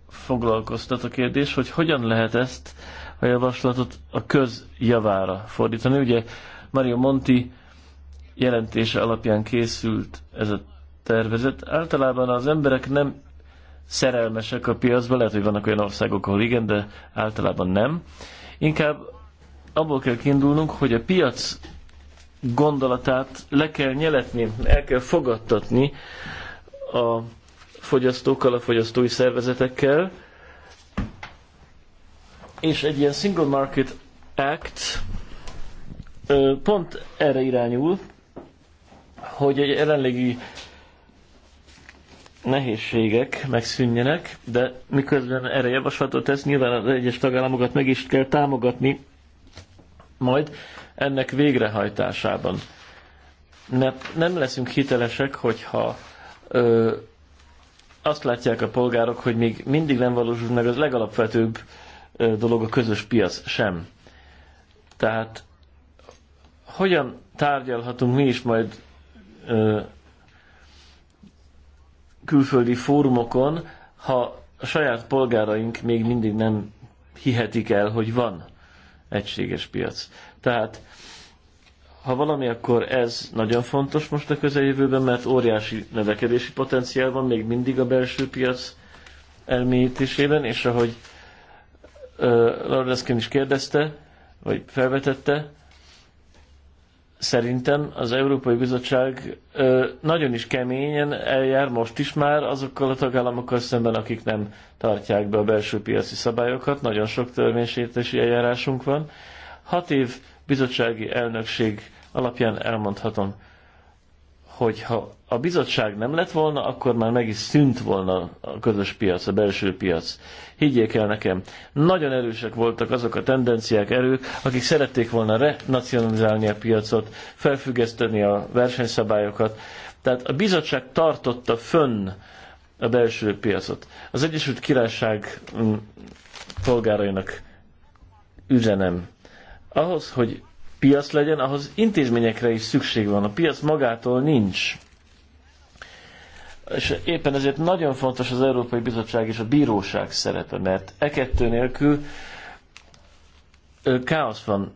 foglalkoztat a kérdés, hogy hogyan lehet ezt a javaslatot a közjavára fordítani. Ugye Mario Monti jelentése alapján készült ez a tervezet. Általában az emberek nem szerelmesek a piacba, lehet, hogy vannak olyan országok, ahol igen, de általában nem. Inkább abból kell kiindulnunk, hogy a piac gondolatát le kell nyeletni, el kell fogadtatni a fogyasztókkal, a fogyasztói szervezetekkel, és egy ilyen Single Market Act pont erre irányul, hogy egy jelenlegi nehézségek megszűnjenek, de miközben erre javaslatot tesz, nyilván az egyes tagállamokat meg is kell támogatni majd ennek végrehajtásában. Ne, nem leszünk hitelesek, hogyha ö, azt látják a polgárok, hogy még mindig nem valósul meg az legalapvetőbb dolog a közös piac sem. Tehát hogyan tárgyalhatunk mi is majd ö, külföldi fórumokon, ha a saját polgáraink még mindig nem hihetik el, hogy van egységes piac. Tehát ha valami, akkor ez nagyon fontos most a közeljövőben, mert óriási növekedési potenciál van még mindig a belső piac elmélyítésében, és ahogy Laureszkin is kérdezte, vagy felvetette, szerintem az Európai Bizottság nagyon is keményen eljár most is már azokkal a tagállamokkal szemben, akik nem tartják be a belső piaci szabályokat. Nagyon sok törvénysértési eljárásunk van. Hat év bizottsági elnökség alapján elmondhatom, hogy ha a bizottság nem lett volna, akkor már meg is szűnt volna a közös piac, a belső piac. Higgyék el nekem, nagyon erősek voltak azok a tendenciák, erők, akik szerették volna renacionalizálni a piacot, felfüggeszteni a versenyszabályokat. Tehát a bizottság tartotta fönn a belső piacot. Az Egyesült Királyság mm, polgárainak üzenem. Ahhoz, hogy piac legyen, ahhoz intézményekre is szükség van. A piac magától nincs. És éppen ezért nagyon fontos az Európai Bizottság és a bíróság szerepe, mert e kettő nélkül káosz van.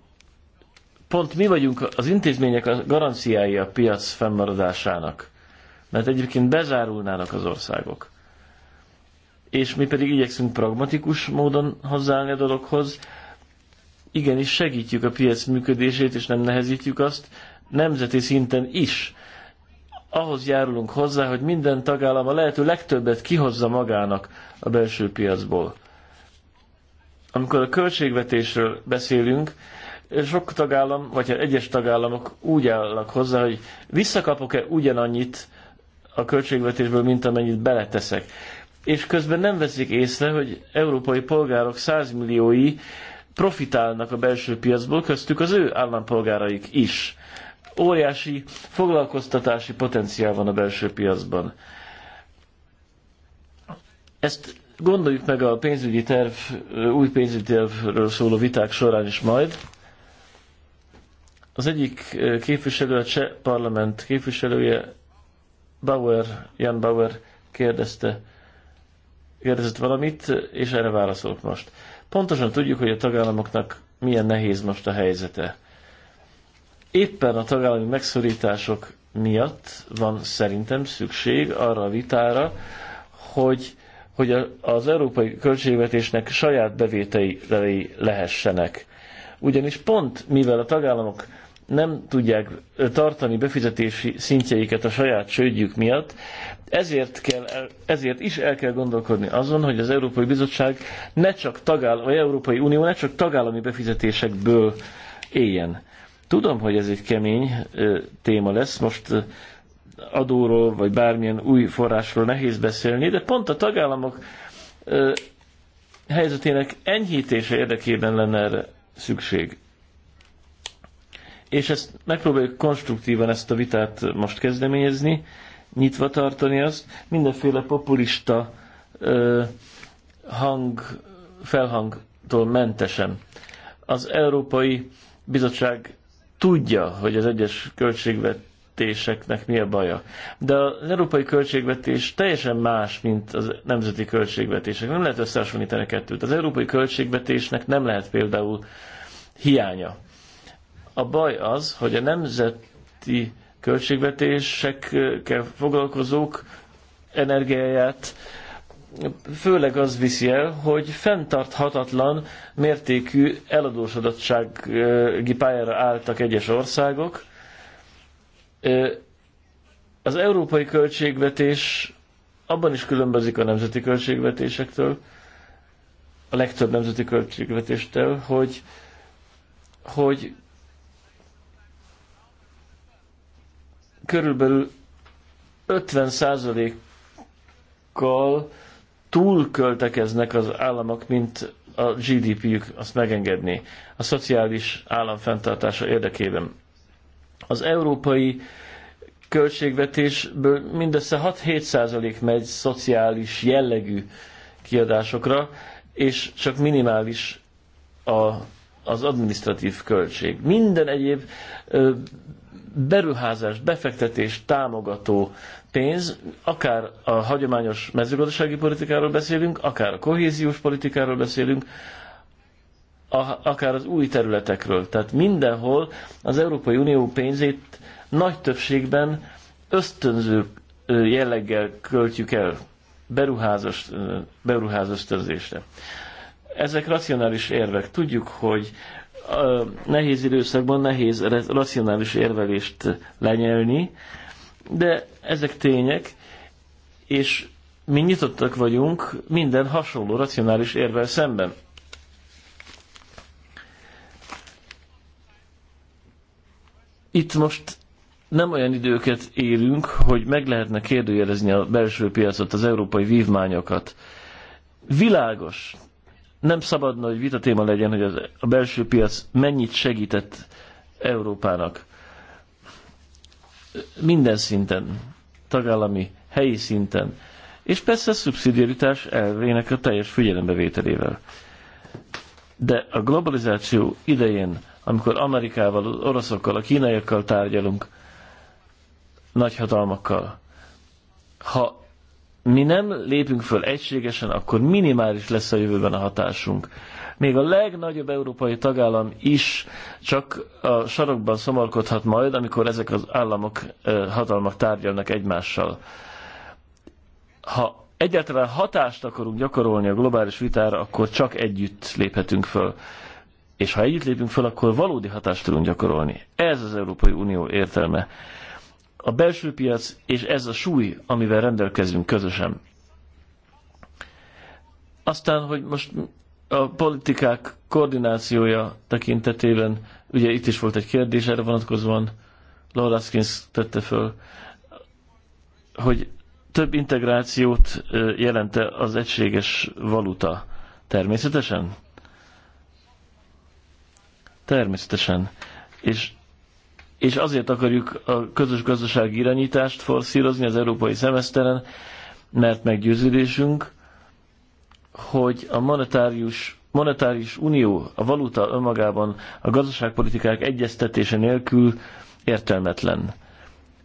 Pont mi vagyunk az intézmények a garanciái a piac fennmaradásának, mert egyébként bezárulnának az országok. És mi pedig igyekszünk pragmatikus módon hozzáállni a dologhoz, igenis segítjük a piac működését, és nem nehezítjük azt, nemzeti szinten is. Ahhoz járulunk hozzá, hogy minden tagállam a lehető legtöbbet kihozza magának a belső piacból. Amikor a költségvetésről beszélünk, sok tagállam, vagy egyes tagállamok úgy állnak hozzá, hogy visszakapok-e ugyanannyit a költségvetésből, mint amennyit beleteszek. És közben nem veszik észre, hogy európai polgárok százmilliói milliói profitálnak a belső piacból, köztük az ő állampolgáraik is. Óriási foglalkoztatási potenciál van a belső piacban. Ezt gondoljuk meg a pénzügyi terv, új pénzügyi tervről szóló viták során is majd. Az egyik képviselő, a cseh parlament képviselője, Bauer, Jan Bauer kérdezte, kérdezett valamit, és erre válaszolt most. Pontosan tudjuk, hogy a tagállamoknak milyen nehéz most a helyzete. Éppen a tagállami megszorítások miatt van szerintem szükség arra a vitára, hogy, hogy az európai költségvetésnek saját bevételei lehessenek. Ugyanis pont mivel a tagállamok nem tudják tartani befizetési szintjeiket a saját csődjük miatt, ezért, kell, ezért is el kell gondolkodni azon, hogy az Európai Bizottság ne csak tagállami, vagy Európai Unió ne csak tagállami befizetésekből éljen. Tudom, hogy ez egy kemény téma lesz, most adóról, vagy bármilyen új forrásról nehéz beszélni, de pont a tagállamok helyzetének enyhítése érdekében lenne erre szükség és ezt megpróbáljuk konstruktívan ezt a vitát most kezdeményezni, nyitva tartani azt, mindenféle populista ö, hang, felhangtól mentesen. Az Európai Bizottság tudja, hogy az egyes költségvetéseknek mi a baja. De az európai költségvetés teljesen más, mint az nemzeti költségvetések. Nem lehet összehasonlítani a kettőt. Az európai költségvetésnek nem lehet például hiánya a baj az, hogy a nemzeti költségvetésekkel foglalkozók energiáját főleg az viszi el, hogy fenntarthatatlan mértékű eladósodottsági pályára álltak egyes országok. Az európai költségvetés abban is különbözik a nemzeti költségvetésektől, a legtöbb nemzeti költségvetéstől, hogy, hogy körülbelül 50%-kal túlköltekeznek az államok, mint a GDP-jük azt megengedni a szociális állam fenntartása érdekében. Az európai költségvetésből mindössze 6-7% megy szociális jellegű kiadásokra, és csak minimális a, az administratív költség. Minden egyéb ö, beruházás, befektetés támogató pénz, akár a hagyományos mezőgazdasági politikáról beszélünk, akár a kohéziós politikáról beszélünk, a, akár az új területekről. Tehát mindenhol az Európai Unió pénzét nagy többségben ösztönző jelleggel költjük el beruházás, beruházás ösztönzésre. Ezek racionális érvek. Tudjuk, hogy nehéz időszakban nehéz racionális érvelést lenyelni, de ezek tények, és mi nyitottak vagyunk minden hasonló racionális érvel szemben. Itt most nem olyan időket élünk, hogy meg lehetne kérdőjelezni a belső piacot, az európai vívmányokat. Világos, nem szabadna, hogy vita téma legyen, hogy az, a belső piac mennyit segített Európának. Minden szinten, tagállami, helyi szinten, és persze a szubszidiaritás elvének a teljes figyelembevételével. De a globalizáció idején, amikor Amerikával, az oroszokkal, a kínaiakkal tárgyalunk, nagyhatalmakkal, ha mi nem lépünk föl egységesen, akkor minimális lesz a jövőben a hatásunk. Még a legnagyobb európai tagállam is csak a sarokban szomorkodhat majd, amikor ezek az államok, hatalmak tárgyalnak egymással. Ha egyáltalán hatást akarunk gyakorolni a globális vitára, akkor csak együtt léphetünk föl. És ha együtt lépünk föl, akkor valódi hatást tudunk gyakorolni. Ez az Európai Unió értelme a belső piac és ez a súly, amivel rendelkezünk közösen. Aztán, hogy most a politikák koordinációja tekintetében, ugye itt is volt egy kérdés erre vonatkozóan, Laura Skins tette föl, hogy több integrációt jelente az egységes valuta. Természetesen? Természetesen. És és azért akarjuk a közös gazdasági irányítást forszírozni az európai szemeszteren, mert meggyőződésünk, hogy a monetárius, monetáris unió, a valuta önmagában a gazdaságpolitikák egyeztetése nélkül értelmetlen.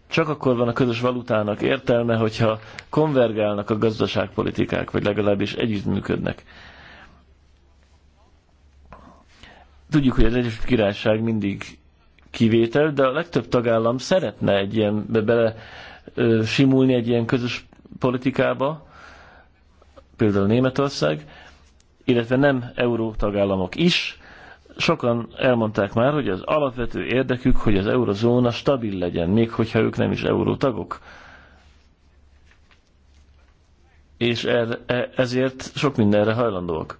Csak akkor van a közös valutának értelme, hogyha konvergálnak a gazdaságpolitikák, vagy legalábbis együttműködnek. Tudjuk, hogy az Egyesült Királyság mindig kivétel, de a legtöbb tagállam szeretne egy ilyen bele simulni egy ilyen közös politikába, például Németország, illetve nem euró tagállamok is. Sokan elmondták már, hogy az alapvető érdekük, hogy az eurozóna stabil legyen, még hogyha ők nem is euró tagok. És er, e, ezért sok mindenre hajlandóak.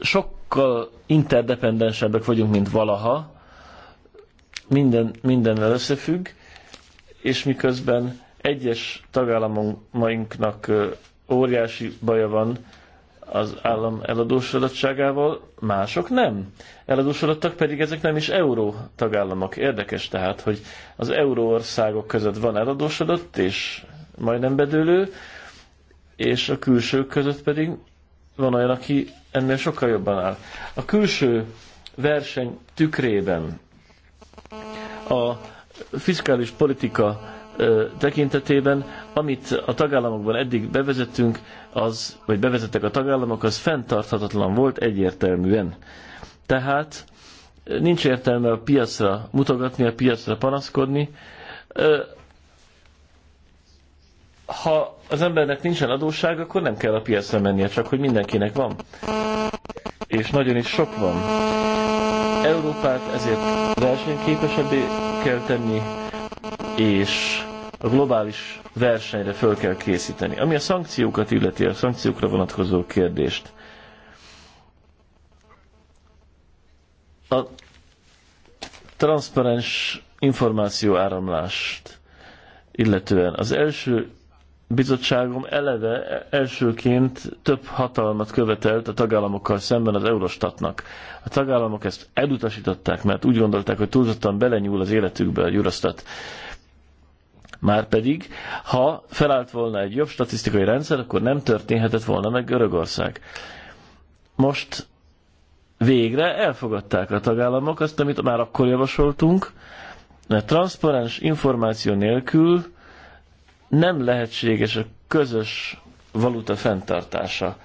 Sokkal interdependensebbek vagyunk, mint valaha, minden, mindennel összefügg, és miközben egyes tagállamainknak óriási baja van az állam eladósodottságával, mások nem. Eladósodottak pedig ezek nem is euró tagállamok. Érdekes tehát, hogy az euróországok között van eladósodott és majdnem bedőlő, és a külsők között pedig van olyan, aki ennél sokkal jobban áll. A külső verseny tükrében a fiskális politika tekintetében, amit a tagállamokban eddig bevezettünk, az, vagy bevezettek a tagállamok, az fenntarthatatlan volt egyértelműen. Tehát nincs értelme a piacra mutogatni, a piacra panaszkodni. Ha az embernek nincsen adósság, akkor nem kell a piacra mennie, csak hogy mindenkinek van. És nagyon is sok van. Európát ezért versenyképesebbé kell tenni, és a globális versenyre föl kell készíteni. Ami a szankciókat illeti, a szankciókra vonatkozó kérdést. A transzparens információ áramlást illetően az első bizottságom eleve elsőként több hatalmat követelt a tagállamokkal szemben az Eurostatnak. A tagállamok ezt elutasították, mert úgy gondolták, hogy túlzottan belenyúl az életükbe a Eurostat. Márpedig, ha felállt volna egy jobb statisztikai rendszer, akkor nem történhetett volna meg Görögország. Most végre elfogadták a tagállamok azt, amit már akkor javasoltunk, mert transzparens információ nélkül nem lehetséges a közös valuta fenntartása.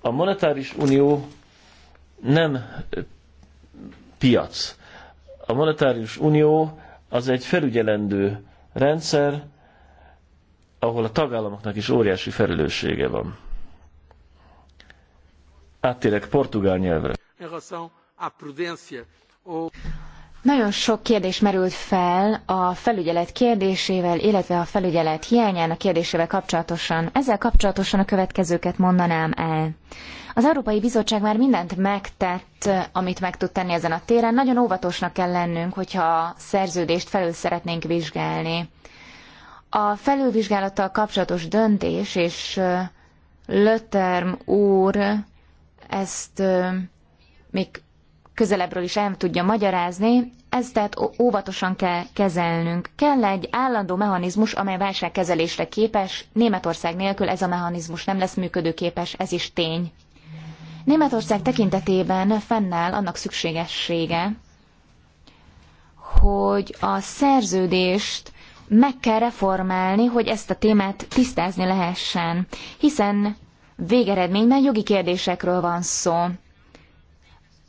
A monetáris unió nem piac. A monetáris unió az egy felügyelendő rendszer, ahol a tagállamoknak is óriási felelőssége van. Áttérek portugál nyelvre. Nagyon sok kérdés merült fel a felügyelet kérdésével, illetve a felügyelet hiányának kérdésével kapcsolatosan. Ezzel kapcsolatosan a következőket mondanám el. Az Európai Bizottság már mindent megtett, amit meg tud tenni ezen a téren. Nagyon óvatosnak kell lennünk, hogyha a szerződést felül szeretnénk vizsgálni. A felülvizsgálattal kapcsolatos döntés, és Lötterm úr ezt még közelebbről is el tudja magyarázni, ezt tehát óvatosan kell kezelnünk. Kell egy állandó mechanizmus, amely válságkezelésre képes, Németország nélkül ez a mechanizmus nem lesz működőképes, ez is tény. Németország tekintetében fennáll annak szükségessége, hogy a szerződést meg kell reformálni, hogy ezt a témát tisztázni lehessen, hiszen végeredményben jogi kérdésekről van szó.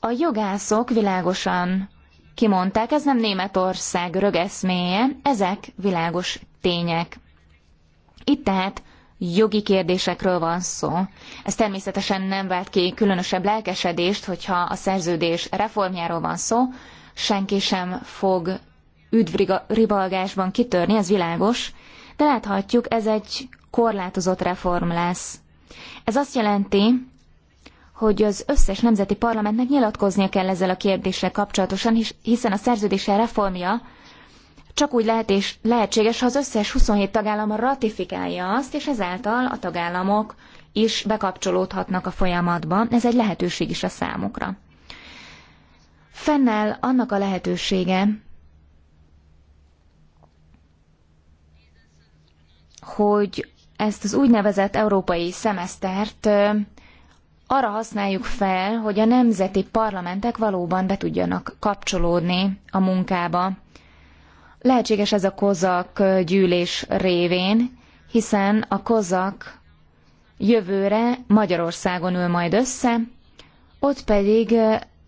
A jogászok világosan kimondták, ez nem Németország rögeszméje, ezek világos tények. Itt tehát jogi kérdésekről van szó. Ez természetesen nem vált ki különösebb lelkesedést, hogyha a szerződés reformjáról van szó, senki sem fog üdvribalgásban kitörni, ez világos, de láthatjuk, ez egy korlátozott reform lesz. Ez azt jelenti, hogy az összes nemzeti parlamentnek nyilatkoznia kell ezzel a kérdéssel kapcsolatosan, hiszen a szerződéssel reformja csak úgy lehet és lehetséges, ha az összes 27 tagállam ratifikálja azt, és ezáltal a tagállamok is bekapcsolódhatnak a folyamatba. Ez egy lehetőség is a számukra. Fennáll annak a lehetősége, hogy ezt az úgynevezett európai szemesztert arra használjuk fel, hogy a nemzeti parlamentek valóban be tudjanak kapcsolódni a munkába. Lehetséges ez a kozak gyűlés révén, hiszen a kozak jövőre Magyarországon ül majd össze, ott pedig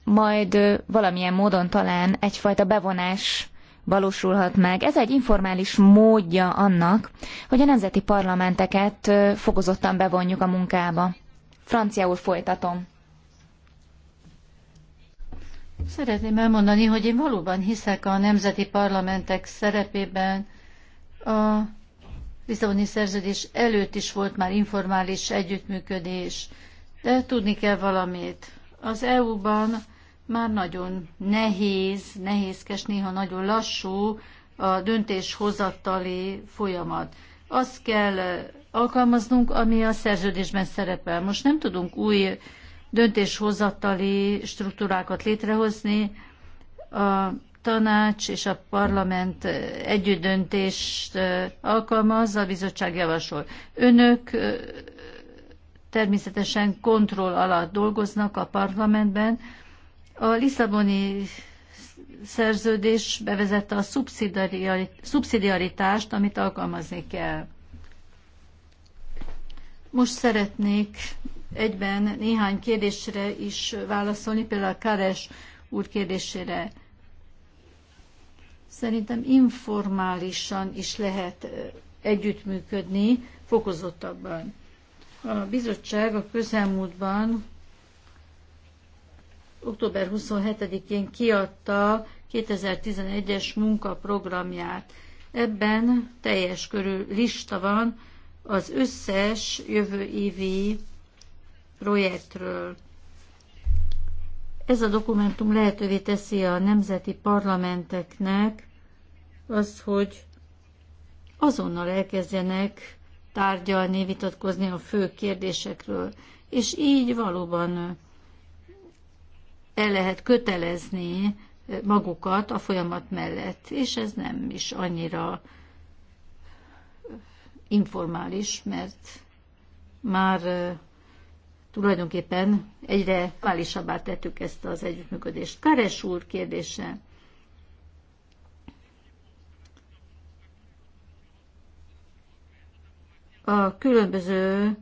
majd valamilyen módon talán egyfajta bevonás valósulhat meg. Ez egy informális módja annak, hogy a nemzeti parlamenteket fokozottan bevonjuk a munkába. Franciául folytatom. Szeretném elmondani, hogy én valóban hiszek a nemzeti parlamentek szerepében. A Lisszaboni szerződés előtt is volt már informális együttműködés, de tudni kell valamit. Az EU-ban már nagyon nehéz, nehézkes, néha nagyon lassú a döntéshozattali folyamat. Azt kell alkalmaznunk, ami a szerződésben szerepel. Most nem tudunk új döntéshozatali struktúrákat létrehozni. A tanács és a parlament együttdöntést alkalmaz, a bizottság javasol. Önök természetesen kontroll alatt dolgoznak a parlamentben. A Lisszaboni szerződés bevezette a szubszidiaritást, amit alkalmazni kell. Most szeretnék egyben néhány kérdésre is válaszolni, például Káres úr kérdésére. Szerintem informálisan is lehet együttműködni, fokozottabban. A bizottság a közelmúltban október 27-én kiadta 2011-es munkaprogramját. Ebben teljes körű lista van az összes jövő évi projektről. Ez a dokumentum lehetővé teszi a nemzeti parlamenteknek azt, hogy azonnal elkezdjenek tárgyalni, vitatkozni a fő kérdésekről, és így valóban el lehet kötelezni magukat a folyamat mellett, és ez nem is annyira informális, mert már tulajdonképpen egyre válisabbá tettük ezt az együttműködést. Kares úr kérdése. A különböző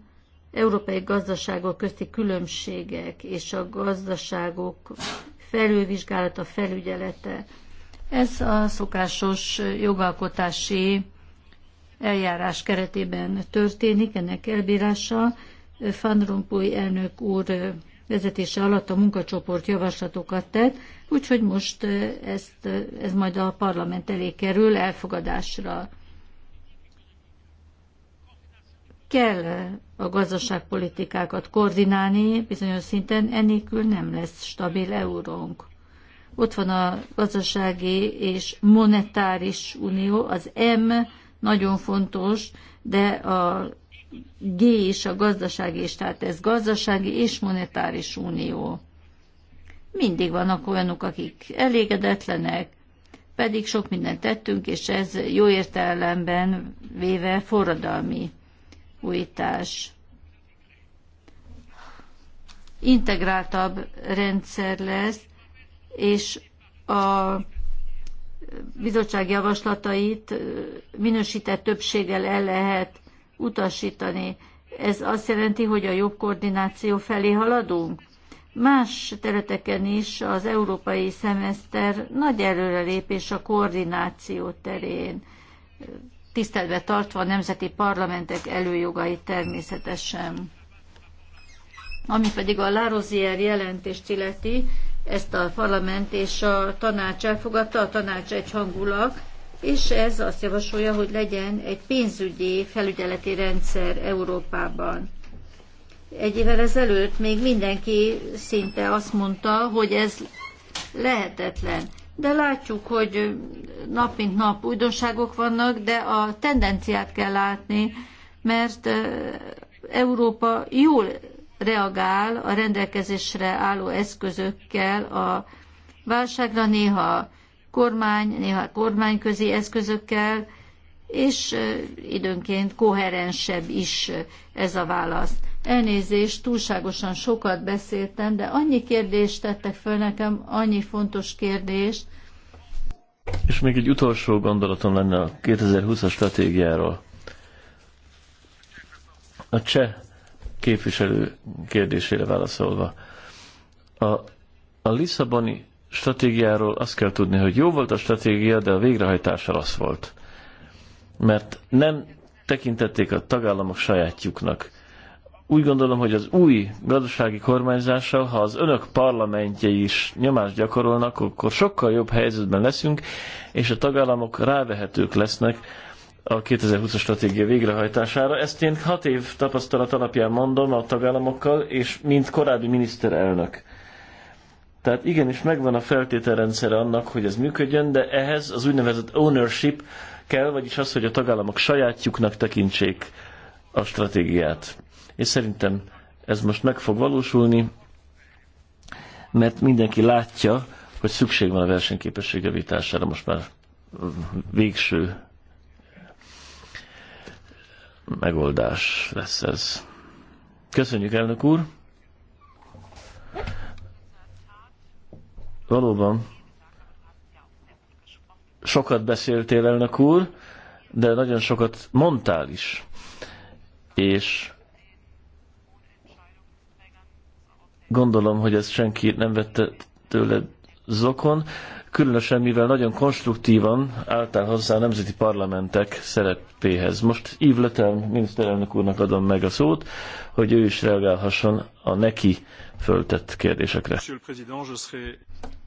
európai gazdaságok közti különbségek és a gazdaságok felülvizsgálata, felügyelete. Ez a szokásos jogalkotási eljárás keretében történik, ennek elbírása. Van Rompuy elnök úr vezetése alatt a munkacsoport javaslatokat tett, úgyhogy most ezt, ez majd a parlament elé kerül elfogadásra. Kell a gazdaságpolitikákat koordinálni bizonyos szinten, enélkül nem lesz stabil eurónk. Ott van a gazdasági és monetáris unió, az M nagyon fontos, de a G és a gazdasági is, tehát ez gazdasági és monetáris unió. Mindig vannak olyanok, akik elégedetlenek, pedig sok mindent tettünk, és ez jó értelemben véve forradalmi újítás. Integráltabb rendszer lesz, és a bizottság javaslatait minősített többséggel el lehet utasítani. Ez azt jelenti, hogy a jobb koordináció felé haladunk? Más területeken is az európai szemeszter nagy előrelépés a koordináció terén, tiszteletbe tartva a nemzeti parlamentek előjogait természetesen. Ami pedig a Larozier jelentést illeti, ezt a parlament és a tanács elfogadta, a tanács egy hangulak, és ez azt javasolja, hogy legyen egy pénzügyi felügyeleti rendszer Európában. Egy évvel ezelőtt még mindenki szinte azt mondta, hogy ez lehetetlen. De látjuk, hogy nap mint nap újdonságok vannak, de a tendenciát kell látni, mert Európa jól reagál a rendelkezésre álló eszközökkel a válságra, néha kormány, néha kormányközi eszközökkel, és időnként koherensebb is ez a válasz. Elnézést, túlságosan sokat beszéltem, de annyi kérdést tettek föl nekem, annyi fontos kérdést. És még egy utolsó gondolatom lenne a 2020-as stratégiáról. A cseh képviselő kérdésére válaszolva. A, a Lisszaboni stratégiáról azt kell tudni, hogy jó volt a stratégia, de a végrehajtása az volt. Mert nem tekintették a tagállamok sajátjuknak. Úgy gondolom, hogy az új gazdasági kormányzással, ha az önök parlamentjei is nyomást gyakorolnak, akkor sokkal jobb helyzetben leszünk, és a tagállamok rávehetők lesznek a 2020-as stratégia végrehajtására. Ezt én hat év tapasztalat alapján mondom a tagállamokkal, és mint korábbi miniszterelnök. Tehát igenis megvan a feltételrendszere annak, hogy ez működjön, de ehhez az úgynevezett ownership kell, vagyis az, hogy a tagállamok sajátjuknak tekintsék a stratégiát. És szerintem ez most meg fog valósulni, mert mindenki látja, hogy szükség van a versenyképesség javítására most már mm, végső megoldás lesz ez. Köszönjük, elnök úr! Valóban sokat beszéltél, elnök úr, de nagyon sokat mondtál is. És gondolom, hogy ezt senki nem vette tőled zokon különösen mivel nagyon konstruktívan álltál hozzá a nemzeti parlamentek szerepéhez. Most ívletem miniszterelnök úrnak adom meg a szót, hogy ő is reagálhasson a neki föltett kérdésekre.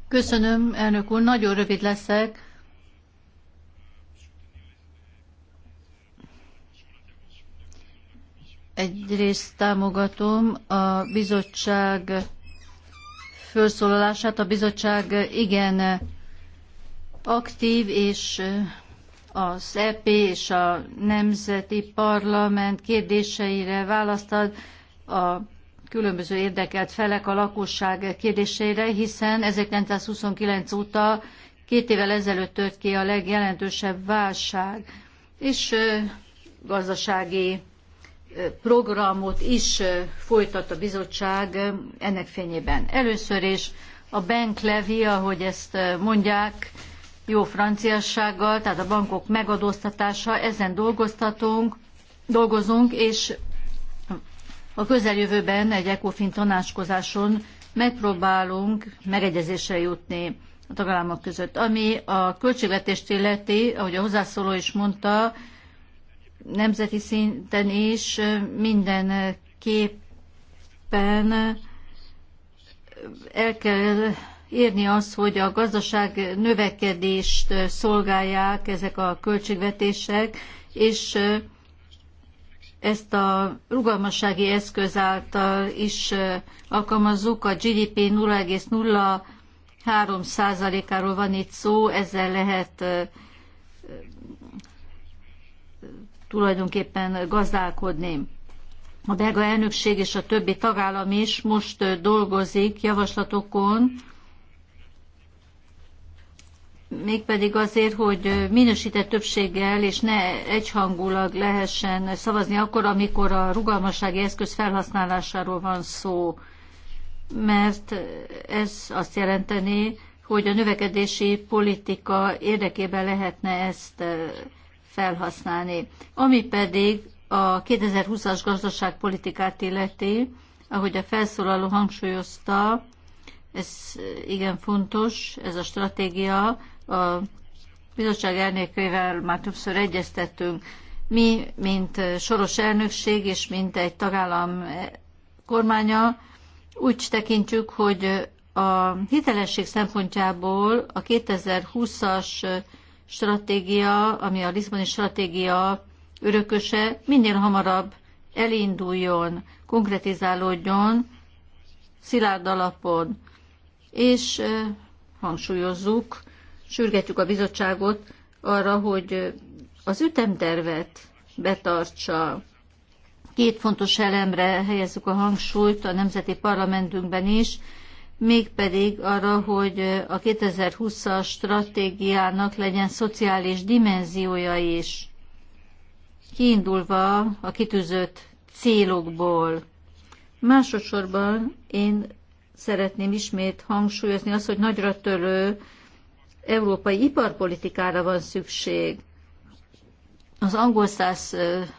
Köszönöm, elnök úr, nagyon rövid leszek. Egyrészt támogatom a bizottság felszólalását. A bizottság igen aktív, és az EP és a Nemzeti Parlament kérdéseire választad a különböző érdekelt felek a lakosság kérdéseire, hiszen 1929 óta két évvel ezelőtt tört ki a legjelentősebb válság, és gazdasági programot is folytat a bizottság ennek fényében. Először is a bank levy, ahogy ezt mondják, jó franciassággal, tehát a bankok megadóztatása, ezen dolgoztatunk, dolgozunk, és a közeljövőben egy ECOFIN tanácskozáson megpróbálunk megegyezésre jutni a tagállamok között. Ami a költségvetést illeti, ahogy a hozzászóló is mondta, nemzeti szinten is mindenképpen el kell érni az, hogy a gazdaság növekedést szolgálják ezek a költségvetések, és ezt a rugalmassági eszköz által is alkalmazzuk. A GDP 0,03%-áról van itt szó, ezzel lehet tulajdonképpen gazdálkodni. A belga elnökség és a többi tagállam is most dolgozik javaslatokon, mégpedig azért, hogy minősített többséggel és ne egyhangulag lehessen szavazni akkor, amikor a rugalmassági eszköz felhasználásáról van szó, mert ez azt jelenteni, hogy a növekedési politika érdekében lehetne ezt eh, felhasználni. Ami pedig a 2020-as gazdaságpolitikát illeti, ahogy a felszólaló hangsúlyozta, ez igen fontos, ez a stratégia, a bizottság elnökével már többször egyeztettünk. Mi, mint soros elnökség és mint egy tagállam kormánya úgy tekintjük, hogy a hitelesség szempontjából a 2020-as stratégia, ami a Lisszaboni stratégia örököse, minél hamarabb elinduljon, konkretizálódjon, szilárd alapon, és eh, hangsúlyozzuk, sürgetjük a bizottságot arra, hogy az ütemtervet betartsa. Két fontos elemre helyezzük a hangsúlyt a nemzeti parlamentünkben is, mégpedig arra, hogy a 2020-as stratégiának legyen szociális dimenziója is, kiindulva a kitűzött célokból. Másodszorban én szeretném ismét hangsúlyozni azt, hogy nagyra törő európai iparpolitikára van szükség. Az angol száz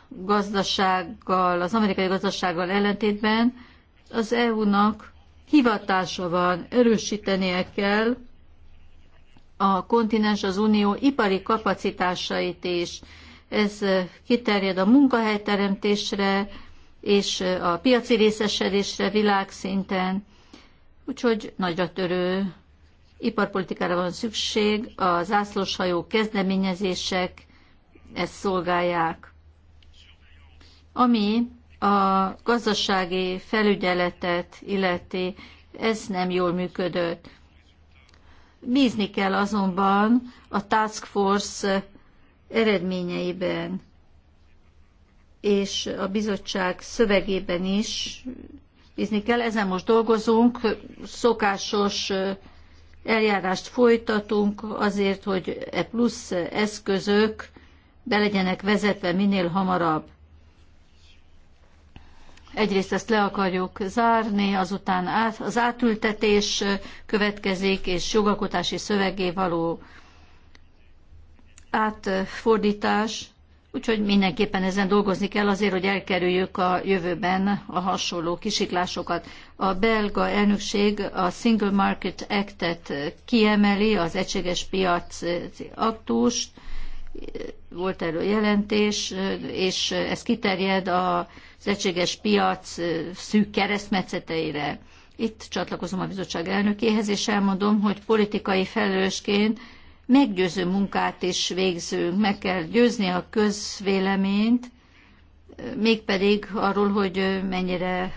gazdasággal, az amerikai gazdasággal ellentétben az EU-nak hivatása van, erősítenie kell a kontinens, az unió ipari kapacitásait is. Ez kiterjed a munkahelyteremtésre és a piaci részesedésre világszinten, úgyhogy nagyra törő iparpolitikára van szükség, a zászlóshajó kezdeményezések ezt szolgálják. Ami a gazdasági felügyeletet illeti, ez nem jól működött. Bízni kell azonban a Task Force eredményeiben és a bizottság szövegében is bízni kell. Ezen most dolgozunk, szokásos eljárást folytatunk azért, hogy e plusz eszközök be legyenek vezetve minél hamarabb. Egyrészt ezt le akarjuk zárni, azután az átültetés következik, és jogalkotási szövegé való átfordítás Úgyhogy mindenképpen ezen dolgozni kell azért, hogy elkerüljük a jövőben a hasonló kisiklásokat. A belga elnökség a Single Market Act-et kiemeli, az egységes piac aktust, volt erről jelentés, és ez kiterjed az egységes piac szűk keresztmetszeteire. Itt csatlakozom a bizottság elnökéhez, és elmondom, hogy politikai felelősként meggyőző munkát is végzünk. Meg kell győzni a közvéleményt, mégpedig arról, hogy mennyire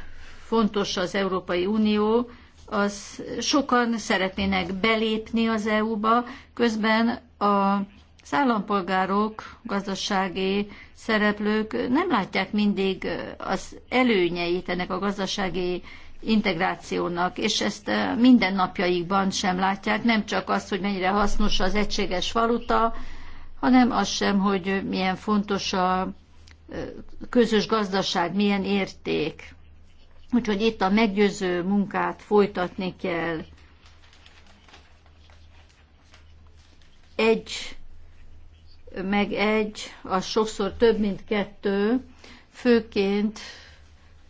fontos az Európai Unió, az sokan szeretnének belépni az EU-ba, közben a az állampolgárok, gazdasági szereplők nem látják mindig az előnyeit ennek a gazdasági integrációnak, és ezt eh, minden napjaikban sem látják, nem csak azt, hogy mennyire hasznos az egységes valuta, hanem az sem, hogy milyen fontos a eh, közös gazdaság, milyen érték. Úgyhogy itt a meggyőző munkát folytatni kell. Egy meg egy, az sokszor több, mint kettő, főként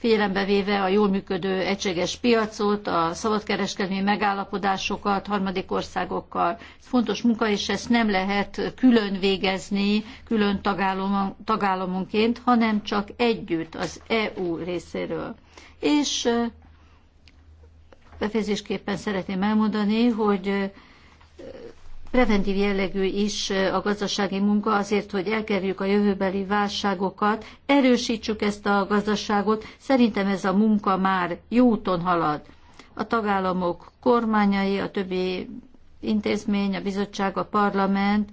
figyelembe véve a jól működő egységes piacot, a szabadkereskedelmi megállapodásokat harmadik országokkal. Ez fontos munka, és ezt nem lehet külön végezni, külön tagállom, tagállamonként, hanem csak együtt az EU részéről. És befejezésképpen szeretném elmondani, hogy preventív jellegű is a gazdasági munka azért, hogy elkerüljük a jövőbeli válságokat, erősítsük ezt a gazdaságot, szerintem ez a munka már jó úton halad. A tagállamok kormányai, a többi intézmény, a bizottság, a parlament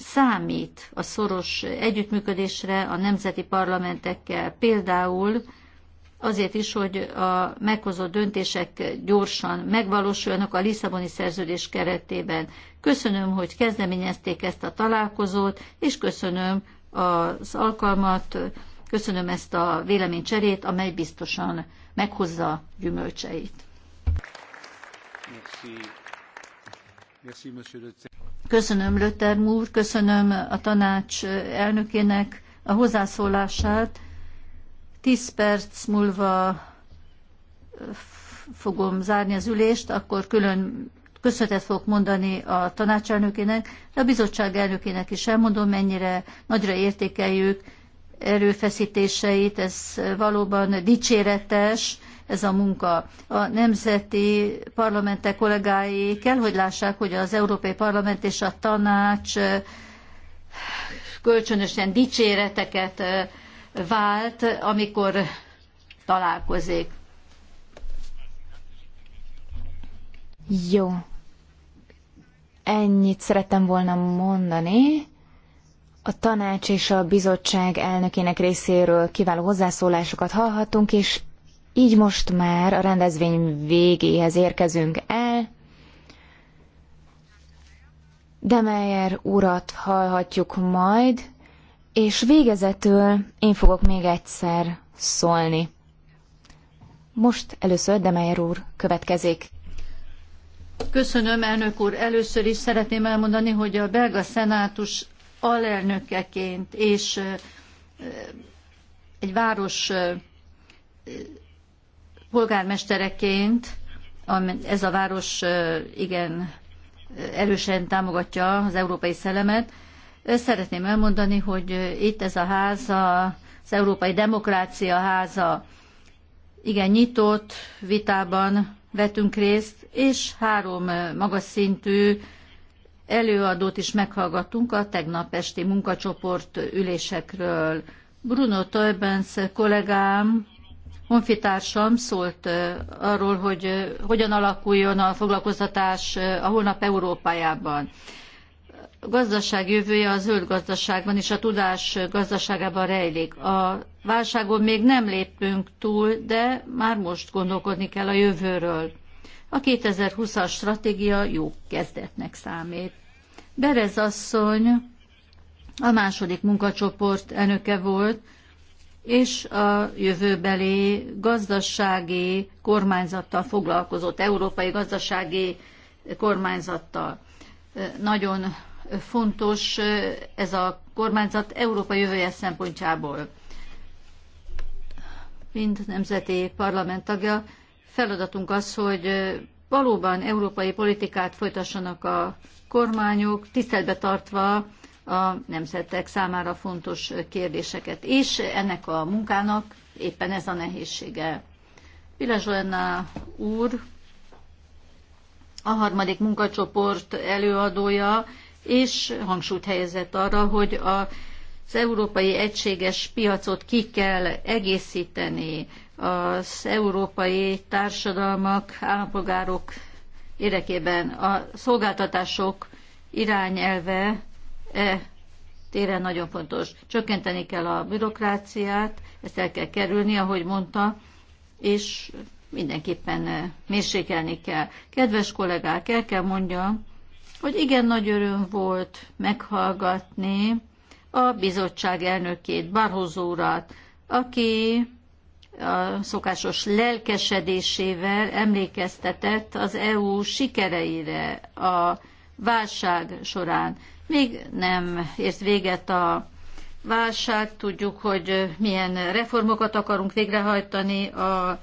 számít a szoros együttműködésre a nemzeti parlamentekkel. Például azért is, hogy a meghozott döntések gyorsan megvalósuljanak a Lisszaboni szerződés keretében. Köszönöm, hogy kezdeményezték ezt a találkozót, és köszönöm az alkalmat, köszönöm ezt a véleménycserét, amely biztosan meghozza gyümölcseit. Köszönöm Lötter úr, köszönöm a tanács elnökének a hozzászólását. Tíz perc múlva fogom zárni az ülést, akkor külön köszönetet fogok mondani a tanácselnökének, de a bizottság elnökének is elmondom, mennyire nagyra értékeljük erőfeszítéseit, ez valóban dicséretes, ez a munka. A nemzeti parlamentek kollégái kell, hogy lássák, hogy az Európai Parlament és a tanács kölcsönösen dicséreteket vált, amikor találkozik. Jó. Ennyit szerettem volna mondani. A tanács és a bizottság elnökének részéről kiváló hozzászólásokat hallhattunk, és így most már a rendezvény végéhez érkezünk el. Demeyer urat hallhatjuk majd, és végezetül én fogok még egyszer szólni. Most először Demeyer úr következik. Köszönöm, elnök úr. Először is szeretném elmondani, hogy a belga szenátus alelnökeként és egy város polgármestereként, ez a város igen erősen támogatja az európai szellemet, Szeretném elmondani, hogy itt ez a ház, az Európai Demokrácia háza igen nyitott vitában vettünk részt, és három magas szintű előadót is meghallgattunk a tegnap esti munkacsoport ülésekről. Bruno Toebens kollégám, honfitársam szólt arról, hogy hogyan alakuljon a foglalkoztatás a holnap Európájában gazdaság jövője a zöld gazdaságban és a tudás gazdaságában rejlik. A válságon még nem lépünk túl, de már most gondolkodni kell a jövőről. A 2020-as stratégia jó kezdetnek számít. Berez asszony a második munkacsoport elnöke volt, és a jövőbeli gazdasági kormányzattal foglalkozott, európai gazdasági kormányzattal. Nagyon fontos ez a kormányzat Európa jövője szempontjából. Mind nemzeti parlament tagja, feladatunk az, hogy valóban európai politikát folytassanak a kormányok, tiszteletbe tartva a nemzetek számára fontos kérdéseket. És ennek a munkának éppen ez a nehézsége. Pilazsolna úr, a harmadik munkacsoport előadója és hangsúlyt helyezett arra, hogy a az európai egységes piacot ki kell egészíteni az európai társadalmak, állampolgárok érdekében. A szolgáltatások irányelve e téren nagyon fontos. Csökkenteni kell a bürokráciát, ezt el kell kerülni, ahogy mondta, és mindenképpen mérsékelni kell. Kedves kollégák, el kell mondjam, hogy igen nagy öröm volt meghallgatni a bizottság elnökét, Barhozó urat, aki a szokásos lelkesedésével emlékeztetett az EU sikereire a válság során. Még nem ért véget a válság, tudjuk, hogy milyen reformokat akarunk végrehajtani a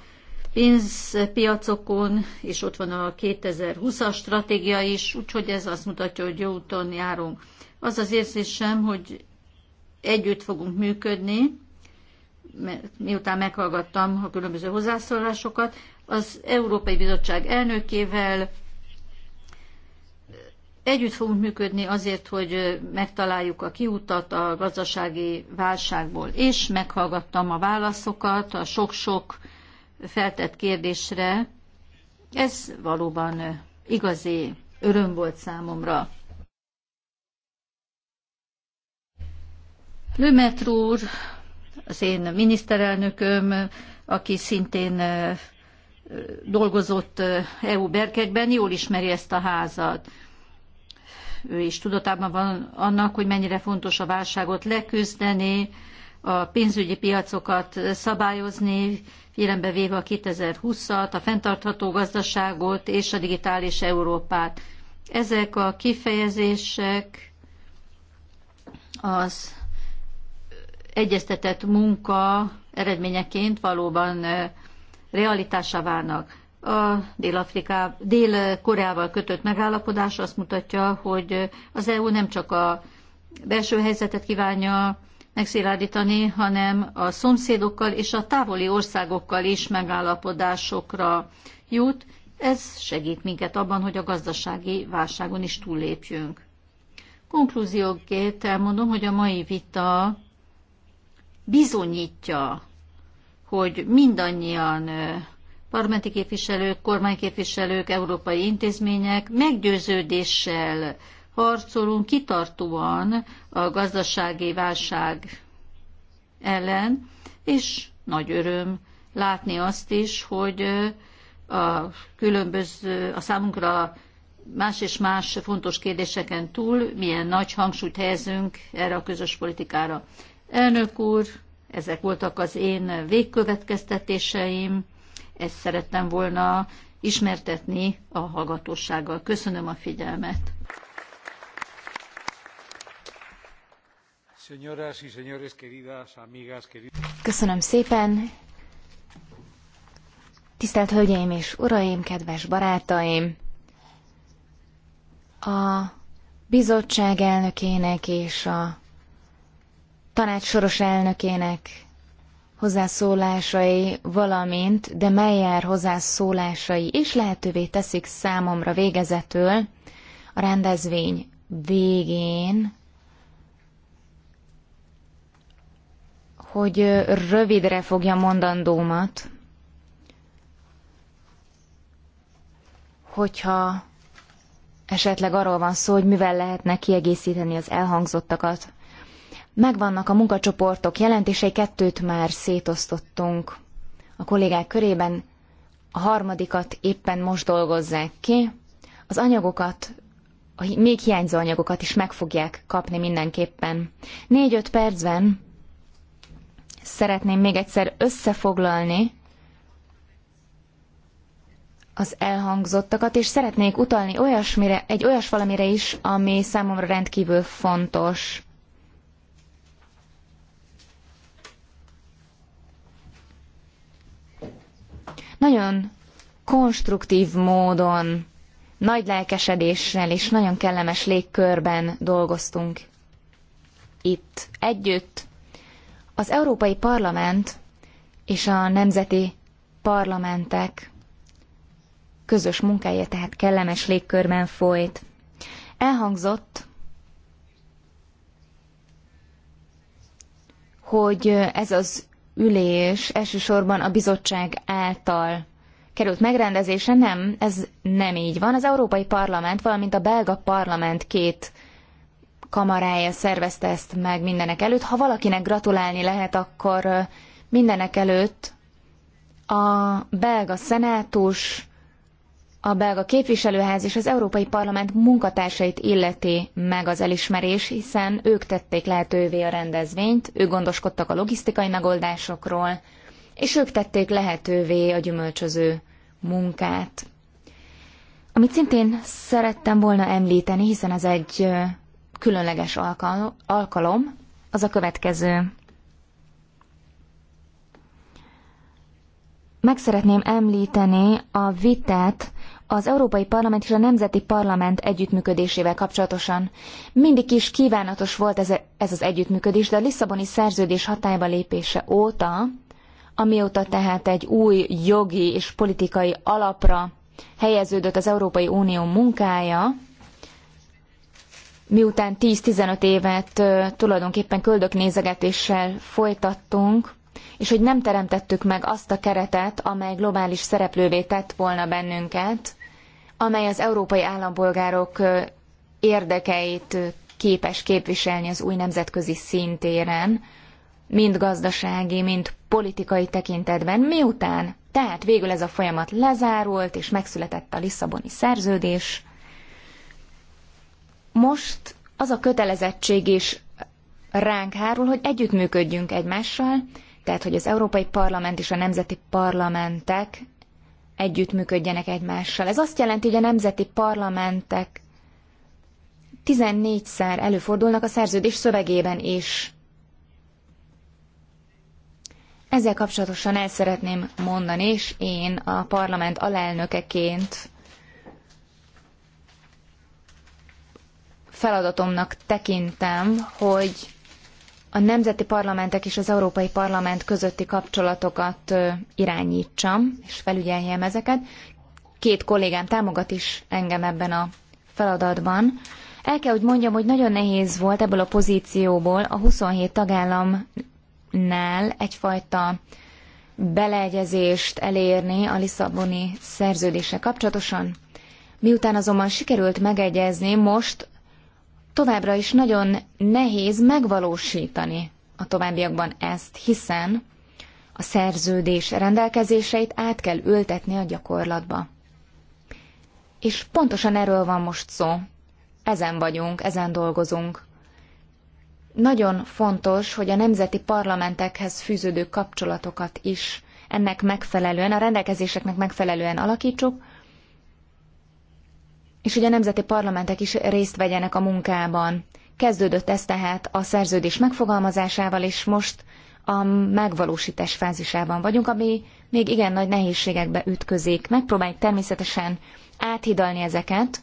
pénzpiacokon, és ott van a 2020-as stratégia is, úgyhogy ez azt mutatja, hogy jó úton járunk. Az az érzésem, hogy együtt fogunk működni, miután meghallgattam a különböző hozzászólásokat, az Európai Bizottság elnökével együtt fogunk működni azért, hogy megtaláljuk a kiutat a gazdasági válságból. És meghallgattam a válaszokat, a sok-sok feltett kérdésre, ez valóban igazi öröm volt számomra. Lümetr úr, az én miniszterelnököm, aki szintén dolgozott EU berkekben, jól ismeri ezt a házat. Ő is tudatában van annak, hogy mennyire fontos a válságot leküzdeni, a pénzügyi piacokat szabályozni, figyelembe véve a 2020-at, a fenntartható gazdaságot és a digitális Európát. Ezek a kifejezések az egyeztetett munka eredményeként valóban realitása válnak. A Dél-Koreával Dél kötött megállapodás azt mutatja, hogy az EU nem csak a belső helyzetet kívánja megszilárdítani, hanem a szomszédokkal és a távoli országokkal is megállapodásokra jut. Ez segít minket abban, hogy a gazdasági válságon is túllépjünk. Konklúzióként elmondom, hogy a mai vita bizonyítja, hogy mindannyian parlamenti képviselők, kormányképviselők, európai intézmények meggyőződéssel harcolunk kitartóan a gazdasági válság ellen, és nagy öröm látni azt is, hogy a különböző, a számunkra más és más fontos kérdéseken túl milyen nagy hangsúlyt helyezünk erre a közös politikára. Elnök úr, ezek voltak az én végkövetkeztetéseim, ezt szerettem volna ismertetni a hallgatósággal. Köszönöm a figyelmet! Köszönöm szépen. Tisztelt Hölgyeim és Uraim, kedves barátaim! A bizottság elnökének és a tanács soros elnökének hozzászólásai, valamint de Meyer hozzászólásai is lehetővé teszik számomra végezetül a rendezvény végén hogy rövidre fogja mondandómat, hogyha esetleg arról van szó, hogy mivel lehetne kiegészíteni az elhangzottakat. Megvannak a munkacsoportok jelentései, kettőt már szétosztottunk a kollégák körében, a harmadikat éppen most dolgozzák ki, az anyagokat, a még hiányzó anyagokat is meg fogják kapni mindenképpen. Négy-öt percben szeretném még egyszer összefoglalni az elhangzottakat, és szeretnék utalni olyasmire, egy olyas valamire is, ami számomra rendkívül fontos. Nagyon konstruktív módon, nagy lelkesedéssel és nagyon kellemes légkörben dolgoztunk itt együtt, az Európai Parlament és a nemzeti parlamentek közös munkája tehát kellemes légkörben folyt. Elhangzott, hogy ez az ülés elsősorban a bizottság által került megrendezése. Nem, ez nem így van. Az Európai Parlament, valamint a belga parlament két kamarája szervezte ezt meg mindenek előtt. Ha valakinek gratulálni lehet, akkor mindenek előtt a belga szenátus, a belga képviselőház és az Európai Parlament munkatársait illeti meg az elismerés, hiszen ők tették lehetővé a rendezvényt, ők gondoskodtak a logisztikai megoldásokról, és ők tették lehetővé a gyümölcsöző munkát. Amit szintén szerettem volna említeni, hiszen ez egy különleges alkalom az a következő. Meg szeretném említeni a vitát az Európai Parlament és a Nemzeti Parlament együttműködésével kapcsolatosan. Mindig is kívánatos volt ez, ez az együttműködés, de a Lisszaboni szerződés hatályba lépése óta, amióta tehát egy új jogi és politikai alapra helyeződött az Európai Unió munkája, miután 10-15 évet tulajdonképpen köldöknézegetéssel folytattunk, és hogy nem teremtettük meg azt a keretet, amely globális szereplővé tett volna bennünket, amely az európai állampolgárok érdekeit képes képviselni az új nemzetközi szintéren, mind gazdasági, mind politikai tekintetben, miután tehát végül ez a folyamat lezárult, és megszületett a Lisszaboni szerződés, most az a kötelezettség is ránk hárul, hogy együttműködjünk egymással, tehát hogy az Európai Parlament és a nemzeti parlamentek együttműködjenek egymással. Ez azt jelenti, hogy a nemzeti parlamentek 14-szer előfordulnak a szerződés szövegében is. Ezzel kapcsolatosan el szeretném mondani, és én a parlament alelnökeként feladatomnak tekintem, hogy a nemzeti parlamentek és az Európai Parlament közötti kapcsolatokat irányítsam, és felügyeljem ezeket. Két kollégám támogat is engem ebben a feladatban. El kell, hogy mondjam, hogy nagyon nehéz volt ebből a pozícióból a 27 tagállamnál egyfajta beleegyezést elérni a Lisszaboni szerződéssel kapcsolatosan. Miután azonban sikerült megegyezni, most továbbra is nagyon nehéz megvalósítani a továbbiakban ezt, hiszen a szerződés rendelkezéseit át kell ültetni a gyakorlatba. És pontosan erről van most szó. Ezen vagyunk, ezen dolgozunk. Nagyon fontos, hogy a nemzeti parlamentekhez fűződő kapcsolatokat is ennek megfelelően, a rendelkezéseknek megfelelően alakítsuk, és hogy a nemzeti parlamentek is részt vegyenek a munkában. Kezdődött ez tehát a szerződés megfogalmazásával, és most a megvalósítás fázisában vagyunk, ami még igen nagy nehézségekbe ütközik. Megpróbáljuk természetesen áthidalni ezeket,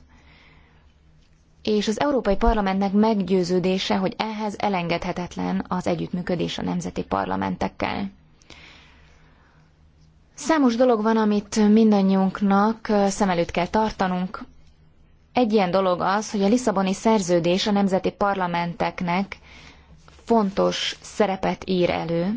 és az Európai Parlamentnek meggyőződése, hogy ehhez elengedhetetlen az együttműködés a nemzeti parlamentekkel. Számos dolog van, amit mindannyiunknak szem előtt kell tartanunk. Egy ilyen dolog az, hogy a Lisszaboni szerződés a nemzeti parlamenteknek fontos szerepet ír elő.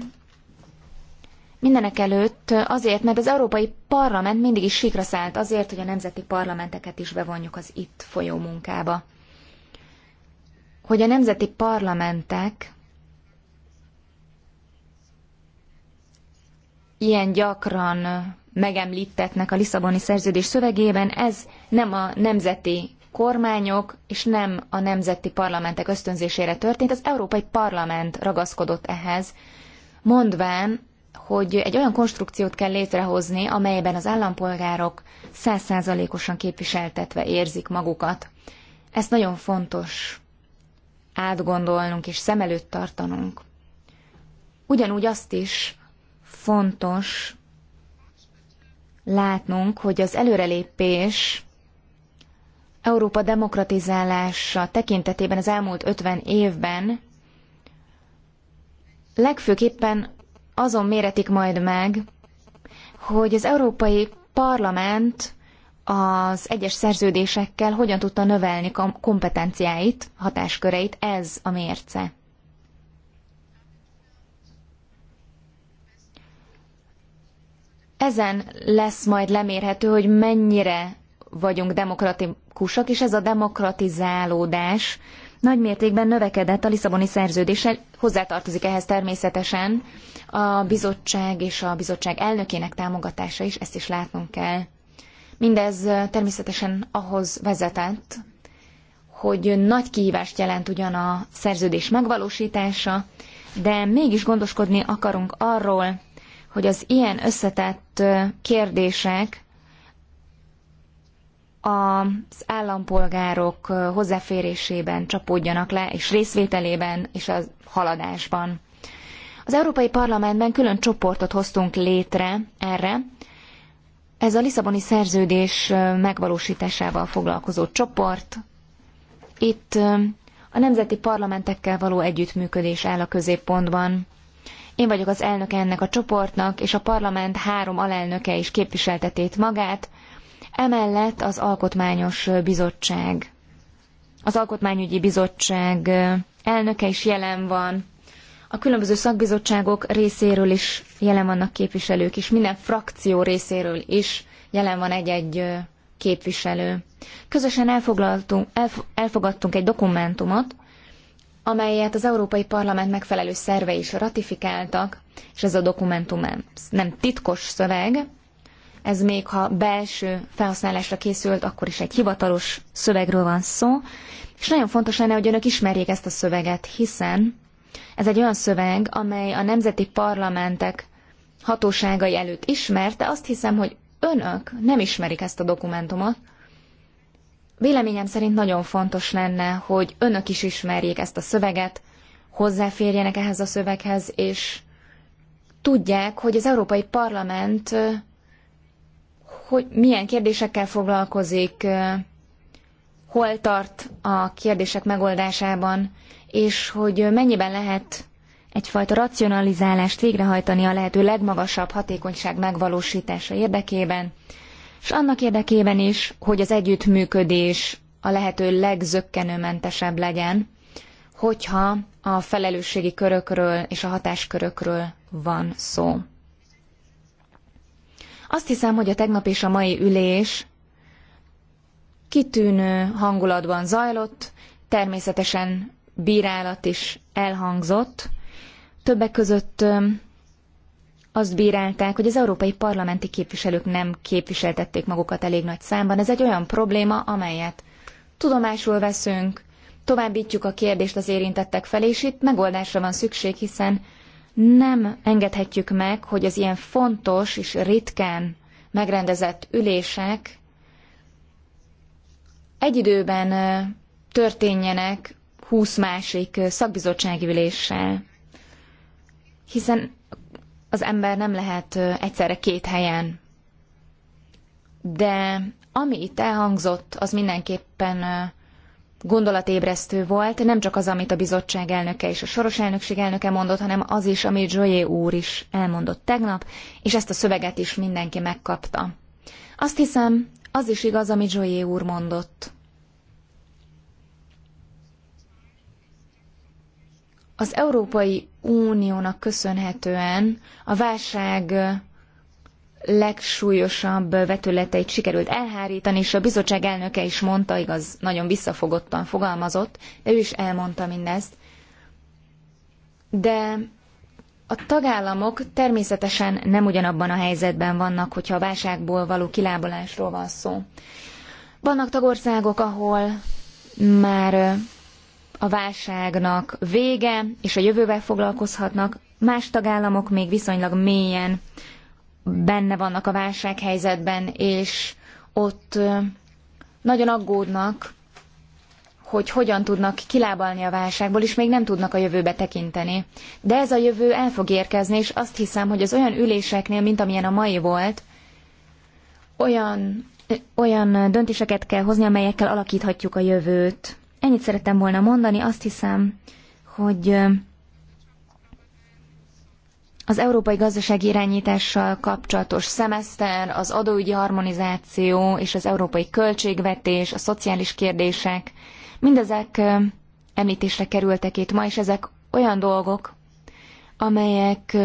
Mindenek előtt azért, mert az Európai Parlament mindig is sikra szállt azért, hogy a nemzeti parlamenteket is bevonjuk az itt folyó munkába. Hogy a nemzeti parlamentek ilyen gyakran megemlítetnek a Lisszaboni szerződés szövegében, ez nem a nemzeti kormányok és nem a nemzeti parlamentek ösztönzésére történt, az Európai Parlament ragaszkodott ehhez, mondván, hogy egy olyan konstrukciót kell létrehozni, amelyben az állampolgárok százszázalékosan képviseltetve érzik magukat. Ezt nagyon fontos átgondolnunk és szem előtt tartanunk. Ugyanúgy azt is fontos látnunk, hogy az előrelépés Európa demokratizálása tekintetében az elmúlt 50 évben legfőképpen azon méretik majd meg, hogy az Európai Parlament az egyes szerződésekkel hogyan tudta növelni kompetenciáit, hatásköreit, ez a mérce. Ezen lesz majd lemérhető, hogy mennyire vagyunk demokratikusak, és ez a demokratizálódás nagy mértékben növekedett a Lisszaboni szerződéssel, hozzátartozik ehhez természetesen a bizottság és a bizottság elnökének támogatása is, ezt is látnunk kell. Mindez természetesen ahhoz vezetett, hogy nagy kihívást jelent ugyan a szerződés megvalósítása, de mégis gondoskodni akarunk arról, hogy az ilyen összetett kérdések az állampolgárok hozzáférésében csapódjanak le, és részvételében, és a haladásban. Az Európai Parlamentben külön csoportot hoztunk létre erre, ez a Lisszaboni szerződés megvalósításával foglalkozó csoport. Itt a nemzeti parlamentekkel való együttműködés áll a középpontban. Én vagyok az elnöke ennek a csoportnak, és a parlament három alelnöke is képviseltetét magát. Emellett az Alkotmányos Bizottság, az Alkotmányügyi Bizottság elnöke is jelen van, a különböző szakbizottságok részéről is jelen vannak képviselők, és minden frakció részéről is jelen van egy-egy képviselő. Közösen elfoglaltunk, elf, elfogadtunk egy dokumentumot, amelyet az Európai Parlament megfelelő szerve is ratifikáltak, és ez a dokumentum nem titkos szöveg, ez még ha belső felhasználásra készült, akkor is egy hivatalos szövegről van szó, és nagyon fontos lenne, hogy önök ismerjék ezt a szöveget, hiszen ez egy olyan szöveg, amely a nemzeti parlamentek hatóságai előtt ismerte, azt hiszem, hogy önök nem ismerik ezt a dokumentumot, Véleményem szerint nagyon fontos lenne, hogy önök is ismerjék ezt a szöveget, hozzáférjenek ehhez a szöveghez, és tudják, hogy az Európai Parlament hogy milyen kérdésekkel foglalkozik, hol tart a kérdések megoldásában, és hogy mennyiben lehet egyfajta racionalizálást végrehajtani a lehető legmagasabb hatékonyság megvalósítása érdekében, és annak érdekében is, hogy az együttműködés a lehető legzökkenőmentesebb legyen, hogyha a felelősségi körökről és a hatáskörökről van szó. Azt hiszem, hogy a tegnap és a mai ülés kitűnő hangulatban zajlott, természetesen bírálat is elhangzott, többek között azt bírálták, hogy az európai parlamenti képviselők nem képviseltették magukat elég nagy számban. Ez egy olyan probléma, amelyet tudomásul veszünk, továbbítjuk a kérdést az érintettek felé, és itt megoldásra van szükség, hiszen nem engedhetjük meg, hogy az ilyen fontos és ritkán megrendezett ülések egy időben történjenek 20 másik szakbizottsági üléssel. Hiszen az ember nem lehet egyszerre két helyen. De ami itt elhangzott, az mindenképpen gondolatébresztő volt, nem csak az, amit a bizottság elnöke és a soros elnökség elnöke mondott, hanem az is, amit Zsolyé úr is elmondott tegnap, és ezt a szöveget is mindenki megkapta. Azt hiszem, az is igaz, amit Zsolyé úr mondott. Az Európai Uniónak köszönhetően a válság legsúlyosabb vetületeit sikerült elhárítani, és a bizottság elnöke is mondta, igaz, nagyon visszafogottan fogalmazott, de ő is elmondta mindezt. De a tagállamok természetesen nem ugyanabban a helyzetben vannak, hogyha a válságból való kilábalásról van szó. Vannak tagországok, ahol már a válságnak vége, és a jövővel foglalkozhatnak. Más tagállamok még viszonylag mélyen benne vannak a válsághelyzetben, és ott nagyon aggódnak, hogy hogyan tudnak kilábalni a válságból, és még nem tudnak a jövőbe tekinteni. De ez a jövő el fog érkezni, és azt hiszem, hogy az olyan üléseknél, mint amilyen a mai volt, olyan, olyan döntéseket kell hozni, amelyekkel alakíthatjuk a jövőt. Ennyit szerettem volna mondani, azt hiszem, hogy az európai gazdasági irányítással kapcsolatos szemeszter, az adóügyi harmonizáció és az európai költségvetés, a szociális kérdések, mindezek említésre kerültek itt ma, és ezek olyan dolgok, amelyek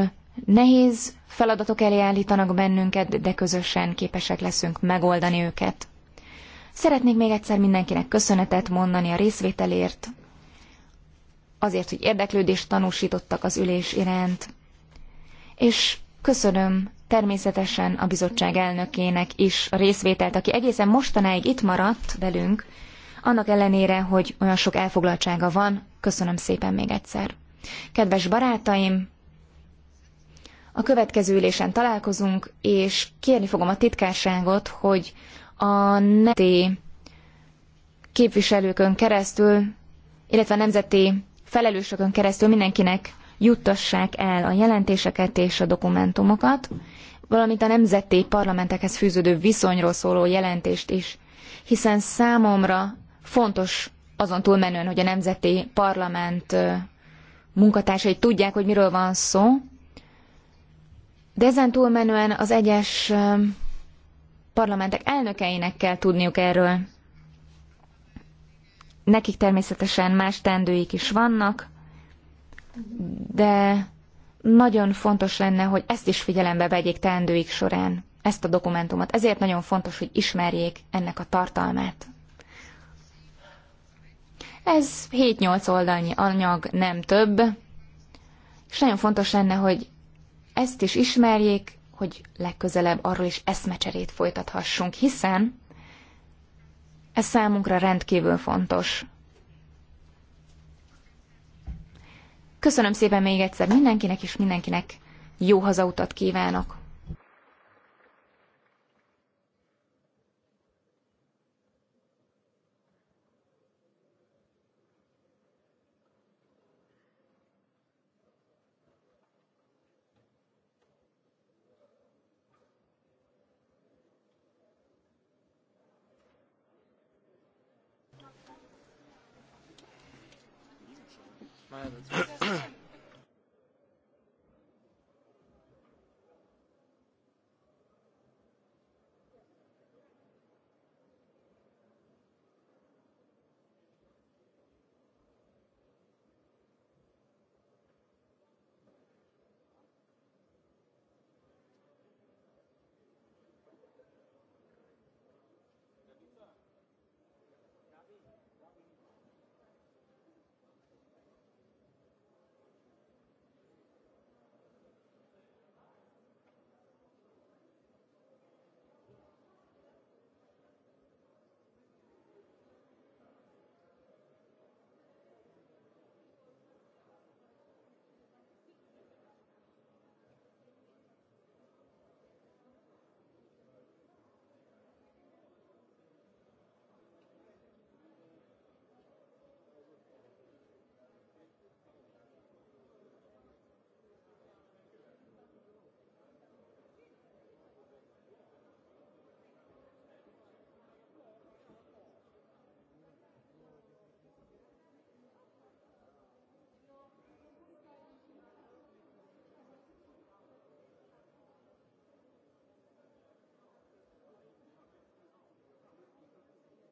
nehéz feladatok elé állítanak bennünket, de közösen képesek leszünk megoldani őket. Szeretnék még egyszer mindenkinek köszönetet mondani a részvételért, azért, hogy érdeklődést tanúsítottak az ülés iránt. És köszönöm természetesen a bizottság elnökének is a részvételt, aki egészen mostanáig itt maradt velünk, annak ellenére, hogy olyan sok elfoglaltsága van. Köszönöm szépen még egyszer. Kedves barátaim, a következő ülésen találkozunk, és kérni fogom a titkárságot, hogy a neti képviselőkön keresztül, illetve a nemzeti felelősökön keresztül mindenkinek juttassák el a jelentéseket és a dokumentumokat, valamint a nemzeti parlamentekhez fűződő viszonyról szóló jelentést is, hiszen számomra fontos azon túlmenően, hogy a nemzeti parlament munkatársai tudják, hogy miről van szó, de ezen túlmenően az egyes parlamentek elnökeinek kell tudniuk erről. Nekik természetesen más tendőik is vannak, de nagyon fontos lenne, hogy ezt is figyelembe vegyék teendőik során, ezt a dokumentumot. Ezért nagyon fontos, hogy ismerjék ennek a tartalmát. Ez 7-8 oldalnyi anyag, nem több, és nagyon fontos lenne, hogy ezt is ismerjék, hogy legközelebb arról is eszmecserét folytathassunk, hiszen ez számunkra rendkívül fontos. Köszönöm szépen még egyszer mindenkinek, és mindenkinek jó hazautat kívánok!